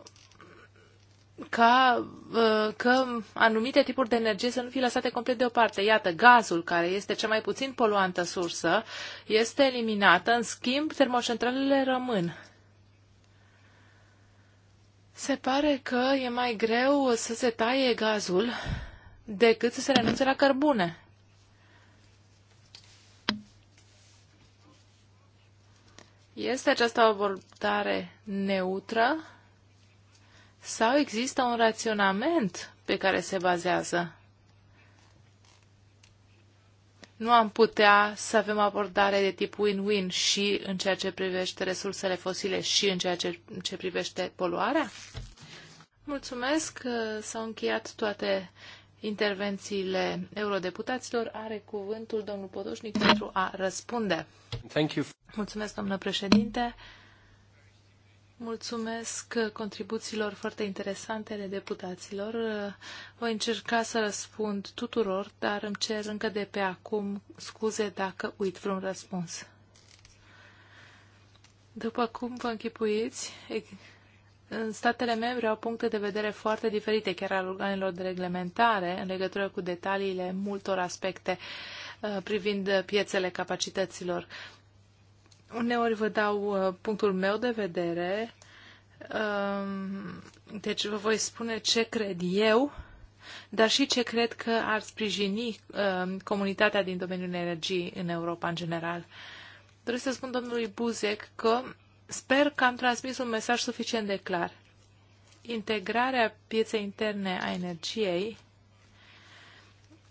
ca, uh, că anumite tipuri de energie să nu fie lăsate complet deoparte. Iată, gazul, care este cea mai puțin poluantă sursă, este eliminată, în schimb, termocentralele rămân. Se pare că e mai greu să se taie gazul decât să se renunțe la cărbune. Este această abordare neutră sau există un raționament pe care se bazează? Nu am putea să avem abordare de tip win-win și în ceea ce privește resursele fosile și în ceea ce, ce privește poluarea? Mulțumesc, s-au încheiat toate intervențiile eurodeputaților. Are cuvântul domnul Potoșnic pentru a răspunde. Thank you. Mulțumesc, domnule președinte. Mulțumesc contribuțiilor foarte interesante ale deputaților. Voi încerca să răspund tuturor, dar îmi cer încă de pe acum scuze dacă uit vreun răspuns. După cum vă închipuiți, în statele membre au puncte de vedere foarte diferite, chiar al organelor de reglementare, în legătură cu detaliile multor aspecte uh, privind piețele capacităților. Uneori vă dau uh, punctul meu de vedere, um, deci vă voi spune ce cred eu, dar și ce cred că ar sprijini um, comunitatea din domeniul energiei în Europa în general. Doresc să spun domnului Buzek că Sper că am transmis un mesaj suficient de clar. Integrarea pieței interne a energiei,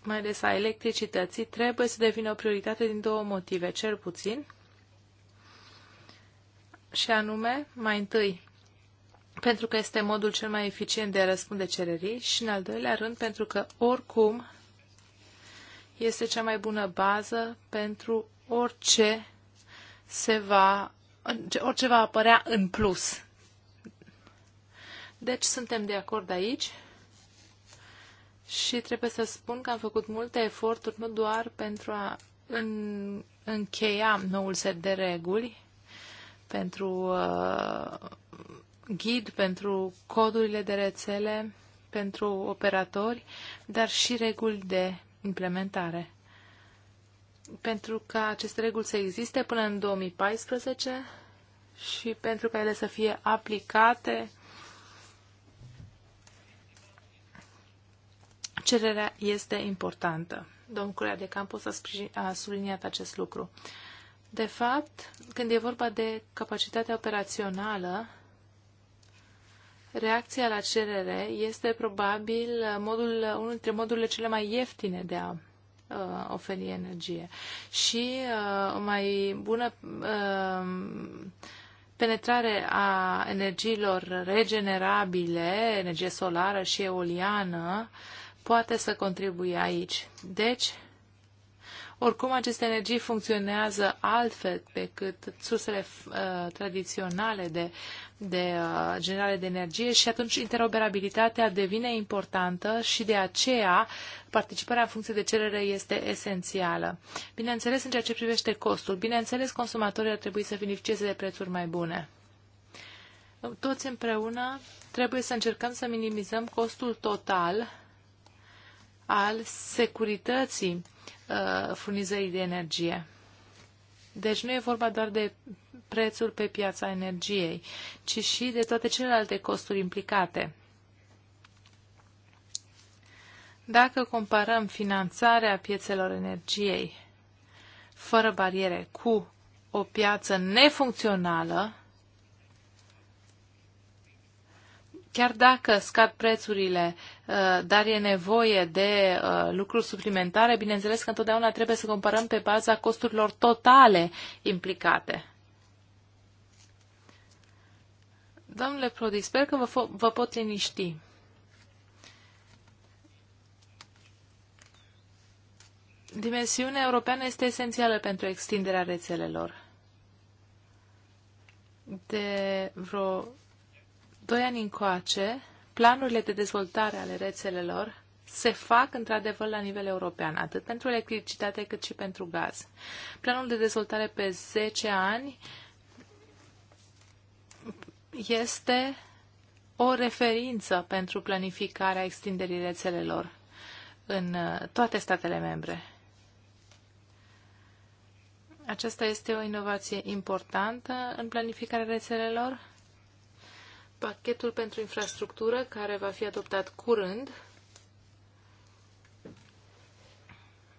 mai ales a electricității, trebuie să devină o prioritate din două motive, cel puțin, și anume, mai întâi, pentru că este modul cel mai eficient de a răspunde cererii și, în al doilea rând, pentru că, oricum, este cea mai bună bază pentru orice se va orice va apărea în plus. Deci suntem de acord aici și trebuie să spun că am făcut multe eforturi, nu doar pentru a în, încheia noul set de reguli, pentru uh, ghid, pentru codurile de rețele, pentru operatori, dar și reguli de implementare pentru ca aceste reguli să existe până în 2014 și pentru ca ele să fie aplicate, cererea este importantă. Domnul Curea de Campus a, a subliniat acest lucru. De fapt, când e vorba de capacitatea operațională, reacția la cerere este probabil modul, unul dintre modurile cele mai ieftine de a uh, oferi energie. Și uh, o mai bună uh, penetrare a energiilor regenerabile, energie solară și eoliană, poate să contribuie aici. Deci, oricum, aceste energii funcționează altfel decât sursele uh, tradiționale de, de uh, generare de energie și atunci interoperabilitatea devine importantă și de aceea participarea în funcție de cerere este esențială. Bineînțeles, în ceea ce privește costul, bineînțeles, consumatorii ar trebui să beneficieze de prețuri mai bune. Toți împreună trebuie să încercăm să minimizăm costul total al securității Uh, furnizării de energie. Deci nu e vorba doar de prețul pe piața energiei, ci și de toate celelalte costuri implicate. Dacă comparăm finanțarea piețelor energiei fără bariere cu o piață nefuncțională, chiar dacă scad prețurile, uh, dar e nevoie de uh, lucruri suplimentare, bineînțeles că întotdeauna trebuie să comparăm pe baza costurilor totale implicate. Domnule Prodi, sper că vă, vă pot liniști. Dimensiunea europeană este esențială pentru extinderea rețelelor. De vreo doi ani încoace, planurile de dezvoltare ale rețelelor se fac într-adevăr la nivel european, atât pentru electricitate cât și pentru gaz. Planul de dezvoltare pe 10 ani este o referință pentru planificarea extinderii rețelelor în uh, toate statele membre. Aceasta este o inovație importantă în planificarea rețelelor pachetul pentru infrastructură care va fi adoptat curând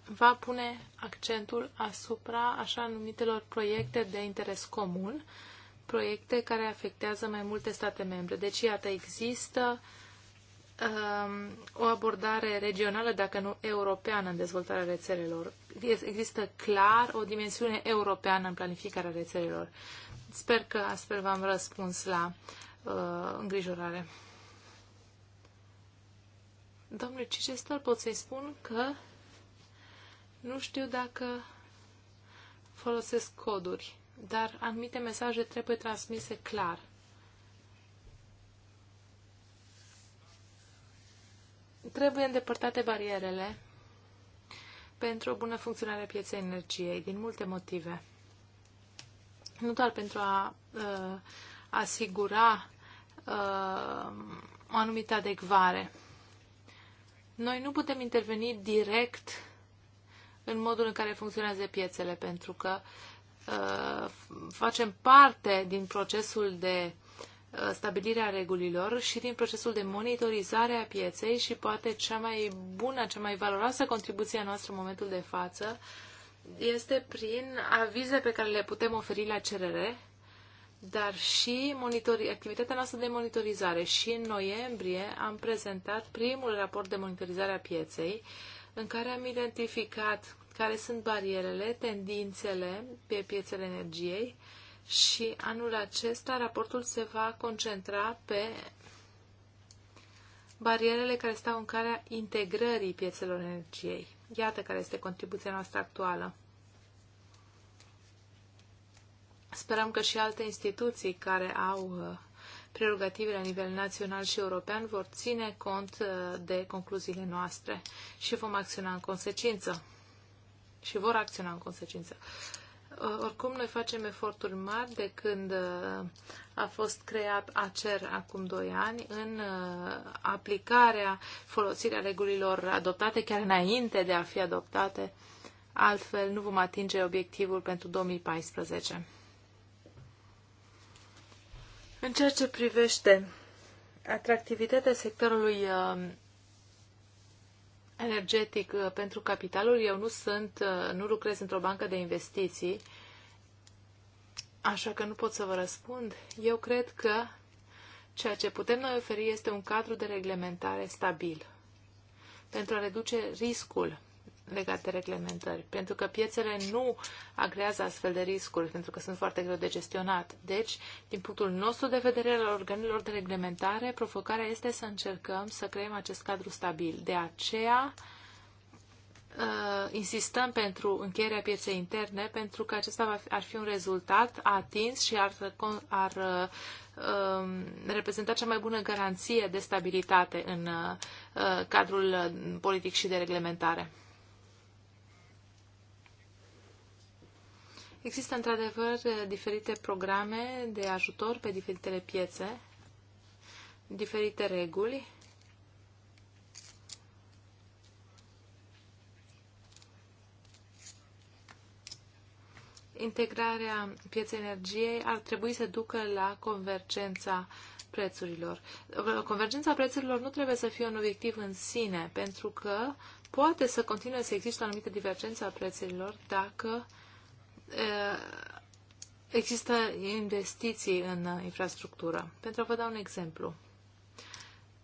va pune accentul asupra așa numitelor proiecte de interes comun, proiecte care afectează mai multe state membre. Deci, iată, există um, o abordare regională, dacă nu europeană, în dezvoltarea rețelelor. Există clar o dimensiune europeană în planificarea rețelelor. Sper că astfel v-am răspuns la uh, uh, îngrijorare. Domnule Chichester, pot să-i spun că nu știu dacă folosesc coduri, dar anumite mesaje trebuie transmise clar. Trebuie îndepărtate barierele pentru o bună funcționare a pieței energiei, din multe motive. Nu doar pentru a uh, asigura uh, o anumită adecvare. Noi nu putem interveni direct în modul în care funcționează piețele, pentru că uh, facem parte din procesul de uh, stabilire a regulilor și din procesul de monitorizare a pieței și poate cea mai bună, cea mai valoroasă contribuție a noastră în momentul de față este prin avize pe care le putem oferi la cerere dar și monitori, activitatea noastră de monitorizare. Și în noiembrie am prezentat primul raport de monitorizare a pieței, în care am identificat care sunt barierele, tendințele pe piețele energiei și anul acesta raportul se va concentra pe barierele care stau în calea integrării piețelor energiei. Iată care este contribuția noastră actuală. Sperăm că și alte instituții care au uh, prerogative la nivel național și european vor ține cont uh, de concluziile noastre și vom acționa în consecință. Și vor acționa în consecință. Uh, oricum, noi facem eforturi mari de când a fost creat ACER acum 2 ani în aplicarea, folosirea regulilor adoptate chiar înainte de a fi adoptate. Altfel, nu vom atinge obiectivul pentru 2014. În ceea ce privește atractivitatea sectorului uh, energetic uh, pentru capitalul, eu nu sunt, uh, nu lucrez într-o bancă de investiții, așa că nu pot să vă răspund. Eu cred că ceea ce putem noi oferi este un cadru de reglementare stabil pentru a reduce riscul legate de reglementări, pentru că piețele nu agrează astfel de riscuri, pentru că sunt foarte greu de gestionat. Deci, din punctul nostru de vedere al organelor de reglementare, provocarea este să încercăm să creăm acest cadru stabil. De aceea, uh, insistăm pentru încheierea pieței interne, pentru că acesta ar fi un rezultat atins și ar, ar uh, um, reprezenta cea mai bună garanție de stabilitate în uh, cadrul politic și de reglementare. Există într-adevăr diferite programe de ajutor pe diferitele piețe, diferite reguli. Integrarea pieței energiei ar trebui să ducă la convergența prețurilor. Convergența prețurilor nu trebuie să fie un obiectiv în sine, pentru că poate să continue să existe o anumită divergență a prețurilor dacă uh, există investiții în uh, infrastructură. Pentru a vă da un exemplu.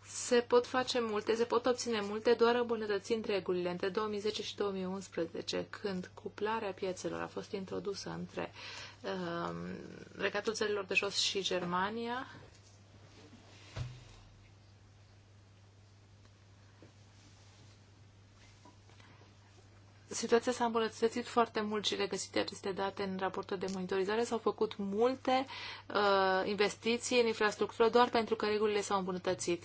Se pot face multe, se pot obține multe doar îmbunătățind regulile între 2010 și 2011, când cuplarea piețelor a fost introdusă între uh, regatul țărilor de jos și Germania, situația s-a îmbunătățit foarte mult și regăsite aceste date în raportul de monitorizare. S-au făcut multe uh, investiții în infrastructură doar pentru că regulile s-au îmbunătățit.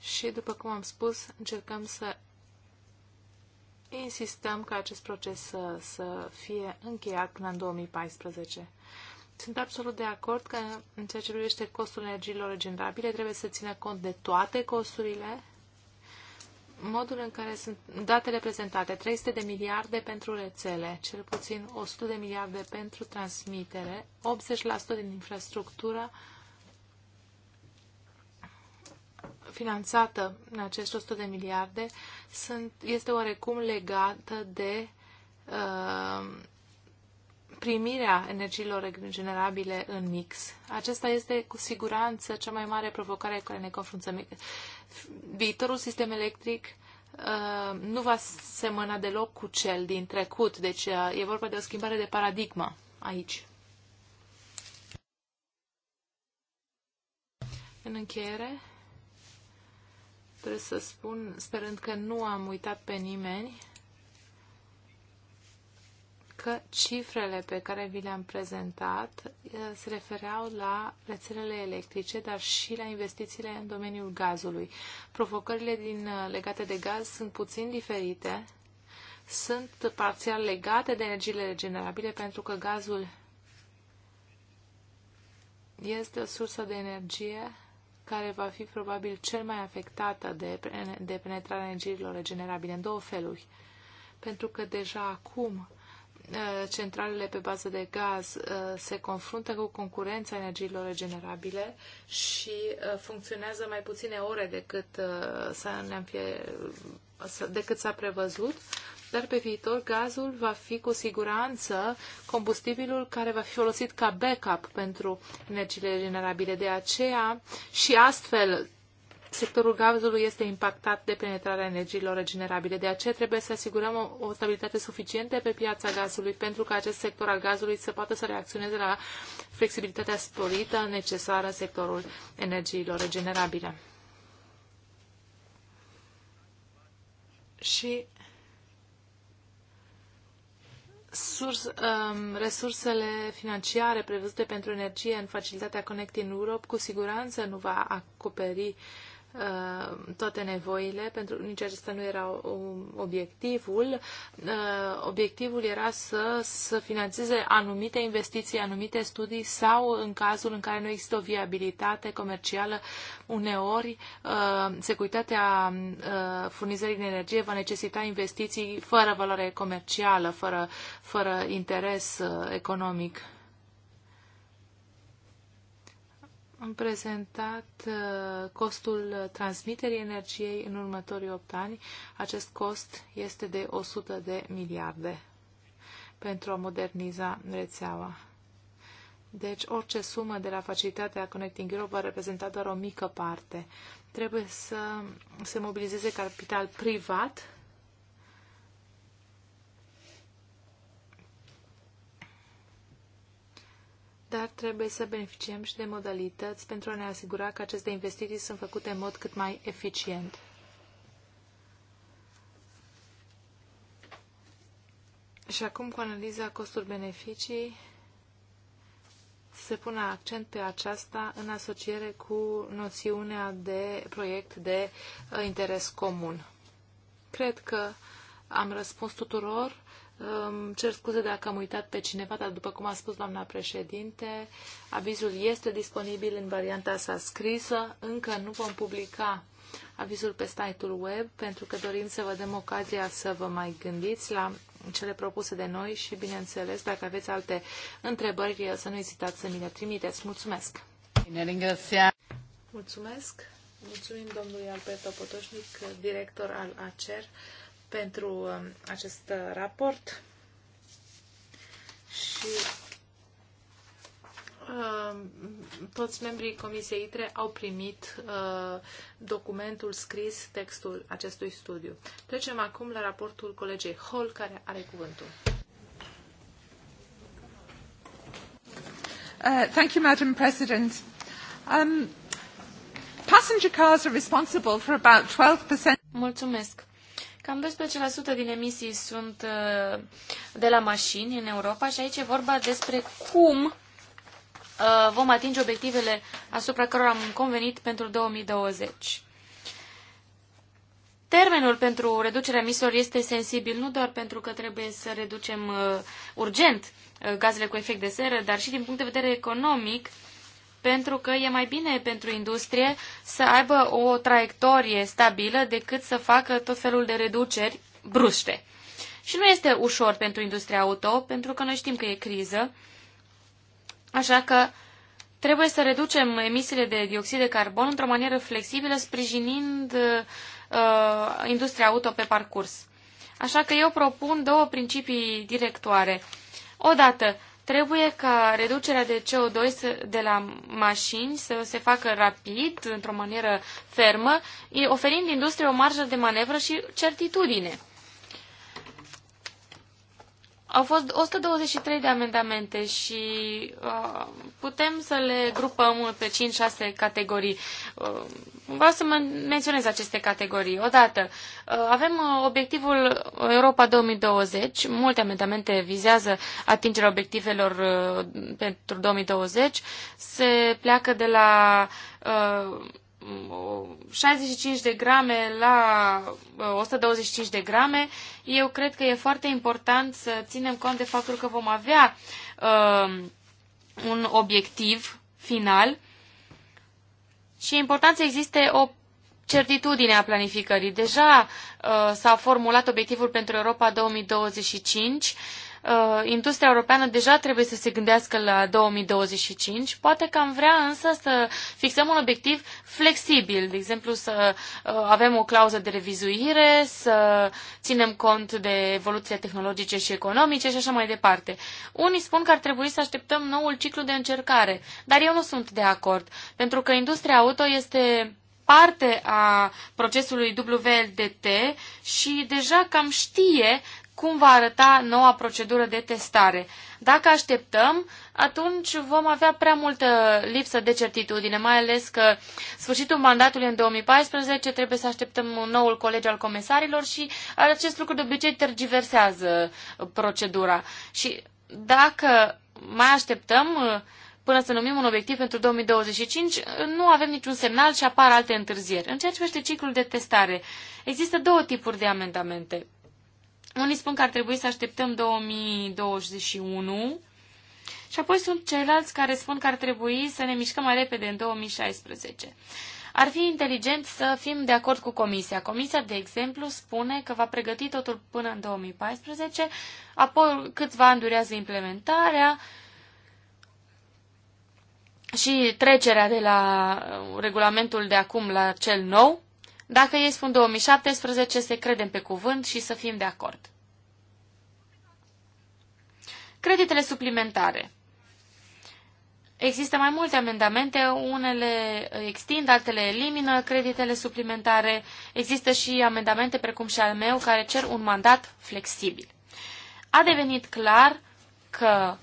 Și, după cum am spus, încercăm să insistăm ca acest proces să, să fie încheiat până în 2014. Sunt absolut de acord că în ceea ce privește costul energiilor regenerabile trebuie să țină cont de toate costurile, modul în care sunt datele prezentate, 300 de miliarde pentru rețele, cel puțin 100 de miliarde pentru transmitere, 80% din infrastructura finanțată în acest 100 de miliarde sunt, este oarecum legată de uh, primirea energiilor regenerabile în mix. Acesta este cu siguranță cea mai mare provocare cu care ne confruntăm. Viitorul sistem electric uh, nu va semăna deloc cu cel din trecut, deci uh, e vorba de o schimbare de paradigmă aici. În încheiere, trebuie să spun, sperând că nu am uitat pe nimeni, că cifrele pe care vi le-am prezentat eh, se refereau la rețelele electrice, dar și la investițiile în domeniul gazului. Provocările din, eh, legate de gaz sunt puțin diferite, sunt parțial legate de energiile regenerabile, pentru că gazul este o sursă de energie care va fi probabil cel mai afectată de, de penetrarea energiilor regenerabile în două feluri. Pentru că deja acum Uh, centralele pe bază de gaz uh, se confruntă cu concurența energiilor regenerabile și uh, funcționează mai puține ore decât s-a, ne-am fie, decât s-a prevăzut, dar pe viitor gazul va fi cu siguranță combustibilul care va fi folosit ca backup pentru energiile regenerabile. De aceea și astfel sectorul gazului este impactat de penetrarea energiilor regenerabile. De aceea trebuie să asigurăm o, o stabilitate suficientă pe piața gazului pentru ca acest sector al gazului să poată să reacționeze la flexibilitatea sporită necesară în sectorul energiilor regenerabile. Și surs, um, resursele financiare prevăzute pentru energie în facilitatea Connecting Europe cu siguranță nu va acoperi uh, Uh, toate nevoile, pentru că nici acesta nu era obiectivul. Uh, obiectivul era să, să financeze anumite investiții, anumite studii sau în cazul în care nu există o viabilitate comercială, uneori uh, securitatea furnizării de energie va necesita investiții fără valoare comercială, fără, fără interes economic. am prezentat uh, costul transmiterii energiei în următorii 8 ani. Acest cost este de 100 de miliarde pentru a moderniza rețeaua. Deci orice sumă de la facilitatea Connecting Europe va reprezenta doar o mică parte. Trebuie să se mobilizeze capital privat dar trebuie să beneficiem și de modalități pentru a ne asigura că aceste investiții sunt făcute în mod cât mai eficient. Și acum, cu analiza costuri-beneficii, se pune accent pe aceasta în asociere cu noțiunea de proiect de uh, interes comun. Cred că am răspuns tuturor îmi cer scuze dacă am uitat pe cineva, dar după cum a spus doamna președinte, avizul este disponibil în varianta sa scrisă. Încă nu vom publica avizul pe site-ul web pentru că dorim să vă dăm ocazia să vă mai gândiți la cele propuse de noi și, bineînțeles, dacă aveți alte întrebări, să nu ezitați să mi le trimiteți. Mulțumesc! Mulțumesc! Mulțumim domnului Alberto Potoșnic, director al ACER pentru um, acest uh, raport și um, toți membrii Comisiei ITRE au primit uh, documentul scris, textul acestui studiu. Trecem acum la raportul colegei Hall, care are cuvântul. Uh, thank you, Madam President. Um, passenger cars are responsible for about 12%. Mulțumesc. Cam 12% din emisii sunt uh, de la mașini în Europa și aici e vorba despre cum uh, vom atinge obiectivele asupra cărora am convenit pentru 2020. Termenul pentru reducerea emisiilor este sensibil nu doar pentru că trebuie să reducem uh, urgent gazele cu efect de seră, dar și din punct de vedere economic, pentru că e mai bine pentru industrie să aibă o traiectorie stabilă decât să facă tot felul de reduceri bruște. Și nu este ușor pentru industria auto, pentru că noi știm că e criză, așa că trebuie să reducem emisiile de dioxid de carbon într-o manieră flexibilă, sprijinind uh, industria auto pe parcurs. Așa că eu propun două principii directoare. Odată, Trebuie ca reducerea de CO2 de la mașini să se facă rapid, într-o manieră fermă, oferind industriei o marjă de manevră și certitudine. Au fost 123 de amendamente și uh, putem să le grupăm pe 5-6 categorii. Uh, vreau să men menționez aceste categorii. Odată, uh, avem uh, obiectivul Europa 2020. Multe amendamente vizează atingerea obiectivelor uh, pentru 2020. Se pleacă de la... Uh, 65 de grame la 125 uh, de grame, eu cred că e foarte important să ținem cont de faptul că vom avea uh, un obiectiv final și e important să existe o certitudine a planificării. Deja uh, s-a formulat obiectivul pentru Europa 2025 Uh, industria europeană deja trebuie să se gândească la 2025. Poate că am vrea însă să fixăm un obiectiv flexibil, de exemplu să uh, avem o clauză de revizuire, să ținem cont de evoluția tehnologice și economice și așa mai departe. Unii spun că ar trebui să așteptăm noul ciclu de încercare, dar eu nu sunt de acord, pentru că industria auto este parte a procesului WLDT și deja cam știe cum va arăta noua procedură de testare. Dacă așteptăm, atunci vom avea prea multă lipsă de certitudine, mai ales că sfârșitul mandatului în 2014 trebuie să așteptăm noul colegi al comisarilor și acest lucru de obicei tergiversează procedura. Și dacă mai așteptăm până să numim un obiectiv pentru 2025, nu avem niciun semnal și apar alte întârzieri. În ceea ce privește ciclul de testare, există două tipuri de amendamente. Unii spun că ar trebui să așteptăm 2021 și apoi sunt ceilalți care spun că ar trebui să ne mișcăm mai repede în 2016. Ar fi inteligent să fim de acord cu Comisia. Comisia, de exemplu, spune că va pregăti totul până în 2014, apoi câțiva ani durează implementarea și trecerea de la uh, regulamentul de acum la cel nou. Dacă ei spun 2017, să credem pe cuvânt și să fim de acord. Creditele suplimentare. Există mai multe amendamente, unele extind, altele elimină creditele suplimentare. Există și amendamente precum și al meu care cer un mandat flexibil. A devenit clar că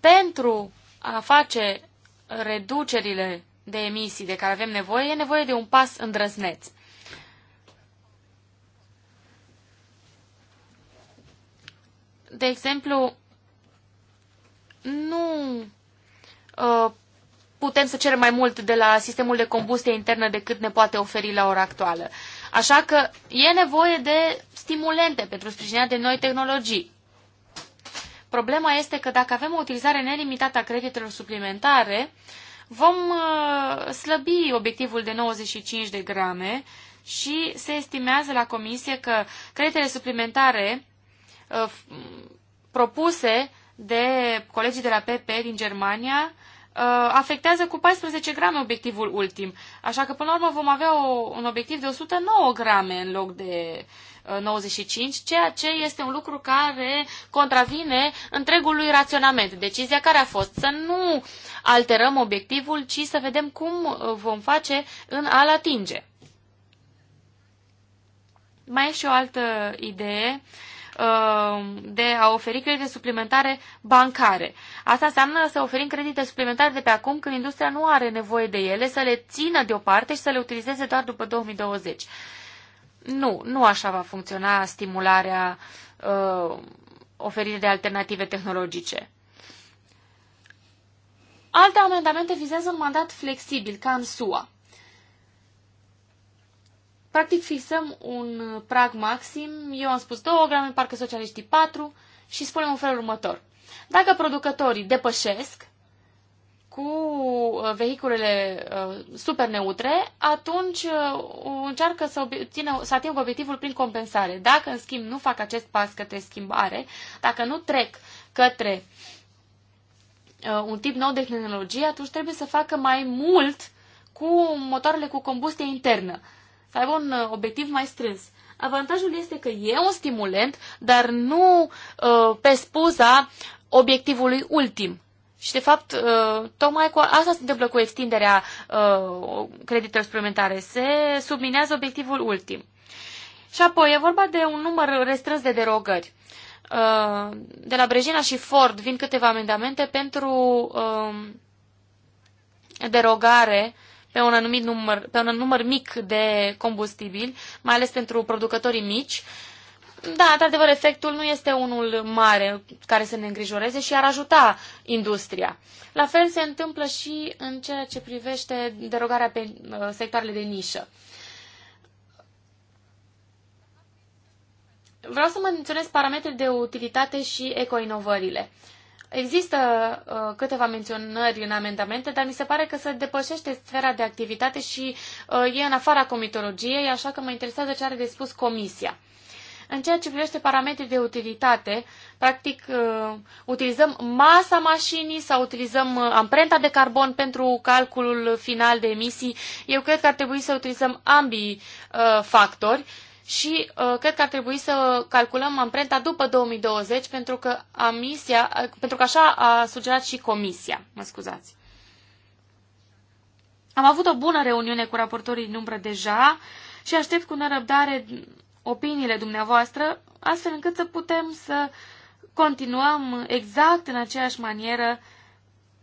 pentru a face reducerile de emisii de care avem nevoie, e nevoie de un pas îndrăzneț. De exemplu, nu uh, putem să cerem mai mult de la sistemul de combustie internă decât ne poate oferi la ora actuală. Așa că e nevoie de stimulente pentru sprijinirea de noi tehnologii. Problema este că dacă avem o utilizare nelimitată a creditelor suplimentare, uh, vom uh, slăbi obiectivul de 95 de grame și se estimează la comisie că creditele suplimentare uh, propuse de colegii de la PP din Germania Uh, afectează cu 14 grame obiectivul ultim. Așa că, până la urmă, vom avea o, un obiectiv de 109 grame în loc de 95, uh, ceea ce este un lucru care contravine întregului raționament. Decizia care a fost să nu alterăm obiectivul, ci să vedem cum uh, vom face în a-l atinge. Mai e și o altă idee uh, Uh, de a oferi credite suplimentare bancare. Asta înseamnă să oferim credite suplimentare de pe acum când industria nu are nevoie de ele, să le țină deoparte și să le utilizeze doar după 2020. Nu, nu așa va funcționa stimularea uh, oferirii de alternative tehnologice. Alte amendamente vizează un mandat flexibil, ca în SUA. Practic fixăm un prag maxim, eu am spus 2 grame, parcă socialiștii 4 și spunem în felul următor. Dacă producătorii depășesc cu uh, vehiculele uh, super neutre, atunci uh, încearcă să, obține, să atingă obiectivul prin compensare. Dacă, în schimb, nu fac acest pas către schimbare, dacă nu trec către un tip nou de tehnologie, atunci trebuie să facă mai mult cu motoarele cu combustie internă să aibă un uh, obiectiv mai strâns. Avantajul este că e un stimulant, dar nu uh, pe spuza obiectivului ultim. Și, de fapt, uh, tocmai cu asta se întâmplă cu extinderea uh, creditelor suplimentare. Se subminează obiectivul ultim. Și apoi e vorba de un număr restrâns de derogări. Uh, de la Brejina și Ford vin câteva amendamente pentru um, derogare pe un anumit număr, pe un număr mic de combustibil, mai ales pentru producătorii mici, da, într-adevăr, efectul nu este unul mare care să ne îngrijoreze și ar ajuta industria. La fel se întâmplă și în ceea ce privește derogarea pe uh, sectoarele de nișă. Vreau să menționez parametrii de utilitate și ecoinovările. Există uh, câteva menționări în amendamente, dar mi se pare că se depășește sfera de activitate și uh, e în afara comitologiei, așa că mă interesează ce are de spus comisia. În ceea ce privește parametrii de utilitate, practic uh, utilizăm masa mașinii sau utilizăm uh, amprenta de carbon pentru calculul final de emisii. Eu cred că ar trebui să utilizăm ambii uh, factori și uh, cred că ar trebui să calculăm amprenta după 2020 pentru că, amisia, uh, pentru că așa a sugerat și comisia. Mă scuzați. Am avut o bună reuniune cu raportorii în umbră deja și aștept cu nerăbdare opiniile dumneavoastră, astfel încât să putem să continuăm exact în aceeași manieră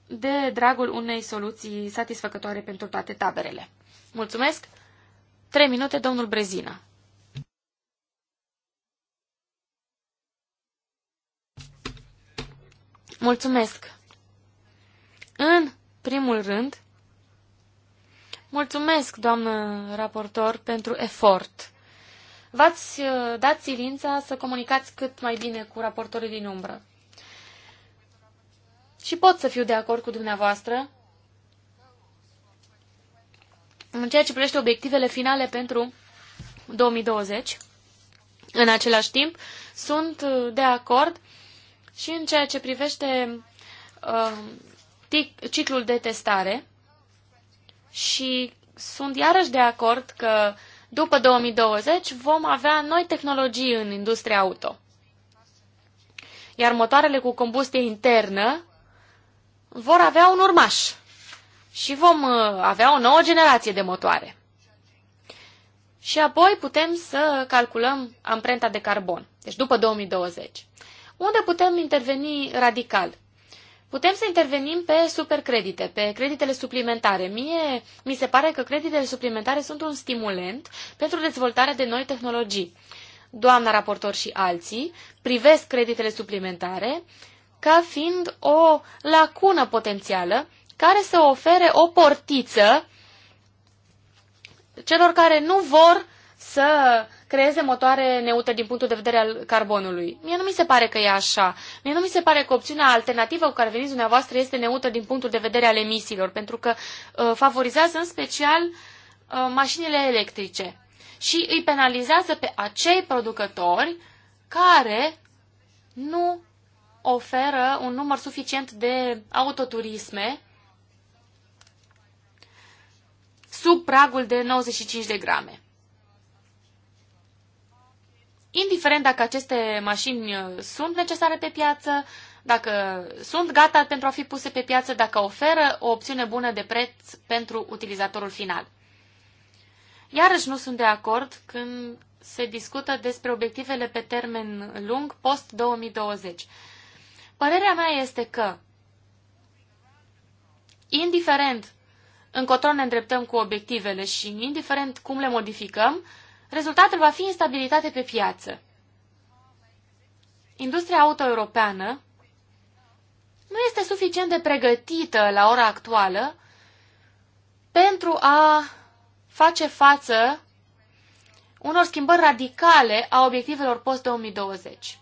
de dragul unei soluții satisfăcătoare pentru toate taberele. Mulțumesc! Trei minute, domnul Brezina. Mulțumesc! În primul rând, mulțumesc, doamnă raportor, pentru efort. V-ați uh, dat silința să comunicați cât mai bine cu raportorii din umbră. Și pot să fiu de acord cu dumneavoastră în ceea ce privește obiectivele finale pentru 2020. În același timp, sunt uh, de acord și în ceea ce privește uh, ciclul de testare, și sunt iarăși de acord că după 2020 vom avea noi tehnologii în industria auto. Iar motoarele cu combustie internă vor avea un urmaș și vom uh, avea o nouă generație de motoare. Și apoi putem să calculăm amprenta de carbon, deci după 2020. Unde putem interveni radical? Putem să intervenim pe supercredite, pe creditele suplimentare. Mie mi se pare că creditele suplimentare sunt un stimulent pentru dezvoltarea de noi tehnologii. Doamna raportor și alții privesc creditele suplimentare ca fiind o lacună potențială care să ofere o portiță celor care nu vor să creeze motoare neutre din punctul de vedere al carbonului. Mie nu mi se pare că e așa. Mie nu mi se pare că opțiunea alternativă cu care veniți dumneavoastră este neutră din punctul de vedere al emisiilor, pentru că uh, favorizează în special uh, mașinile electrice și îi penalizează pe acei producători care nu oferă un număr suficient de autoturisme sub pragul de 95 de grame indiferent dacă aceste mașini uh, sunt necesare pe piață, dacă sunt gata pentru a fi puse pe piață, dacă oferă o opțiune bună de preț pentru utilizatorul final. Iarăși nu sunt de acord când se discută despre obiectivele pe termen lung post-2020. Părerea mea este că, indiferent încotro ne îndreptăm cu obiectivele și indiferent cum le modificăm, Rezultatul va fi instabilitate pe piață. Industria auto europeană nu este suficient de pregătită la ora actuală pentru a face față unor schimbări radicale a obiectivelor post-2020.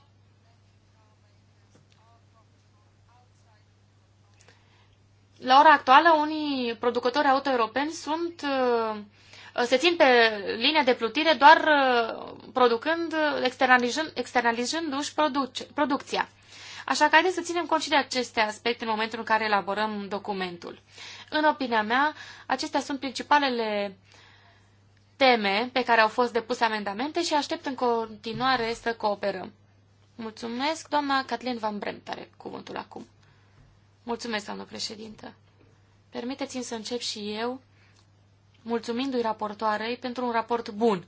La ora actuală, unii producători auto-europeni sunt uh, se țin pe linia de plutire doar uh, producând, externalizând, externalizându-și produc, producția. Așa că haideți să ținem cont și de aceste aspecte în momentul în care elaborăm documentul. În opinia mea, acestea sunt principalele teme pe care au fost depuse amendamente și aștept în continuare să cooperăm. Mulțumesc, doamna Catlin Van Bremt are cuvântul acum. Mulțumesc, doamnă președintă. Permiteți-mi să încep și eu mulțumindu-i raportoarei pentru un raport bun.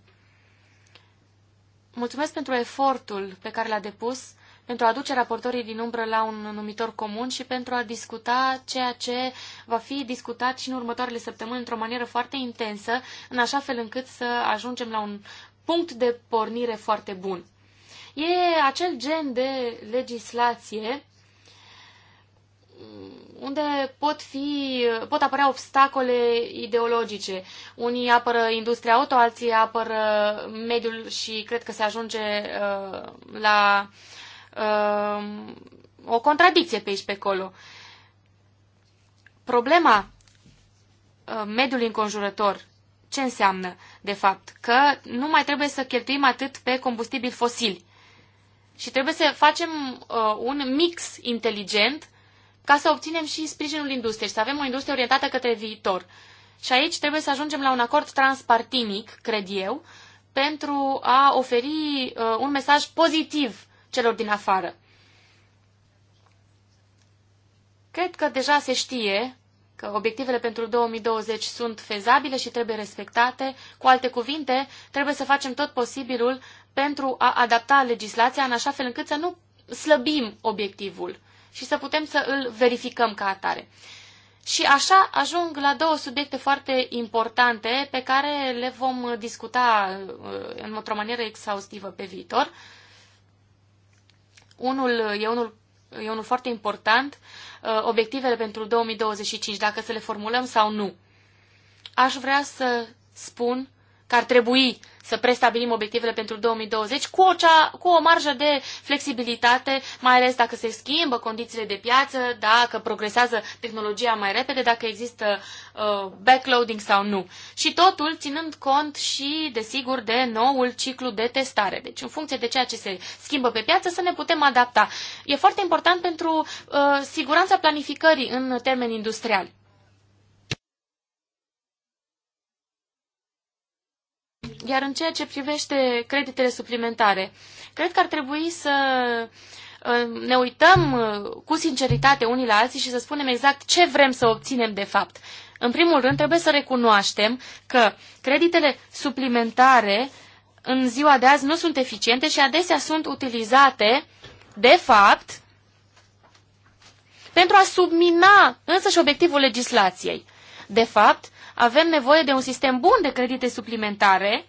Mulțumesc pentru efortul pe care l-a depus, pentru a aduce raportorii din umbră la un numitor comun și pentru a discuta ceea ce va fi discutat și în următoarele săptămâni într-o manieră foarte intensă, în așa fel încât să ajungem la un punct de pornire foarte bun. E acel gen de legislație unde pot, fi, pot apărea obstacole ideologice. Unii apără industria auto, alții apără mediul și cred că se ajunge uh, la uh, o contradicție pe aici pe acolo. Problema uh, mediului înconjurător ce înseamnă, de fapt? Că nu mai trebuie să cheltuim atât pe combustibili fosili. Și trebuie să facem uh, un mix inteligent ca să obținem și sprijinul industriei și să avem o industrie orientată către viitor. Și aici trebuie să ajungem la un acord transpartinic, cred eu, pentru a oferi uh, un mesaj pozitiv celor din afară. Cred că deja se știe că obiectivele pentru 2020 sunt fezabile și trebuie respectate. Cu alte cuvinte, trebuie să facem tot posibilul pentru a adapta legislația în așa fel încât să nu slăbim obiectivul și să putem să îl verificăm ca atare. Și așa ajung la două subiecte foarte importante pe care le vom discuta uh, într-o manieră exhaustivă pe viitor. Unul e unul, e unul foarte important, uh, obiectivele pentru 2025, dacă să le formulăm sau nu. Aș vrea să spun că ar trebui să prestabilim obiectivele pentru 2020 cu o, cea, cu o marjă de flexibilitate, mai ales dacă se schimbă condițiile de piață, dacă progresează tehnologia mai repede, dacă există uh, backloading sau nu. Și totul ținând cont și, desigur, de noul ciclu de testare. Deci, în funcție de ceea ce se schimbă pe piață, să ne putem adapta. E foarte important pentru uh, siguranța planificării în termeni industriali. Iar în ceea ce privește creditele suplimentare, cred că ar trebui să uh, ne uităm uh, cu sinceritate unii la alții și să spunem exact ce vrem să obținem de fapt. În primul rând, trebuie să recunoaștem că creditele suplimentare în ziua de azi nu sunt eficiente și adesea sunt utilizate, de fapt, pentru a submina însăși obiectivul legislației. De fapt, avem nevoie de un sistem bun de credite suplimentare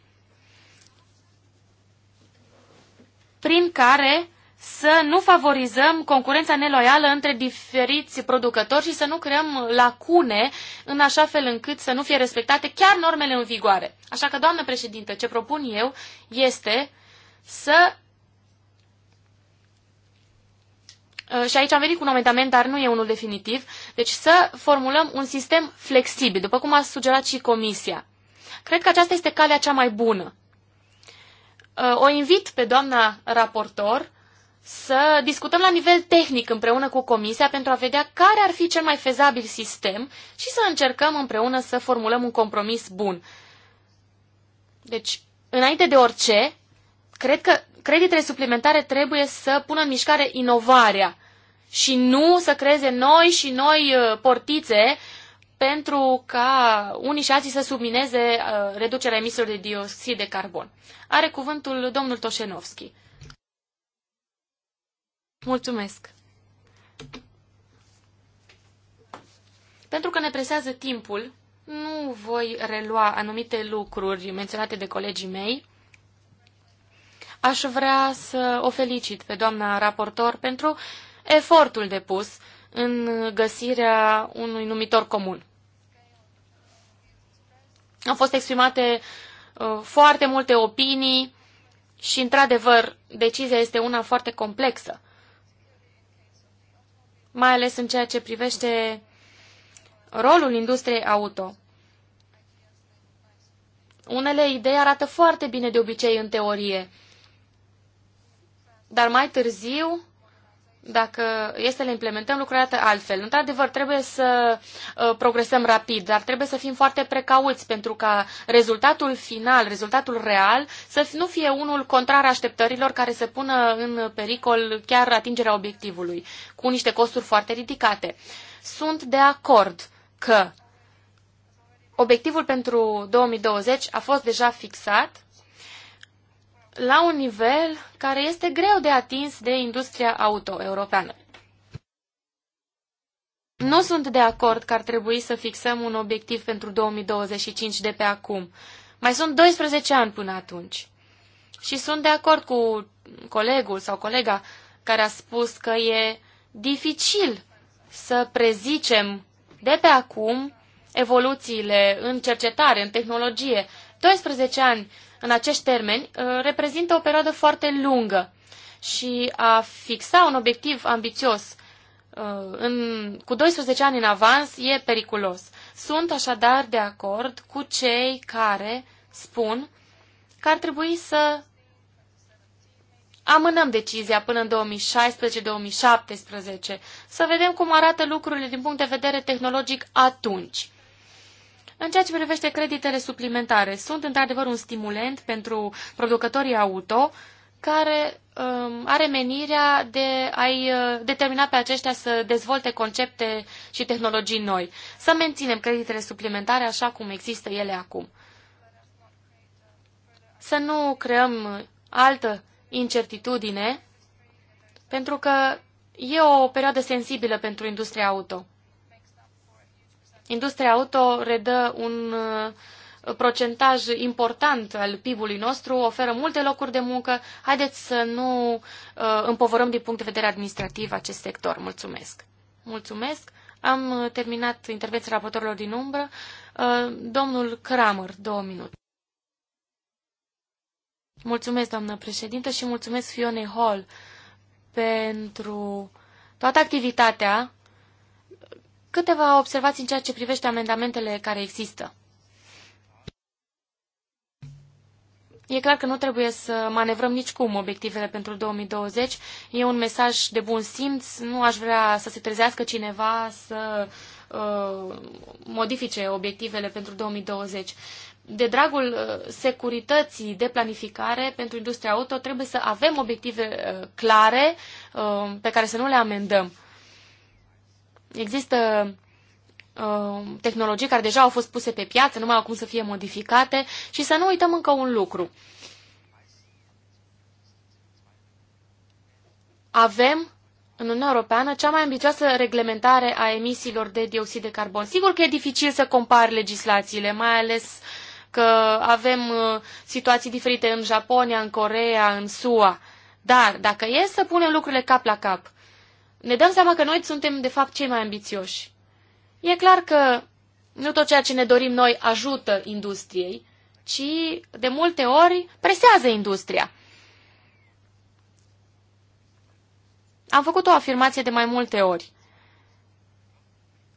prin care să nu favorizăm concurența neloială între diferiți producători și să nu creăm lacune în așa fel încât să nu fie respectate chiar normele în vigoare. Așa că, doamnă președintă, ce propun eu este să... Ă, și aici am venit cu un amendament, dar nu e unul definitiv. Deci să formulăm un sistem flexibil, după cum a sugerat și Comisia. Cred că aceasta este calea cea mai bună. Uh, o invit pe doamna raportor să discutăm la nivel tehnic împreună cu Comisia pentru a vedea care ar fi cel mai fezabil sistem și să încercăm împreună să formulăm un compromis bun. Deci, înainte de orice, cred că creditele suplimentare trebuie să pună în mișcare inovarea și nu să creeze noi și noi uh, portițe pentru ca unii și alții să submineze uh, reducerea emisiilor de dioxid de carbon. Are cuvântul domnul Toșenovski. Mulțumesc. Pentru că ne presează timpul, nu voi relua anumite lucruri menționate de colegii mei. Aș vrea să o felicit pe doamna raportor pentru efortul depus în găsirea unui numitor comun. Au fost exprimate uh, foarte multe opinii și, într-adevăr, decizia este una foarte complexă, mai ales în ceea ce privește rolul industriei auto. Unele idei arată foarte bine de obicei în teorie, dar mai târziu dacă e să le implementăm, lucrurile arată altfel. Într-adevăr, trebuie să uh, progresăm rapid, dar trebuie să fim foarte precauți pentru ca rezultatul final, rezultatul real, să nu fie unul contrar așteptărilor care să pună în pericol chiar atingerea obiectivului, cu niște costuri foarte ridicate. Sunt de acord că obiectivul pentru 2020 a fost deja fixat la un nivel care este greu de atins de industria auto-europeană. Nu sunt de acord că ar trebui să fixăm un obiectiv pentru 2025 de pe acum. Mai sunt 12 ani până atunci. Și sunt de acord cu colegul sau colega care a spus că e dificil să prezicem de pe acum evoluțiile în cercetare, în tehnologie. 12 ani în acești termeni uh, reprezintă o perioadă foarte lungă și a fixa un obiectiv ambițios uh, în, cu 12 ani în avans e periculos. Sunt așadar de acord cu cei care spun că ar trebui să amânăm decizia până în 2016-2017, să vedem cum arată lucrurile din punct de vedere tehnologic atunci. În ceea ce privește creditele suplimentare, sunt într-adevăr un stimulent pentru producătorii auto care um, are menirea de a-i uh, determina pe aceștia să dezvolte concepte și tehnologii noi. Să menținem creditele suplimentare așa cum există ele acum. Să nu creăm altă incertitudine, pentru că e o perioadă sensibilă pentru industria auto. Industria auto redă un uh, procentaj important al PIB-ului nostru, oferă multe locuri de muncă. Haideți să nu uh, împovărăm din punct de vedere administrativ acest sector. Mulțumesc! Mulțumesc! Am uh, terminat intervenția raportorilor din umbră. Domnul Kramer, două minute. Mulțumesc, doamnă președintă, și mulțumesc Fionei Hall pentru toată activitatea Câteva observații în ceea ce privește amendamentele care există. E clar că nu trebuie să manevrăm nicicum obiectivele pentru 2020. E un mesaj de bun simț. Nu aș vrea să se trezească cineva să uh, modifice obiectivele pentru 2020. De dragul uh, securității de planificare pentru industria auto, trebuie să avem obiective uh, clare uh, pe care să nu le amendăm. Există uh, tehnologii care deja au fost puse pe piață, numai acum să fie modificate și să nu uităm încă un lucru. Avem în Uniunea Europeană cea mai ambițioasă reglementare a emisiilor de dioxid de carbon. Sigur că e dificil să compari legislațiile, mai ales că avem uh, situații diferite în Japonia, în Corea, în SUA. Dar dacă e să punem lucrurile cap la cap, ne dăm seama că noi suntem, de fapt, cei mai ambițioși. E clar că nu tot ceea ce ne dorim noi ajută industriei, ci de multe ori presează industria. Am făcut o afirmație de mai multe ori.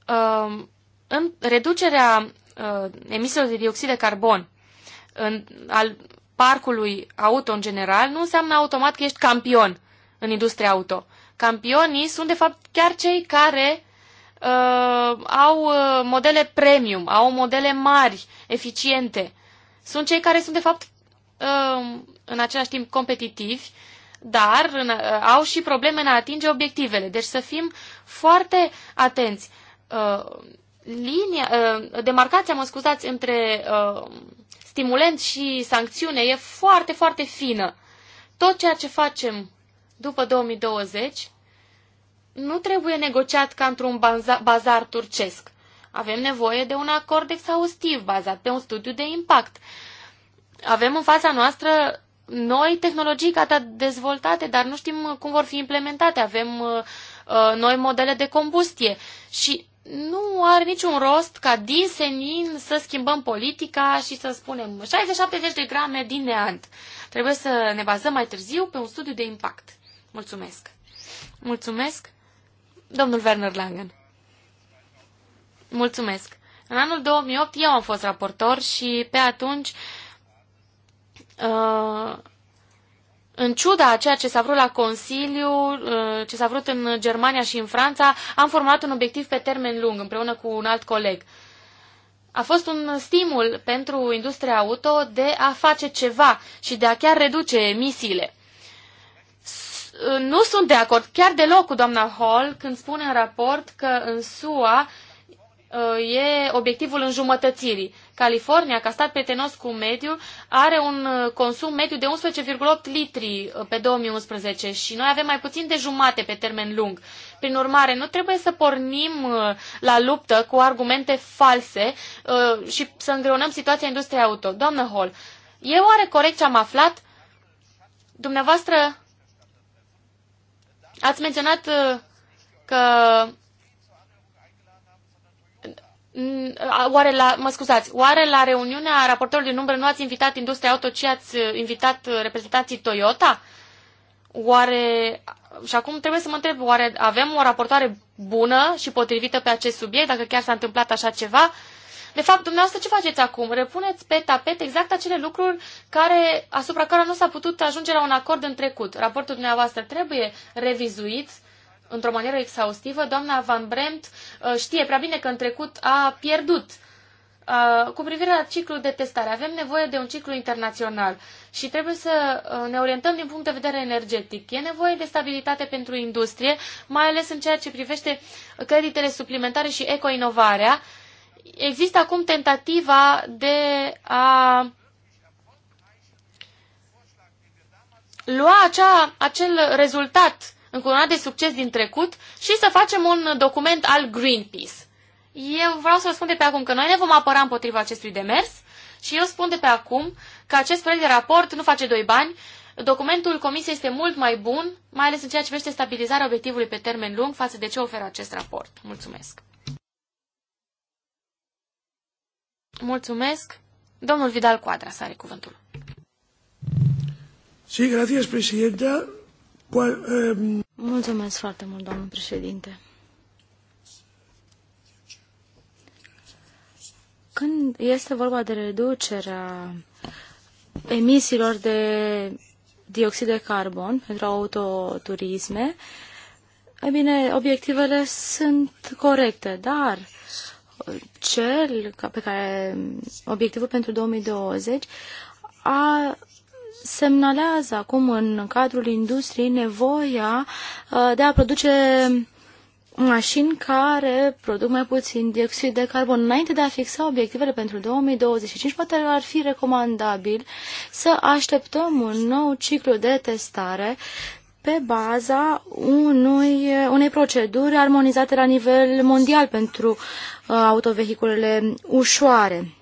Um, în reducerea uh, emisiilor de dioxid de carbon în, al parcului auto în general nu înseamnă automat că ești campion în industria auto. Campionii sunt, de fapt, chiar cei care uh, au uh, modele premium, au modele mari, eficiente. Sunt cei care sunt, de fapt, uh, în același timp competitivi, dar în, uh, au și probleme în a atinge obiectivele. Deci să fim foarte atenți. Uh, linia, uh, demarcația, mă scuzați, între uh, stimulent și sancțiune e foarte, foarte fină. Tot ceea ce facem după 2020 nu trebuie negociat ca într-un bazar turcesc. Avem nevoie de un acord exhaustiv bazat pe un studiu de impact. Avem în fața noastră noi tehnologii gata dezvoltate, dar nu știm cum vor fi implementate. Avem uh, uh, noi modele de combustie și nu are niciun rost ca din senin să schimbăm politica și să spunem 60-70 de grame din neant. Trebuie să ne bazăm mai târziu pe un studiu de impact. Mulțumesc. Mulțumesc, domnul Werner Langen. Mulțumesc. În anul 2008 eu am fost raportor și pe atunci, uh, în ciuda a ceea ce s-a vrut la Consiliu, uh, ce s-a vrut în Germania și în Franța, am format un obiectiv pe termen lung împreună cu un alt coleg. A fost un stimul pentru industria auto de a face ceva și de a chiar reduce emisiile. Uh, nu sunt de acord chiar deloc cu doamna Hall când spune în raport că în SUA uh, e obiectivul înjumătățirii. California, ca stat prietenos cu mediu, are un uh, consum mediu de 11,8 litri pe 2011 și noi avem mai puțin de jumate pe termen lung. Prin urmare, nu trebuie să pornim la luptă cu argumente false și să îngreunăm situația industriei auto. Doamnă Hall, e oare corect ce am aflat? Dumneavoastră Ați menționat uh, că mm, Oare la, mă scuzați, oare la reuniunea raportorului din umbră nu ați invitat industria auto, ci ați uh, invitat uh, reprezentanții Toyota? Oare, și acum trebuie să mă întreb, oare avem o raportoare bună și potrivită pe acest subiect, dacă chiar s-a întâmplat așa ceva? De fapt, dumneavoastră ce faceți acum? Repuneți pe tapet exact acele lucruri care, asupra care nu s-a putut ajunge la un acord în trecut. Raportul dumneavoastră trebuie revizuit într-o manieră exhaustivă. Doamna Van Brent uh, știe prea bine că în trecut a pierdut uh, cu privire la ciclul de testare, avem nevoie de un ciclu internațional și trebuie să uh, ne orientăm din punct de vedere energetic. E nevoie de stabilitate pentru industrie, mai ales în ceea ce privește creditele suplimentare și ecoinovarea. inovarea există acum tentativa de a lua acea, acel rezultat încununat de succes din trecut și să facem un document al Greenpeace. Eu vreau să vă spun de pe acum că noi ne vom apăra împotriva acestui demers și eu spun de pe acum că acest proiect de raport nu face doi bani, documentul Comisiei este mult mai bun, mai ales în ceea ce privește stabilizarea obiectivului pe termen lung față de ce oferă acest raport. Mulțumesc! Mulțumesc. Domnul Vidal Coadra să are cuvântul. Sí, gracias, presidenta. Mulțumesc foarte mult, domnul președinte. Când este vorba de reducerea emisiilor de dioxid de carbon pentru autoturisme, e bine, obiectivele sunt corecte, dar uh, cel pe care obiectivul pentru 2020 a semnalează acum în cadrul industriei nevoia uh, de a produce mașini care produc mai puțin dioxid de carbon. Înainte de a fixa obiectivele pentru 2025, poate ar fi recomandabil să așteptăm un nou ciclu de testare pe baza unui, unei proceduri armonizate la nivel mondial pentru Uh, autovehiculele ușoare.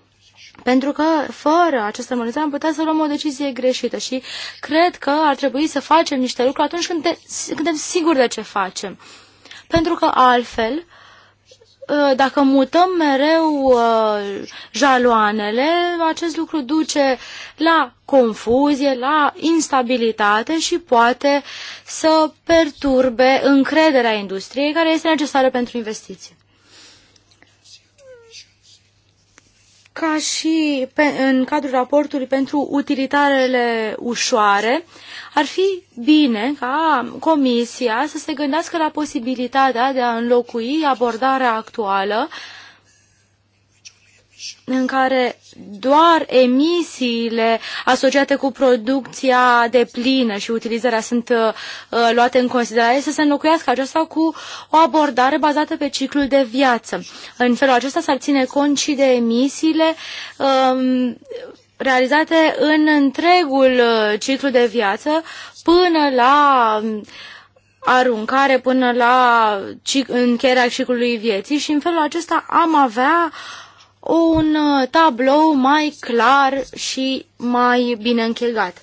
Pentru că fără această armonizare am putea să luăm o decizie greșită și cred că ar trebui să facem niște lucruri atunci când, te, când suntem siguri de ce facem. Pentru că altfel, uh, dacă mutăm mereu uh, jaloanele, acest lucru duce la confuzie, la instabilitate și poate să perturbe încrederea industriei care este necesară pentru investiții. ca și pe, în cadrul raportului pentru utilitarele ușoare, ar fi bine ca Comisia să se gândească la posibilitatea de a înlocui abordarea actuală uh, în care doar emisiile asociate cu producția de plină și utilizarea sunt uh, uh, luate în considerare, să se înlocuiască aceasta cu o abordare bazată pe ciclul de viață. În felul acesta s-ar ține cont și de emisiile um, realizate în întregul uh, ciclu de viață până la um, aruncare, până la încheierea ciclului vieții și în felul acesta am avea uh, un uh, tablou mai clar și mai bine închegat.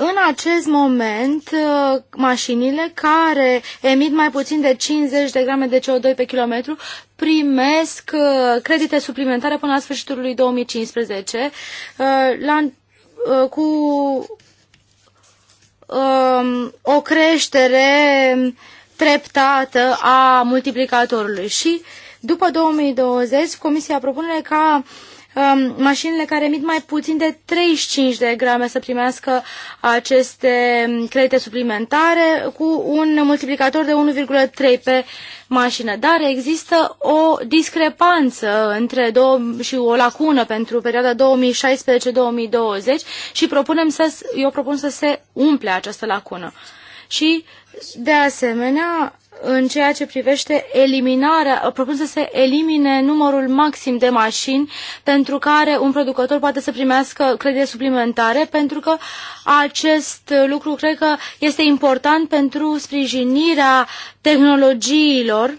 În acest moment, uh, mașinile care emit mai puțin de 50 de grame de CO2 pe kilometru primesc uh, credite suplimentare până la sfârșitul lui 2015 la, cu um, o creștere treptată a multiplicatorului și uh, după 2020, Comisia propune ca um, mașinile care emit mai puțin de 35 de grame să primească aceste um, credite suplimentare cu un multiplicator de 1,3 pe mașină. Dar există o discrepanță între două, și o lacună pentru perioada 2016-2020 și propunem să, eu propun să se umple această lacună. Și, de asemenea, în ceea ce privește eliminarea, propun să se elimine numărul maxim de mașini pentru care un producător poate să primească credite suplimentare, pentru că acest lucru cred că este important pentru sprijinirea tehnologiilor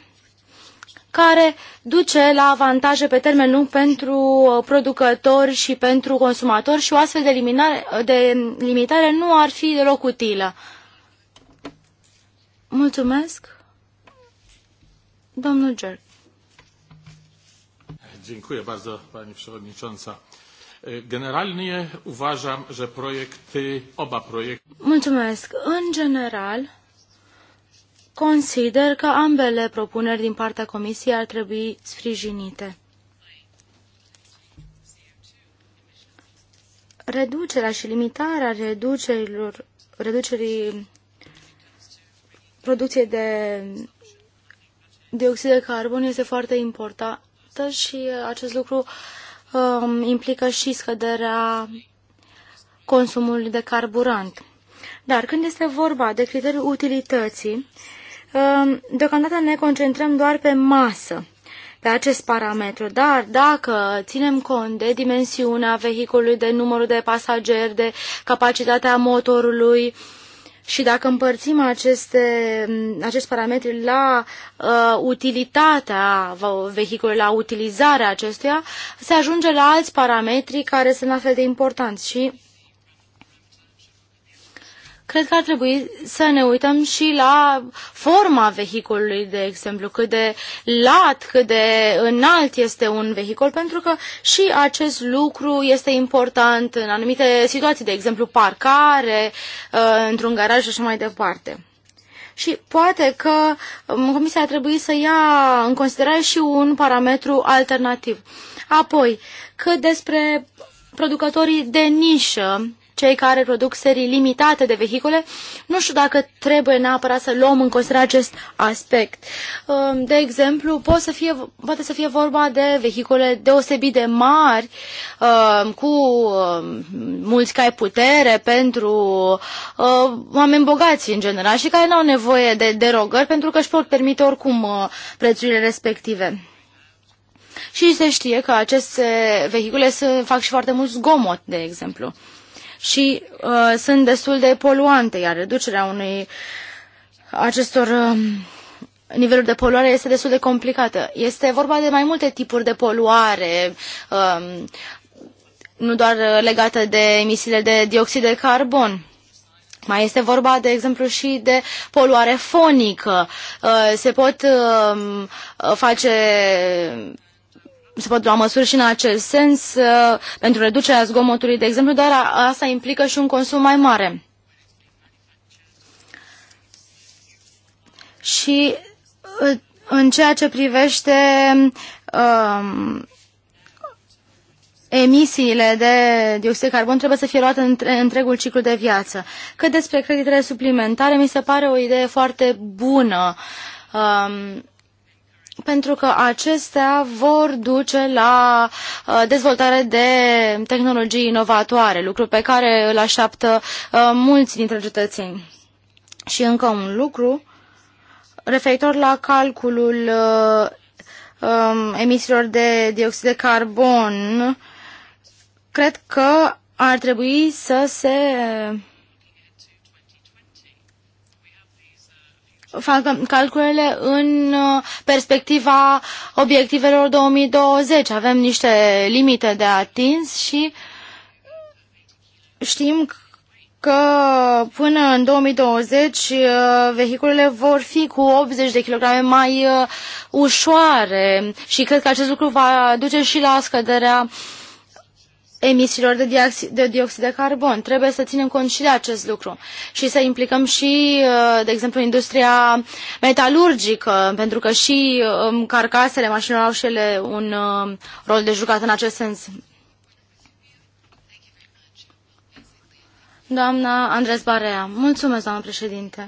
care duce la avantaje pe termen lung pentru producători și pentru consumatori și o astfel de, eliminare, de limitare nu ar fi deloc utilă. Mulțumesc! Domnul Gerg. Dziękuję bardzo, Pani Przewodnicząca. Generalnie uważam, że projekty, oba projekty... Mulțumesc. În general, consider că ambele propuneri din partea Comisiei ar trebui sprijinite. Reducerea și limitarea reducerilor, reducerii producției de dioxid de carbon este foarte importantă și acest lucru um, implică și scăderea consumului de carburant. Dar când este vorba de criteriul utilității, um, deocamdată ne concentrăm doar pe masă, pe acest parametru. Dar dacă ținem cont de dimensiunea vehiculului, de numărul de pasageri, de capacitatea motorului, uh, și dacă împărțim aceste, acest parametri la uh, utilitatea vehiculului, la utilizarea acestuia, se ajunge la alți parametri care sunt la fel de importanți și cred că ar trebui să ne uităm și la forma vehiculului, de exemplu, cât de lat, cât de înalt este un vehicul, pentru că și acest lucru este important în anumite situații, de exemplu, parcare, uh, într-un garaj și așa mai departe. Și poate că um, Comisia ar trebui să ia în considerare și un parametru alternativ. Apoi, cât despre producătorii de nișă, cei care produc serii limitate de vehicule, nu știu dacă trebuie neapărat să luăm în considerare acest aspect. Um, de exemplu, poate să fie, poate să fie vorba de vehicule deosebit de mari, um, cu um, mulți cai putere pentru uh, oameni bogați în general și care nu au nevoie de derogări pentru că își pot permite oricum uh, prețurile respective. Și se știe că aceste vehicule fac și foarte mult zgomot, de exemplu și uh, sunt destul de poluante, iar reducerea unui acestor uh, niveluri de poluare este destul de complicată. Este vorba de mai multe tipuri de poluare, um, nu doar uh, legată de emisiile de dioxid de carbon. Mai este vorba, de exemplu, și de poluare fonică. Uh, se pot um, face se pot lua măsuri și în acest sens uh, pentru reducerea zgomotului, de exemplu, dar asta implică și un consum mai mare. Și uh, în ceea ce privește um, emisiile de dioxid de carbon trebuie să fie luate în întregul ciclu de viață. Cât despre creditele suplimentare, mi se pare o idee foarte bună. Um, pentru că acestea vor duce la uh, dezvoltare de tehnologii inovatoare, lucru pe care îl așteaptă uh, mulți dintre cetățeni. Și încă un lucru referitor la calculul uh, um, emisiilor de dioxid de carbon, cred că ar trebui să se facă calculele în uh, perspectiva obiectivelor 2020. Avem niște limite de atins și știm că până în 2020 uh, vehiculele vor fi cu 80 de kilograme mai uh, ușoare și cred că acest lucru va duce și la scăderea uh, emisiilor de, de dioxid de carbon. Trebuie să ținem cont și de acest lucru și să implicăm și, uh, de exemplu, industria metalurgică, pentru că și um, carcasele mașinilor au și ele un uh, rol de jucat în acest sens. Doamna Andres Barea, mulțumesc, președinte.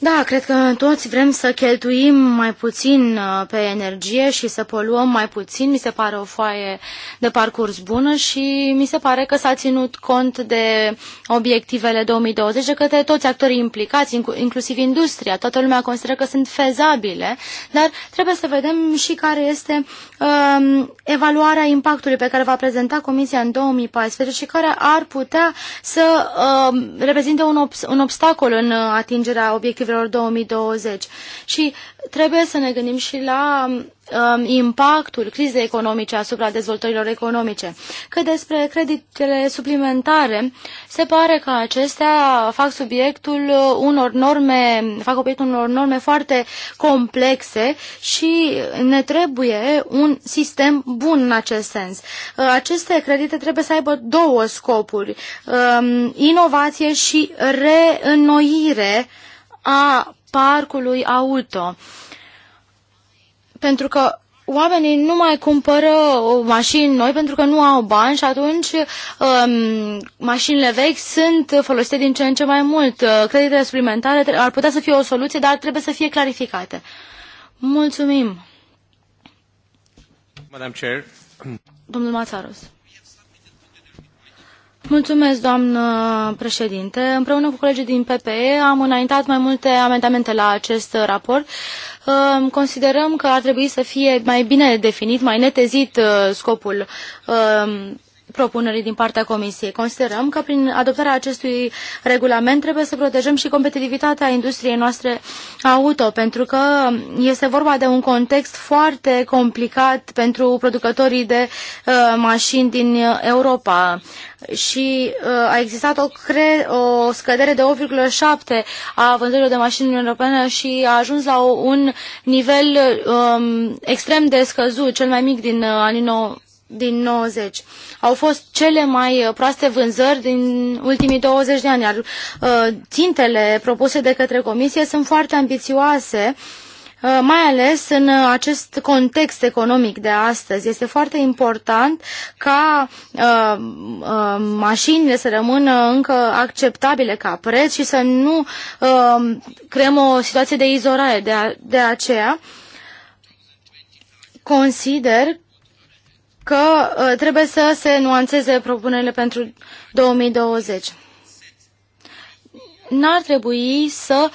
Da, cred că toți vrem să cheltuim mai puțin uh, pe energie și să poluăm mai puțin. Mi se pare o foaie de parcurs bună și mi se pare că s-a ținut cont de obiectivele 2020 de către toți actorii implicați, inclusiv industria. Toată lumea consideră că sunt fezabile, dar trebuie să vedem și care este Um, evaluarea impactului pe care va prezenta Comisia în 2014 și care ar putea să um, reprezinte un, obs un obstacol în atingerea obiectivelor 2020. Și trebuie să ne gândim și la um, Um, impactul crizei economice asupra dezvoltărilor economice. Că despre creditele suplimentare, se pare că acestea fac subiectul unor norme, fac obiectul unor norme foarte complexe și ne trebuie un sistem bun în acest sens. Uh, aceste credite trebuie să aibă două scopuri, um, inovație și reînnoire a parcului auto pentru că oamenii nu mai cumpără mașini noi pentru că nu au bani și atunci um, mașinile vechi sunt folosite din ce în ce mai mult. Uh, creditele suplimentare ar putea să fie o soluție, dar trebuie să fie clarificate. Mulțumim. Madam Chair. Domnul Mațaros. Mulțumesc, doamnă președinte. Împreună cu colegii din PPE am înaintat mai multe amendamente la acest raport. Considerăm că ar trebui să fie mai bine definit, mai netezit uh, scopul um, propunerii din partea Comisiei. Considerăm că prin adoptarea acestui regulament trebuie să protejăm și competitivitatea industriei noastre auto, pentru că este vorba de un context foarte complicat pentru producătorii de uh, mașini din Europa și uh, a existat o, cre- o scădere de 8,7 a vânzărilor de mașini în europene și a ajuns la o, un nivel um, extrem de scăzut, cel mai mic din uh, anii 90 din 90. Au fost cele mai uh, proaste vânzări din ultimii 20 de ani, iar uh, țintele propuse de către comisie sunt foarte ambițioase uh, Uh, mai ales în uh, acest context economic de astăzi. Este foarte important ca uh, uh, mașinile să rămână încă acceptabile ca preț și să nu uh, creăm o situație de izolare. De, a, de aceea consider că trebuie să se nuanțeze propunerile pentru 2020. N-ar trebui să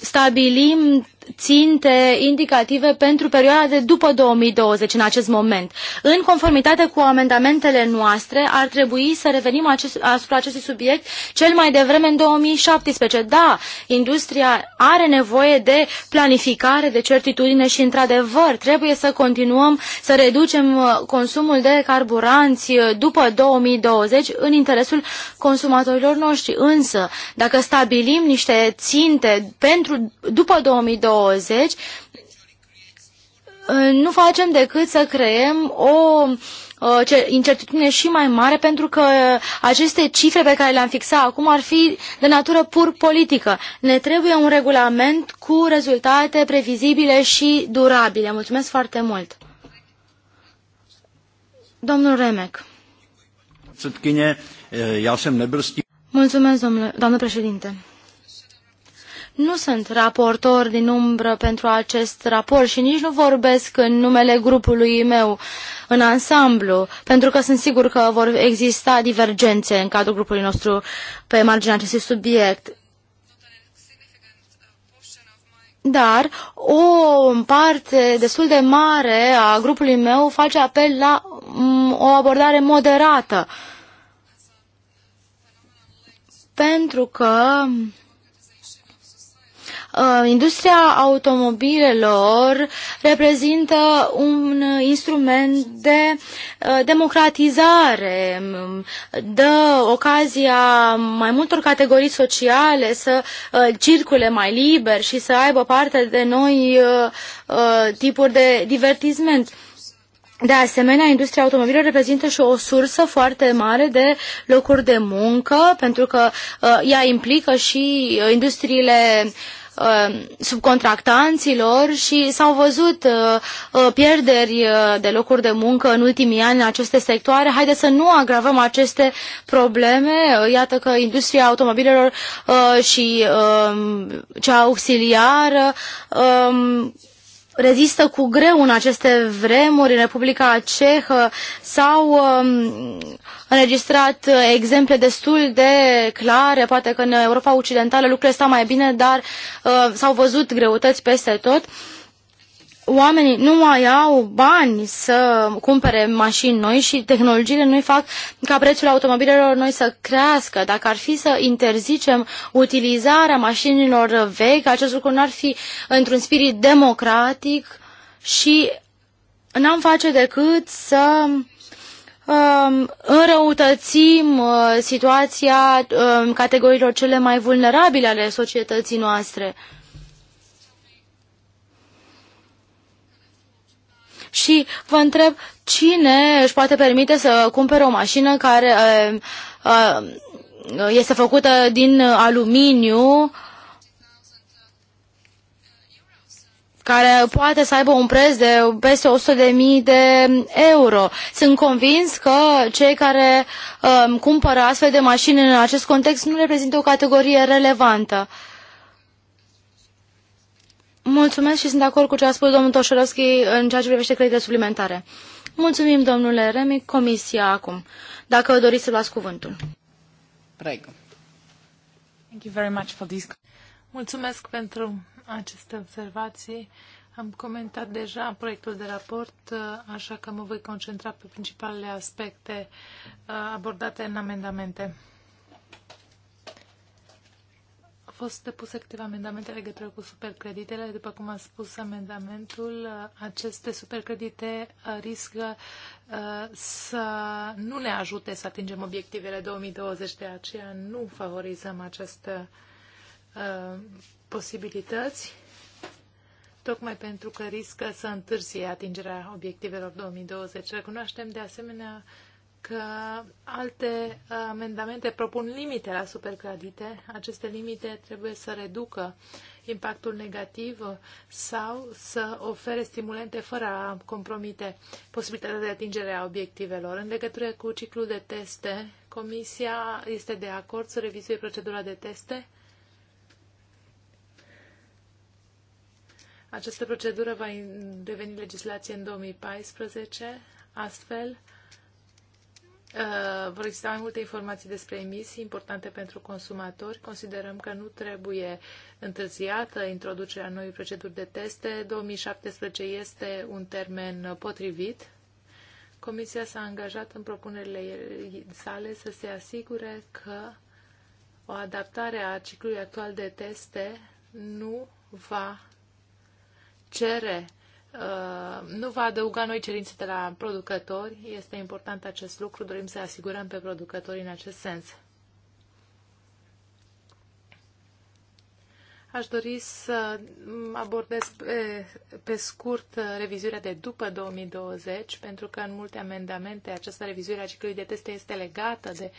stabilim ținte indicative pentru perioada de după 2020 în acest moment. În conformitate cu amendamentele noastre, ar trebui să revenim acest, asupra acestui subiect cel mai devreme în 2017. Da, industria are nevoie de planificare, de certitudine și, într-adevăr, trebuie să continuăm să reducem uh, consumul de carburanți uh, după 2020 în interesul consumatorilor noștri. Însă, dacă stabilim niște ținte pentru după 2020, 20, uh, nu facem decât să creăm o uh, incertitudine și mai mare pentru că aceste cifre pe care le-am fixat acum ar fi de natură pur politică. Ne trebuie un regulament cu rezultate previzibile și durabile. Mulțumesc foarte mult. Domnul Remec. Eh, Mulțumesc, domnule, doamnă președinte. Nu sunt raportor din umbră pentru acest raport și nici nu vorbesc în numele grupului meu în ansamblu, pentru că sunt sigur că vor exista divergențe în cadrul grupului nostru pe marginea acestui subiect. Dar o parte destul de mare a grupului meu face apel la o abordare moderată. Pentru că Uh, industria automobilelor reprezintă un uh, instrument de uh, democratizare, mm, dă ocazia mai multor categorii sociale să circule mai liber și să aibă parte de noi tipuri de divertisment. De asemenea, industria automobilelor reprezintă și o sursă foarte mare de locuri de muncă, pentru că uh, ea implică și industriile uh, Uh, subcontractanților și s-au văzut uh, uh, pierderi de locuri de muncă în ultimii ani în aceste sectoare. Haideți să nu agravăm aceste probleme. Iată că industria automobilelor și cea auxiliară um, rezistă cu greu în aceste vremuri în Republica Cehă. S-au um, înregistrat uh, exemple destul de clare, poate că în Europa Occidentală lucrurile stau mai bine, dar uh, s-au văzut greutăți peste tot. Uh, oamenii nu mai au bani să cumpere mașini noi și tehnologiile noi fac ca prețul automobilelor noi să crească. Dacă ar fi să interzicem utilizarea mașinilor vechi, acest lucru n-ar fi într-un spirit democratic și n-am face decât să um, înrăutățim uh, situația um, categoriilor cele mai vulnerabile ale societății noastre. și vă întreb cine își poate permite să cumpere o mașină care uh, uh, este făcută din aluminiu care poate să aibă un preț de peste 100.000 de euro. Sunt convins că cei care uh, cumpără astfel de mașini în acest context nu reprezintă o categorie relevantă. Uh, Mulțumesc și sunt de acord cu ce a spus domnul Toșorovski în ceea ce privește credite suplimentare. Mulțumim, domnule Remic. Comisia acum. Dacă doriți să luați cuvântul. Prego. Thank you very much for this. Mulțumesc pentru aceste observații. Am comentat deja proiectul de raport, uh, așa că mă voi concentra pe principalele aspecte uh, abordate în amendamente. fost depuse câteva amendamente legătură cu supercreditele. După cum a spus amendamentul, uh, aceste supercredite uh, riscă uh, să nu ne ajute să atingem obiectivele 2020, de aceea nu favorizăm aceste posibilități, tocmai pentru că riscă să întârzie atingerea obiectivelor 2020. Recunoaștem de asemenea că alte uh, amendamente propun limite la supercredite. Aceste limite trebuie să reducă impactul negativ sau să ofere stimulente fără a compromite posibilitatea de atingere a obiectivelor. În legătură cu ciclul de teste, Comisia este de acord să revizuie procedura de teste? Această procedură va deveni legislație în 2014, astfel Uh, vor exista mai multe informații despre emisii importante pentru consumatori. Considerăm că nu trebuie întârziată introducerea noii proceduri de teste. 2017 este un termen potrivit. Comisia s-a angajat în propunerile sale să se asigure că o adaptare a ciclului actual de teste nu va cere Uh, nu va adăuga noi cerințe de la producători. Este important acest lucru. Dorim să asigurăm pe producători în acest sens. Aș dori să abordez pe, pe scurt uh, revizuirea de după 2020, pentru că în multe amendamente această revizuire a ciclului de teste este legată de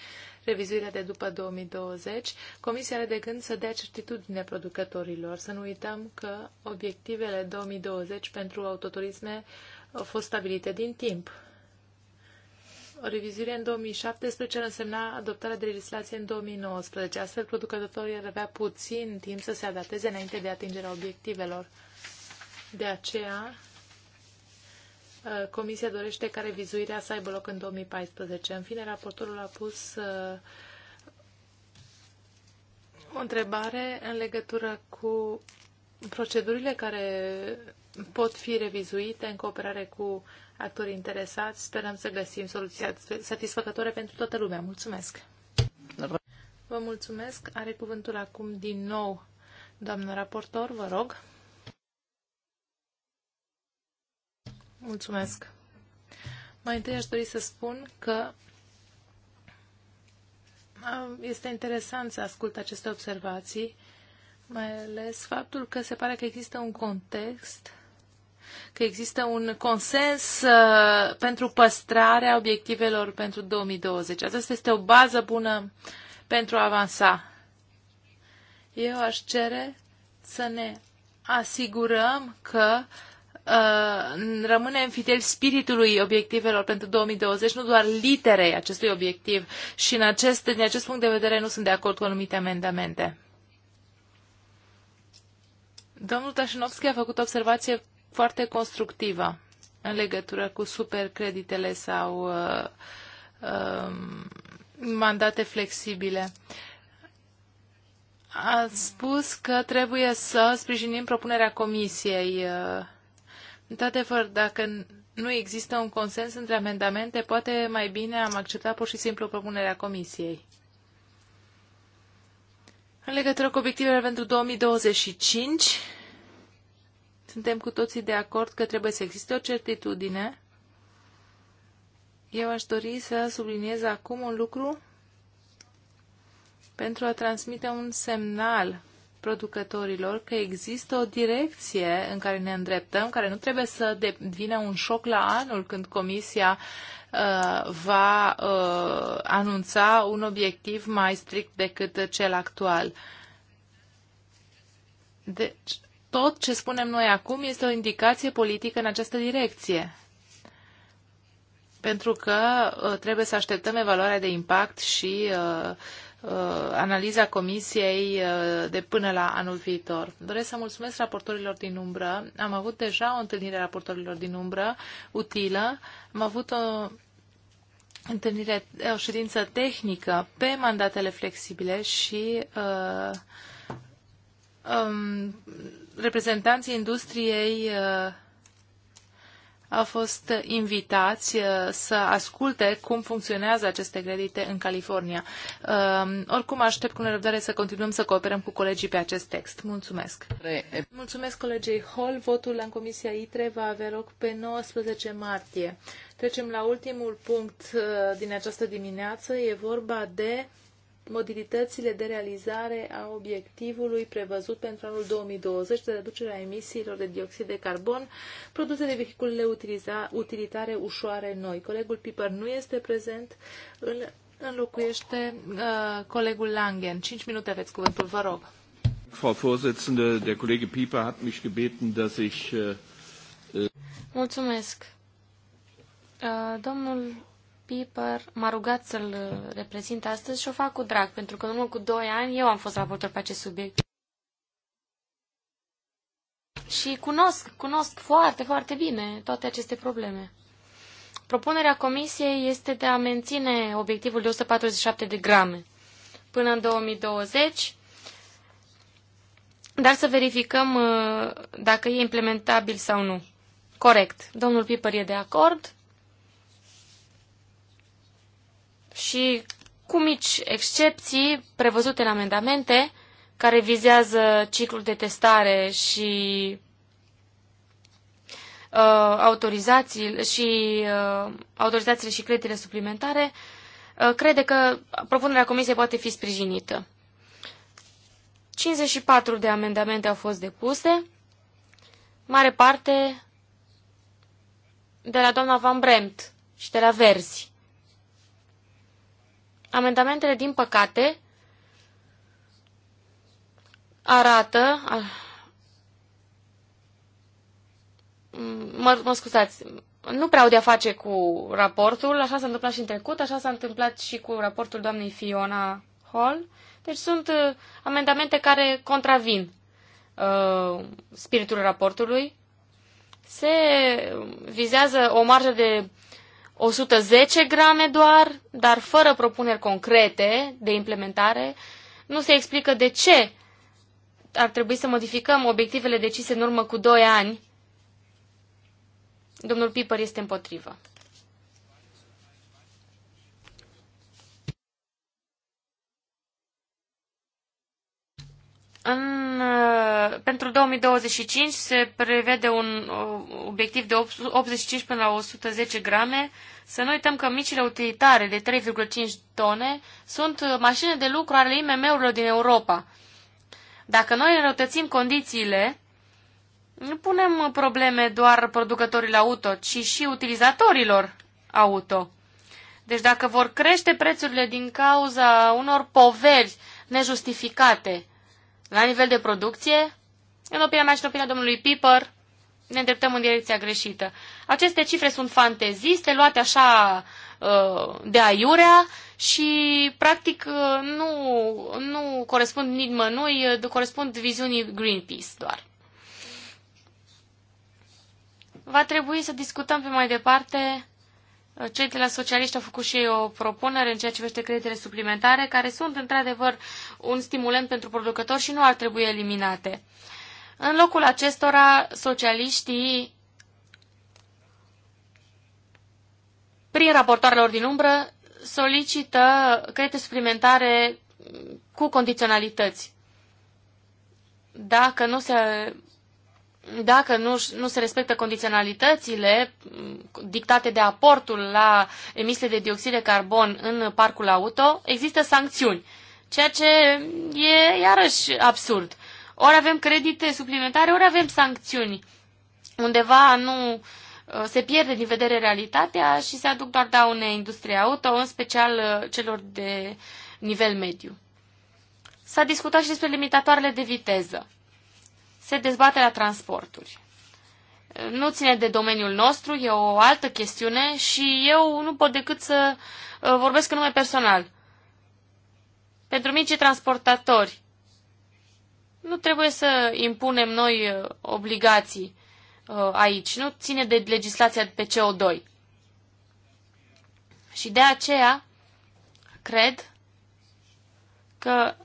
revizuirea de după 2020. Comisia are de gând să dea certitudine producătorilor. Să nu uităm că obiectivele 2020 pentru autoturisme au fost stabilite din timp o revizuire în 2017 ar însemna adoptarea de legislație în 2019. Astfel, producătorii ar avea puțin timp să se adapteze înainte de atingerea obiectivelor. De aceea, uh, Comisia dorește ca revizuirea să aibă loc în 2014. În fine, raportorul a pus uh, o întrebare în legătură cu procedurile care pot fi revizuite în cooperare cu actorii interesați. Sperăm să găsim soluții satisfăcătoare pentru toată lumea. Mulțumesc! Vă mulțumesc. Are cuvântul acum din nou doamnă raportor, vă rog. Mulțumesc. Mai întâi aș dori să spun că este interesant să ascult aceste observații, mai ales faptul că se pare că există un context că există un consens uh, pentru păstrarea obiectivelor pentru 2020. Aceasta este o bază bună pentru a avansa. Eu aș cere să ne asigurăm că uh, rămânem fideli spiritului obiectivelor pentru 2020, nu doar literei acestui obiectiv. Și în acest, din acest punct de vedere nu sunt de acord cu anumite amendamente. Domnul Tașinovski a făcut observație foarte constructivă în legătură cu supercreditele sau uh, uh, mandate flexibile. A spus că trebuie să sprijinim propunerea comisiei. Uh, într-adevăr, dacă nu există un consens între amendamente, poate mai bine am acceptat pur și simplu propunerea comisiei. În legătură cu obiectivele pentru 2025, suntem cu toții de acord că trebuie să existe o certitudine. Eu aș dori să subliniez acum un lucru pentru a transmite un semnal producătorilor că există o direcție în care ne îndreptăm, care nu trebuie să devină un șoc la anul când Comisia uh, va uh, anunța un obiectiv mai strict decât cel actual. Deci, tot ce spunem noi acum este o indicație politică în această direcție. Pentru că uh, trebuie să așteptăm evaluarea de impact și uh, uh, analiza comisiei uh, de până la anul viitor. Doresc să mulțumesc raportorilor din umbră. Am avut deja o întâlnire a raportorilor din umbră utilă. Am avut o întâlnire, o ședință tehnică pe mandatele flexibile și uh, um, reprezentanții industriei uh, au fost invitați uh, să asculte cum funcționează aceste credite în California. Um, oricum, aștept cu nerăbdare să continuăm să cooperăm cu colegii pe acest text. Mulțumesc! Mulțumesc colegii Hall. Votul în Comisia ITRE va avea loc pe 19 martie. Trecem la ultimul punct uh, din această dimineață. E vorba de modalitățile de realizare a obiectivului prevăzut pentru anul 2020 de reducerea emisiilor de dioxid de carbon produse de vehiculele utiliza, utilitare ușoare noi. Colegul Piper nu este prezent, îl înlocuiește uh, colegul Langen. 5 minute aveți cuvântul, vă rog. Frau Vorsitzende, der Kollege Pieper hat mich gebeten, dass ich... Uh, Mulțumesc. Uh, domnul Piper m-a rugat să-l uh, reprezint astăzi și o fac cu drag, pentru că în urmă cu doi ani eu am fost raportor pe acest subiect. Și cunosc, cunosc foarte, foarte bine toate aceste probleme. Propunerea comisiei este de a menține obiectivul de 147 de grame până în 2020, dar să verificăm uh, dacă e implementabil sau nu. Corect. Domnul Piper e de acord. și cu mici excepții prevăzute în amendamente care vizează ciclul de testare și uh, autorizațiile și uh, autorizațiile și creditele suplimentare, uh, crede că propunerea comisiei poate fi sprijinită. 54 de amendamente au fost depuse, mare parte de la doamna Van Bremt și de la Verzi. Amendamentele, din păcate, arată... Mă, mă scuzați, nu prea au de-a face cu raportul, așa s-a întâmplat și în trecut, așa s-a întâmplat și cu raportul doamnei Fiona Hall. Deci sunt uh, amendamente care contravin uh, spiritul raportului. Se vizează o marjă de 110 grame doar, dar fără propuneri concrete de implementare, nu se explică de ce ar trebui să modificăm obiectivele decise în urmă cu 2 ani. Domnul Piper este împotrivă. În, uh, pentru 2025 se prevede un uh, obiectiv de 85 până la 110 grame. Să nu uităm că micile utilitare de 3,5 tone sunt mașini de lucru ale IMM-urilor din Europa. Dacă noi înrăutățim condițiile, nu punem probleme doar producătorilor auto, ci și utilizatorilor auto. Deci dacă vor crește prețurile din cauza unor poveri nejustificate, la nivel de producție, în opinia mea și în opinia domnului Piper, ne îndreptăm în direcția greșită. Aceste cifre sunt fanteziste, luate așa uh, de aiurea și practic uh, nu, nu corespund nimănui, uh, corespund viziunii Greenpeace doar. Va trebui să discutăm pe mai departe cei de la socialiști au făcut și ei o propunere în ceea ce privește creditele suplimentare, care sunt într-adevăr un stimulent pentru producători și nu ar trebui eliminate. În locul acestora, socialiștii, prin raportoarele din umbră, solicită credite suplimentare cu condiționalități. Dacă nu se dacă nu, nu se respectă condiționalitățile dictate de aportul la emisiile de dioxid de carbon în parcul auto, există sancțiuni, ceea ce e iarăși absurd. Ori avem credite suplimentare, ori avem sancțiuni. Undeva nu uh, se pierde din vedere realitatea și se aduc doar daune industriei auto, în special uh, celor de nivel mediu. S-a discutat și despre limitatoarele de viteză se dezbate la transporturi. Nu ține de domeniul nostru, e o altă chestiune și eu nu pot decât să uh, vorbesc în nume personal. Pentru micii transportatori, nu trebuie să impunem noi uh, obligații uh, aici. Nu ține de legislația pe CO2. Și de aceea, cred că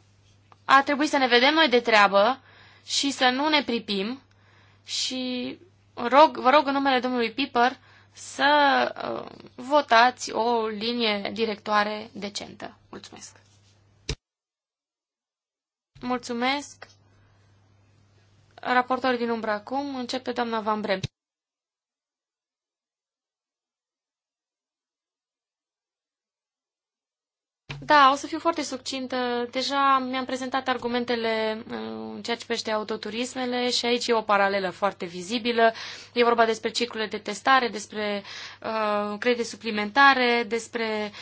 a trebuit să ne vedem noi de treabă și să nu ne pripim și rog, vă rog în numele domnului Piper să uh, votați o linie directoare decentă. Mulțumesc! Mulțumesc! Raportor din umbră acum începe doamna Van Brem. Da, o să fiu foarte succintă. Deja mi-am prezentat argumentele uh, în ceea ce pește autoturismele și aici e o paralelă foarte vizibilă. E vorba despre ciclurile de testare, despre uh, credite suplimentare, despre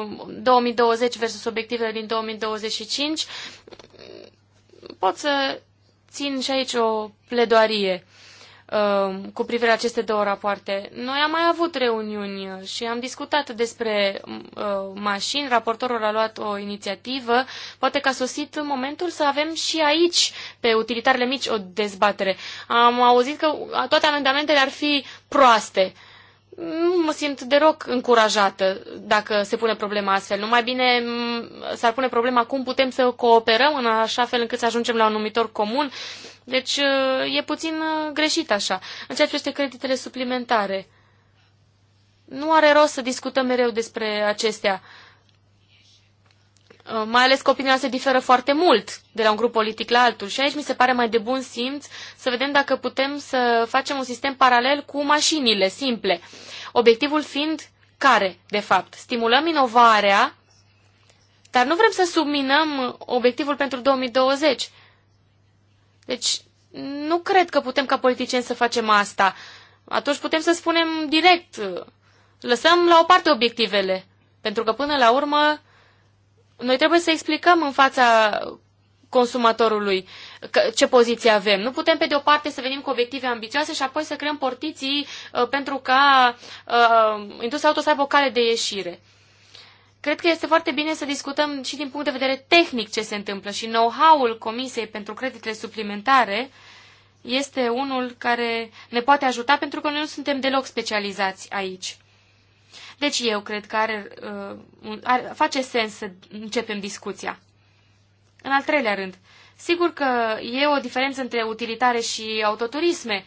uh, 2020 versus obiectivele din 2025. Pot să țin și aici o pledoarie. Uh, Um, cu privire la aceste două rapoarte. Noi am mai avut reuniuni și am discutat despre um, uh, mașini, raportorul a luat o inițiativă, poate că a sosit momentul să avem și aici, pe utilitarele mici, o dezbatere. Am auzit că toate amendamentele ar fi proaste. Uh, nu mă simt deloc încurajată dacă se pune problema astfel. Nu mai bine s-ar pune problema cum putem să cooperăm în așa fel încât să ajungem la un numitor comun. Deci uh, e puțin uh, greșit așa. În ceea ce este creditele suplimentare. Nu are rost să discutăm mereu despre acestea. Uh, Uh, mai ales că opiniile se diferă foarte mult de la un grup politic la altul. Și aici mi se pare mai de bun simț să vedem dacă putem să facem un sistem paralel cu mașinile simple. Obiectivul fiind care, de fapt? Stimulăm inovarea, dar nu vrem să subminăm obiectivul pentru 2020. Deci, nu cred că putem ca politicieni să facem asta. Atunci putem să spunem direct, lăsăm la o parte obiectivele, pentru că până la urmă noi trebuie să explicăm în fața consumatorului ce poziție avem. Nu putem, pe de o parte, să venim cu obiective ambițioase și apoi să creăm portiții uh, pentru ca uh, industria auto să aibă o cale de ieșire. Cred că este foarte bine să discutăm și din punct de vedere tehnic ce se întâmplă și know-how-ul Comisiei pentru creditele suplimentare este unul care ne poate ajuta pentru că noi nu suntem deloc specializați aici. Deci eu cred că are, uh, are, face sens să începem discuția. În al treilea rând, sigur că e o diferență între utilitare și autoturisme.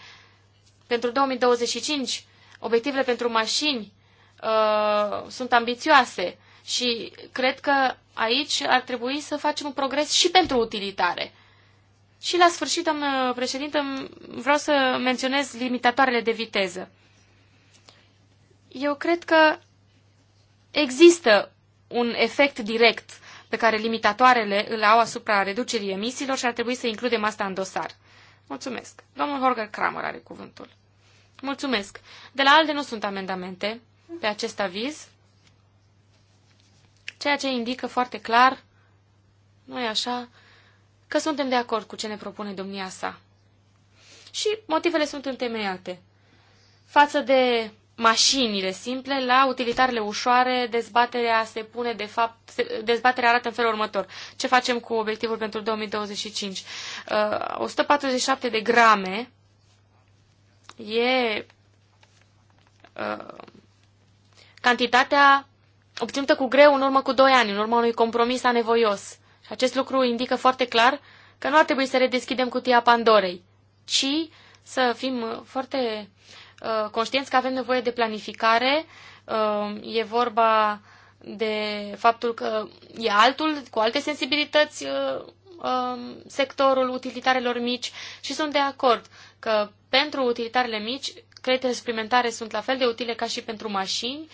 Pentru 2025, obiectivele pentru mașini uh, sunt ambițioase și cred că aici ar trebui să facem un progres și pentru utilitare. Și la sfârșit, am președintă, vreau să menționez limitatoarele de viteză. Eu cred că există un efect direct pe care limitatoarele îl au asupra reducerii emisiilor și ar trebui să includem asta în dosar. Mulțumesc. Domnul Horger Kramer are cuvântul. Mulțumesc. De la ALDE nu sunt amendamente pe acest aviz, ceea ce indică foarte clar, nu e așa, că suntem de acord cu ce ne propune domnia sa. Și motivele sunt întemeiate. Față de mașinile simple la utilitarele ușoare, dezbaterea se pune de fapt, dezbaterea arată în felul următor. Ce facem cu obiectivul pentru 2025? Uh, 147 de grame e uh, cantitatea obținută cu greu în urmă cu 2 ani, în urma unui compromis anevoios. Și acest lucru indică foarte clar că nu ar trebui să redeschidem cutia Pandorei, ci să fim foarte uh, Uh, conștienți că avem nevoie de planificare. Uh, e vorba de faptul că e altul, cu alte sensibilități, uh, um, sectorul utilitarelor mici și sunt de acord că pentru utilitarele mici, creditele suplimentare sunt la fel de utile ca și pentru mașini,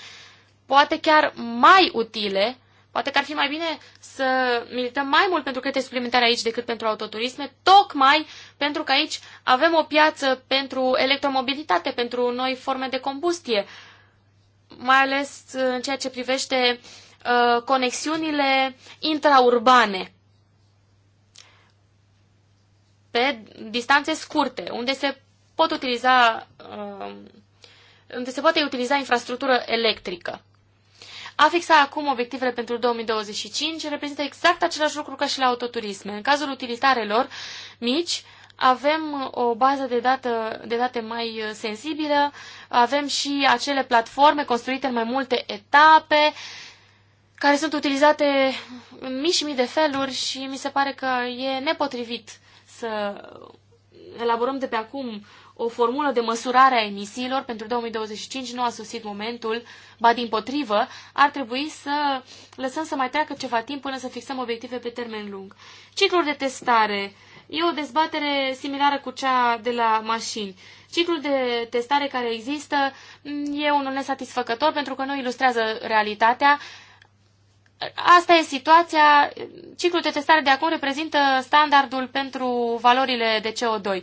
poate chiar mai utile Poate că ar fi mai bine să milităm mai mult pentru crete suplimentare aici decât pentru autoturisme, tocmai pentru că aici avem o piață pentru electromobilitate, pentru noi forme de combustie, mai ales uh, în ceea ce privește uh, conexiunile intraurbane pe distanțe scurte, unde se pot utiliza uh, unde se poate utiliza infrastructură electrică. A fixa acum obiectivele pentru 2025 reprezintă exact același lucru ca și la autoturisme. În cazul utilitarelor mici, avem uh, o bază de, dată, de date mai uh, sensibilă, avem și acele platforme construite în mai multe etape, care sunt utilizate în mii și mii de feluri și mi se pare că e nepotrivit să elaborăm de pe acum o formulă de măsurare a emisiilor pentru 2025 nu a sosit momentul, ba din potrivă, ar trebui să lăsăm să mai treacă ceva timp până să fixăm obiective pe termen lung. Ciclul de testare e o dezbatere similară cu cea de la mașini. Ciclul de testare care există e unul nesatisfăcător pentru că nu ilustrează realitatea, asta e situația. Ciclul de testare de acum reprezintă standardul pentru valorile de CO2.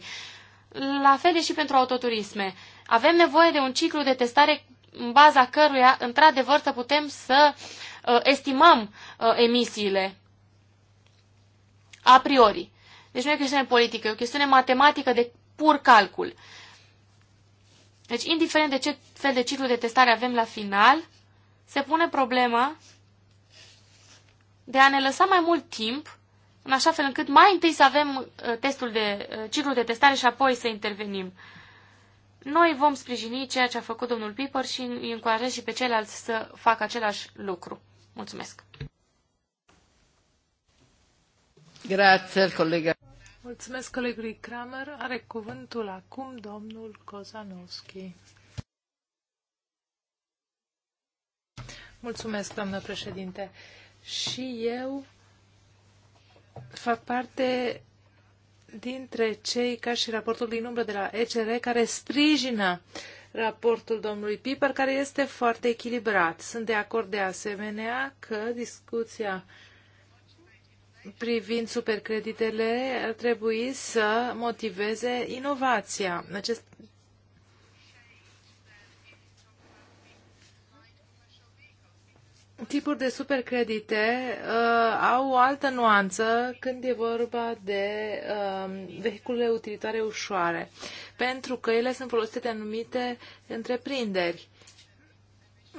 La fel e și pentru autoturisme. Avem nevoie de un ciclu de testare în baza căruia, într-adevăr, să putem să uh, estimăm uh, emisiile a priori. Deci nu e o chestiune politică, e o chestiune matematică de pur calcul. Deci, indiferent de ce fel de ciclu de testare avem la final, se pune problema de a ne lăsa mai mult timp în așa fel încât mai întâi să avem uh, testul de, uh, ciclul de testare și apoi să intervenim. Noi vom sprijini ceea ce a făcut domnul Piper și îi încurajez și pe ceilalți să facă același lucru. Mulțumesc! Grazie, colega. Mulțumesc colegului Kramer. Are cuvântul acum domnul Kozanowski. Mulțumesc, doamnă președinte. Și eu fac parte dintre cei ca și raportul din umbră de la ECR care sprijină raportul domnului Piper, care este foarte echilibrat. Sunt de acord de asemenea că discuția privind supercreditele ar trebui să motiveze inovația. Acest tipuri de supercredite uh, au o altă nuanță când e vorba de uh, vehiculele utilitare ușoare, pentru că ele sunt folosite de anumite întreprinderi.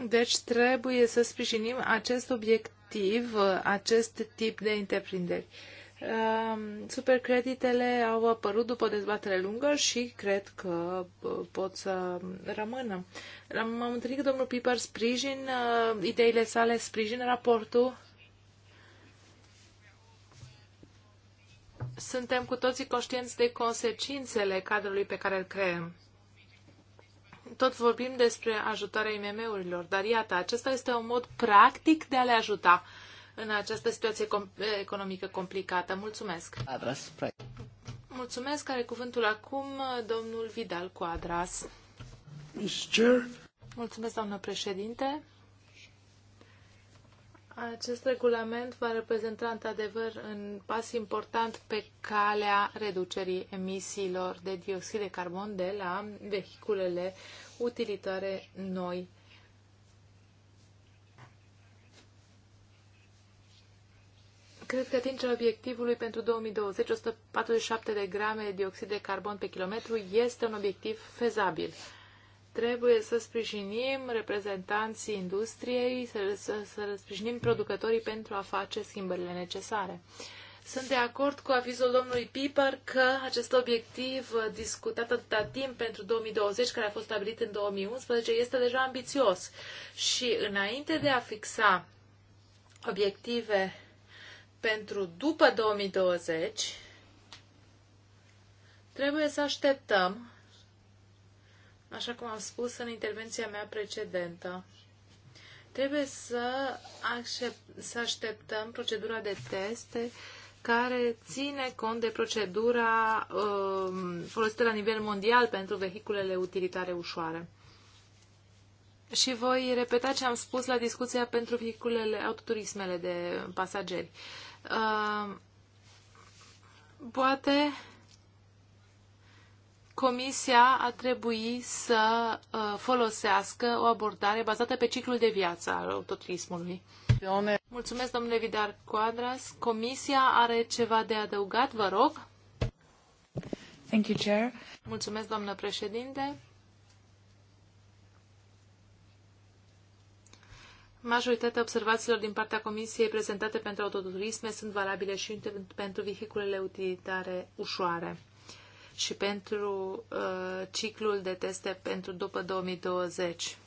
Deci trebuie să sprijinim acest obiectiv, uh, acest tip de întreprinderi. Uh, Ehm, supercreditele au apărut după o dezbatere lungă și cred că pot să rămână. M-am întâlnit cu domnul Piper, sprijin ehm, ideile sale, sprijin raportul. Suntem cu toții conștienți de consecințele cadrului pe care îl creăm. Tot vorbim despre ajutarea IMM-urilor, dar iată, acesta este un mod practic de a le ajuta. Uh, în această situație com- economică complicată. Mulțumesc! Adras, Mulțumesc! Are cuvântul acum domnul Vidal cu adras. Mulțumesc, doamnă președinte! Acest regulament va reprezenta într-adevăr un pas important pe calea reducerii emisiilor de dioxid de carbon de la vehiculele utilitare noi Cred că atingerea obiectivului pentru 2020, 147 de grame de dioxid de carbon pe kilometru, este un obiectiv fezabil. Trebuie să sprijinim reprezentanții industriei, să, să, să sprijinim producătorii pentru a face schimbările necesare. Sunt de acord cu avizul domnului Piper că acest obiectiv uh, discutat atâta timp pentru 2020, care a fost stabilit în 2011, este deja ambițios. Și înainte de a fixa obiective pentru după 2020, trebuie să așteptăm, așa cum am spus în intervenția mea precedentă, trebuie să, accept, să așteptăm procedura de teste care ține cont de procedura um, folosită la nivel mondial pentru vehiculele utilitare ușoare. Și voi repeta ce am spus la discuția pentru vehiculele, autoturismele de pasageri. Uh, Uh, poate Comisia a trebuit să uh, folosească o abordare bazată pe ciclul de viață al autoturismului. Mulțumesc, domnule Vidar Cuadras. Comisia are ceva de adăugat, vă rog. Thank you, Chair. Mulțumesc, doamnă președinte. Majoritatea observațiilor din partea Comisiei prezentate pentru autoturisme sunt valabile și pentru vehiculele utilitare ușoare și pentru uh, ciclul de teste pentru după 2020.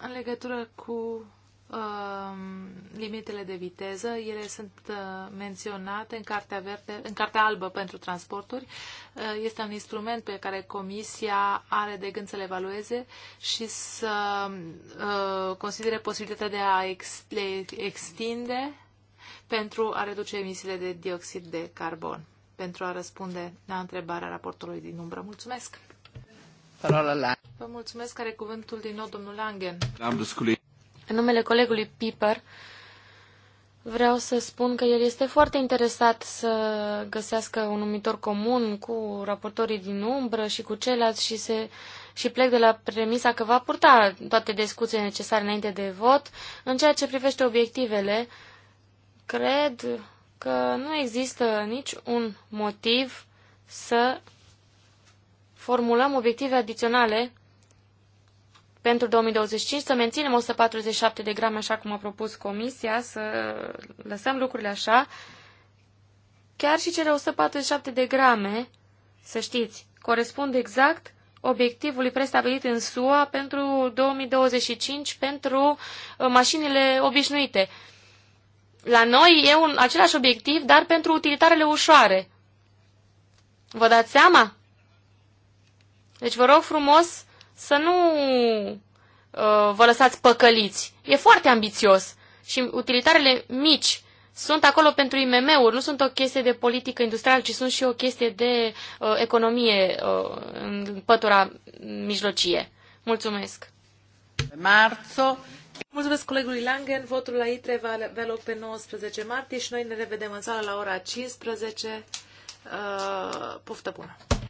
În legătură cu Um, limitele de viteză. Ele sunt uh, menționate în cartea, verde, în cartea albă pentru transporturi. Uh, este un instrument pe care Comisia are de gând să le evalueze și să uh, considere posibilitatea de a le extinde pentru a reduce emisiile de dioxid de carbon. Pentru a răspunde la întrebarea raportului din umbră. Mulțumesc! Vă mulțumesc. Are cuvântul din nou domnul Langen. În numele colegului Piper, vreau să spun că el este foarte interesat să găsească un numitor comun cu raportorii din umbră și cu ceilalți și, se, și plec de la premisa că va purta toate discuțiile necesare înainte de vot. În ceea ce privește obiectivele, cred că nu există nici un motiv să formulăm obiective adiționale pentru 2025 să menținem 147 de grame așa cum a propus comisia, să lăsăm lucrurile așa. Chiar și cele 147 de grame, să știți, corespund exact obiectivului prestabilit în SUA pentru 2025 pentru uh, mașinile obișnuite. La noi e un, același obiectiv, dar pentru utilitarele ușoare. Vă dați seama? Deci vă rog frumos să nu uh, vă lăsați păcăliți. E foarte ambițios și utilitarele mici sunt acolo pentru IMM-uri, nu sunt o chestie de politică industrială, ci sunt și o chestie de uh, economie uh, în pătura mijlocie. Mulțumesc! Marzo. Mulțumesc colegului Langen. Votul la ITRE va avea loc pe 19 martie și noi ne revedem în sală la ora 15. Uh, poftă bună!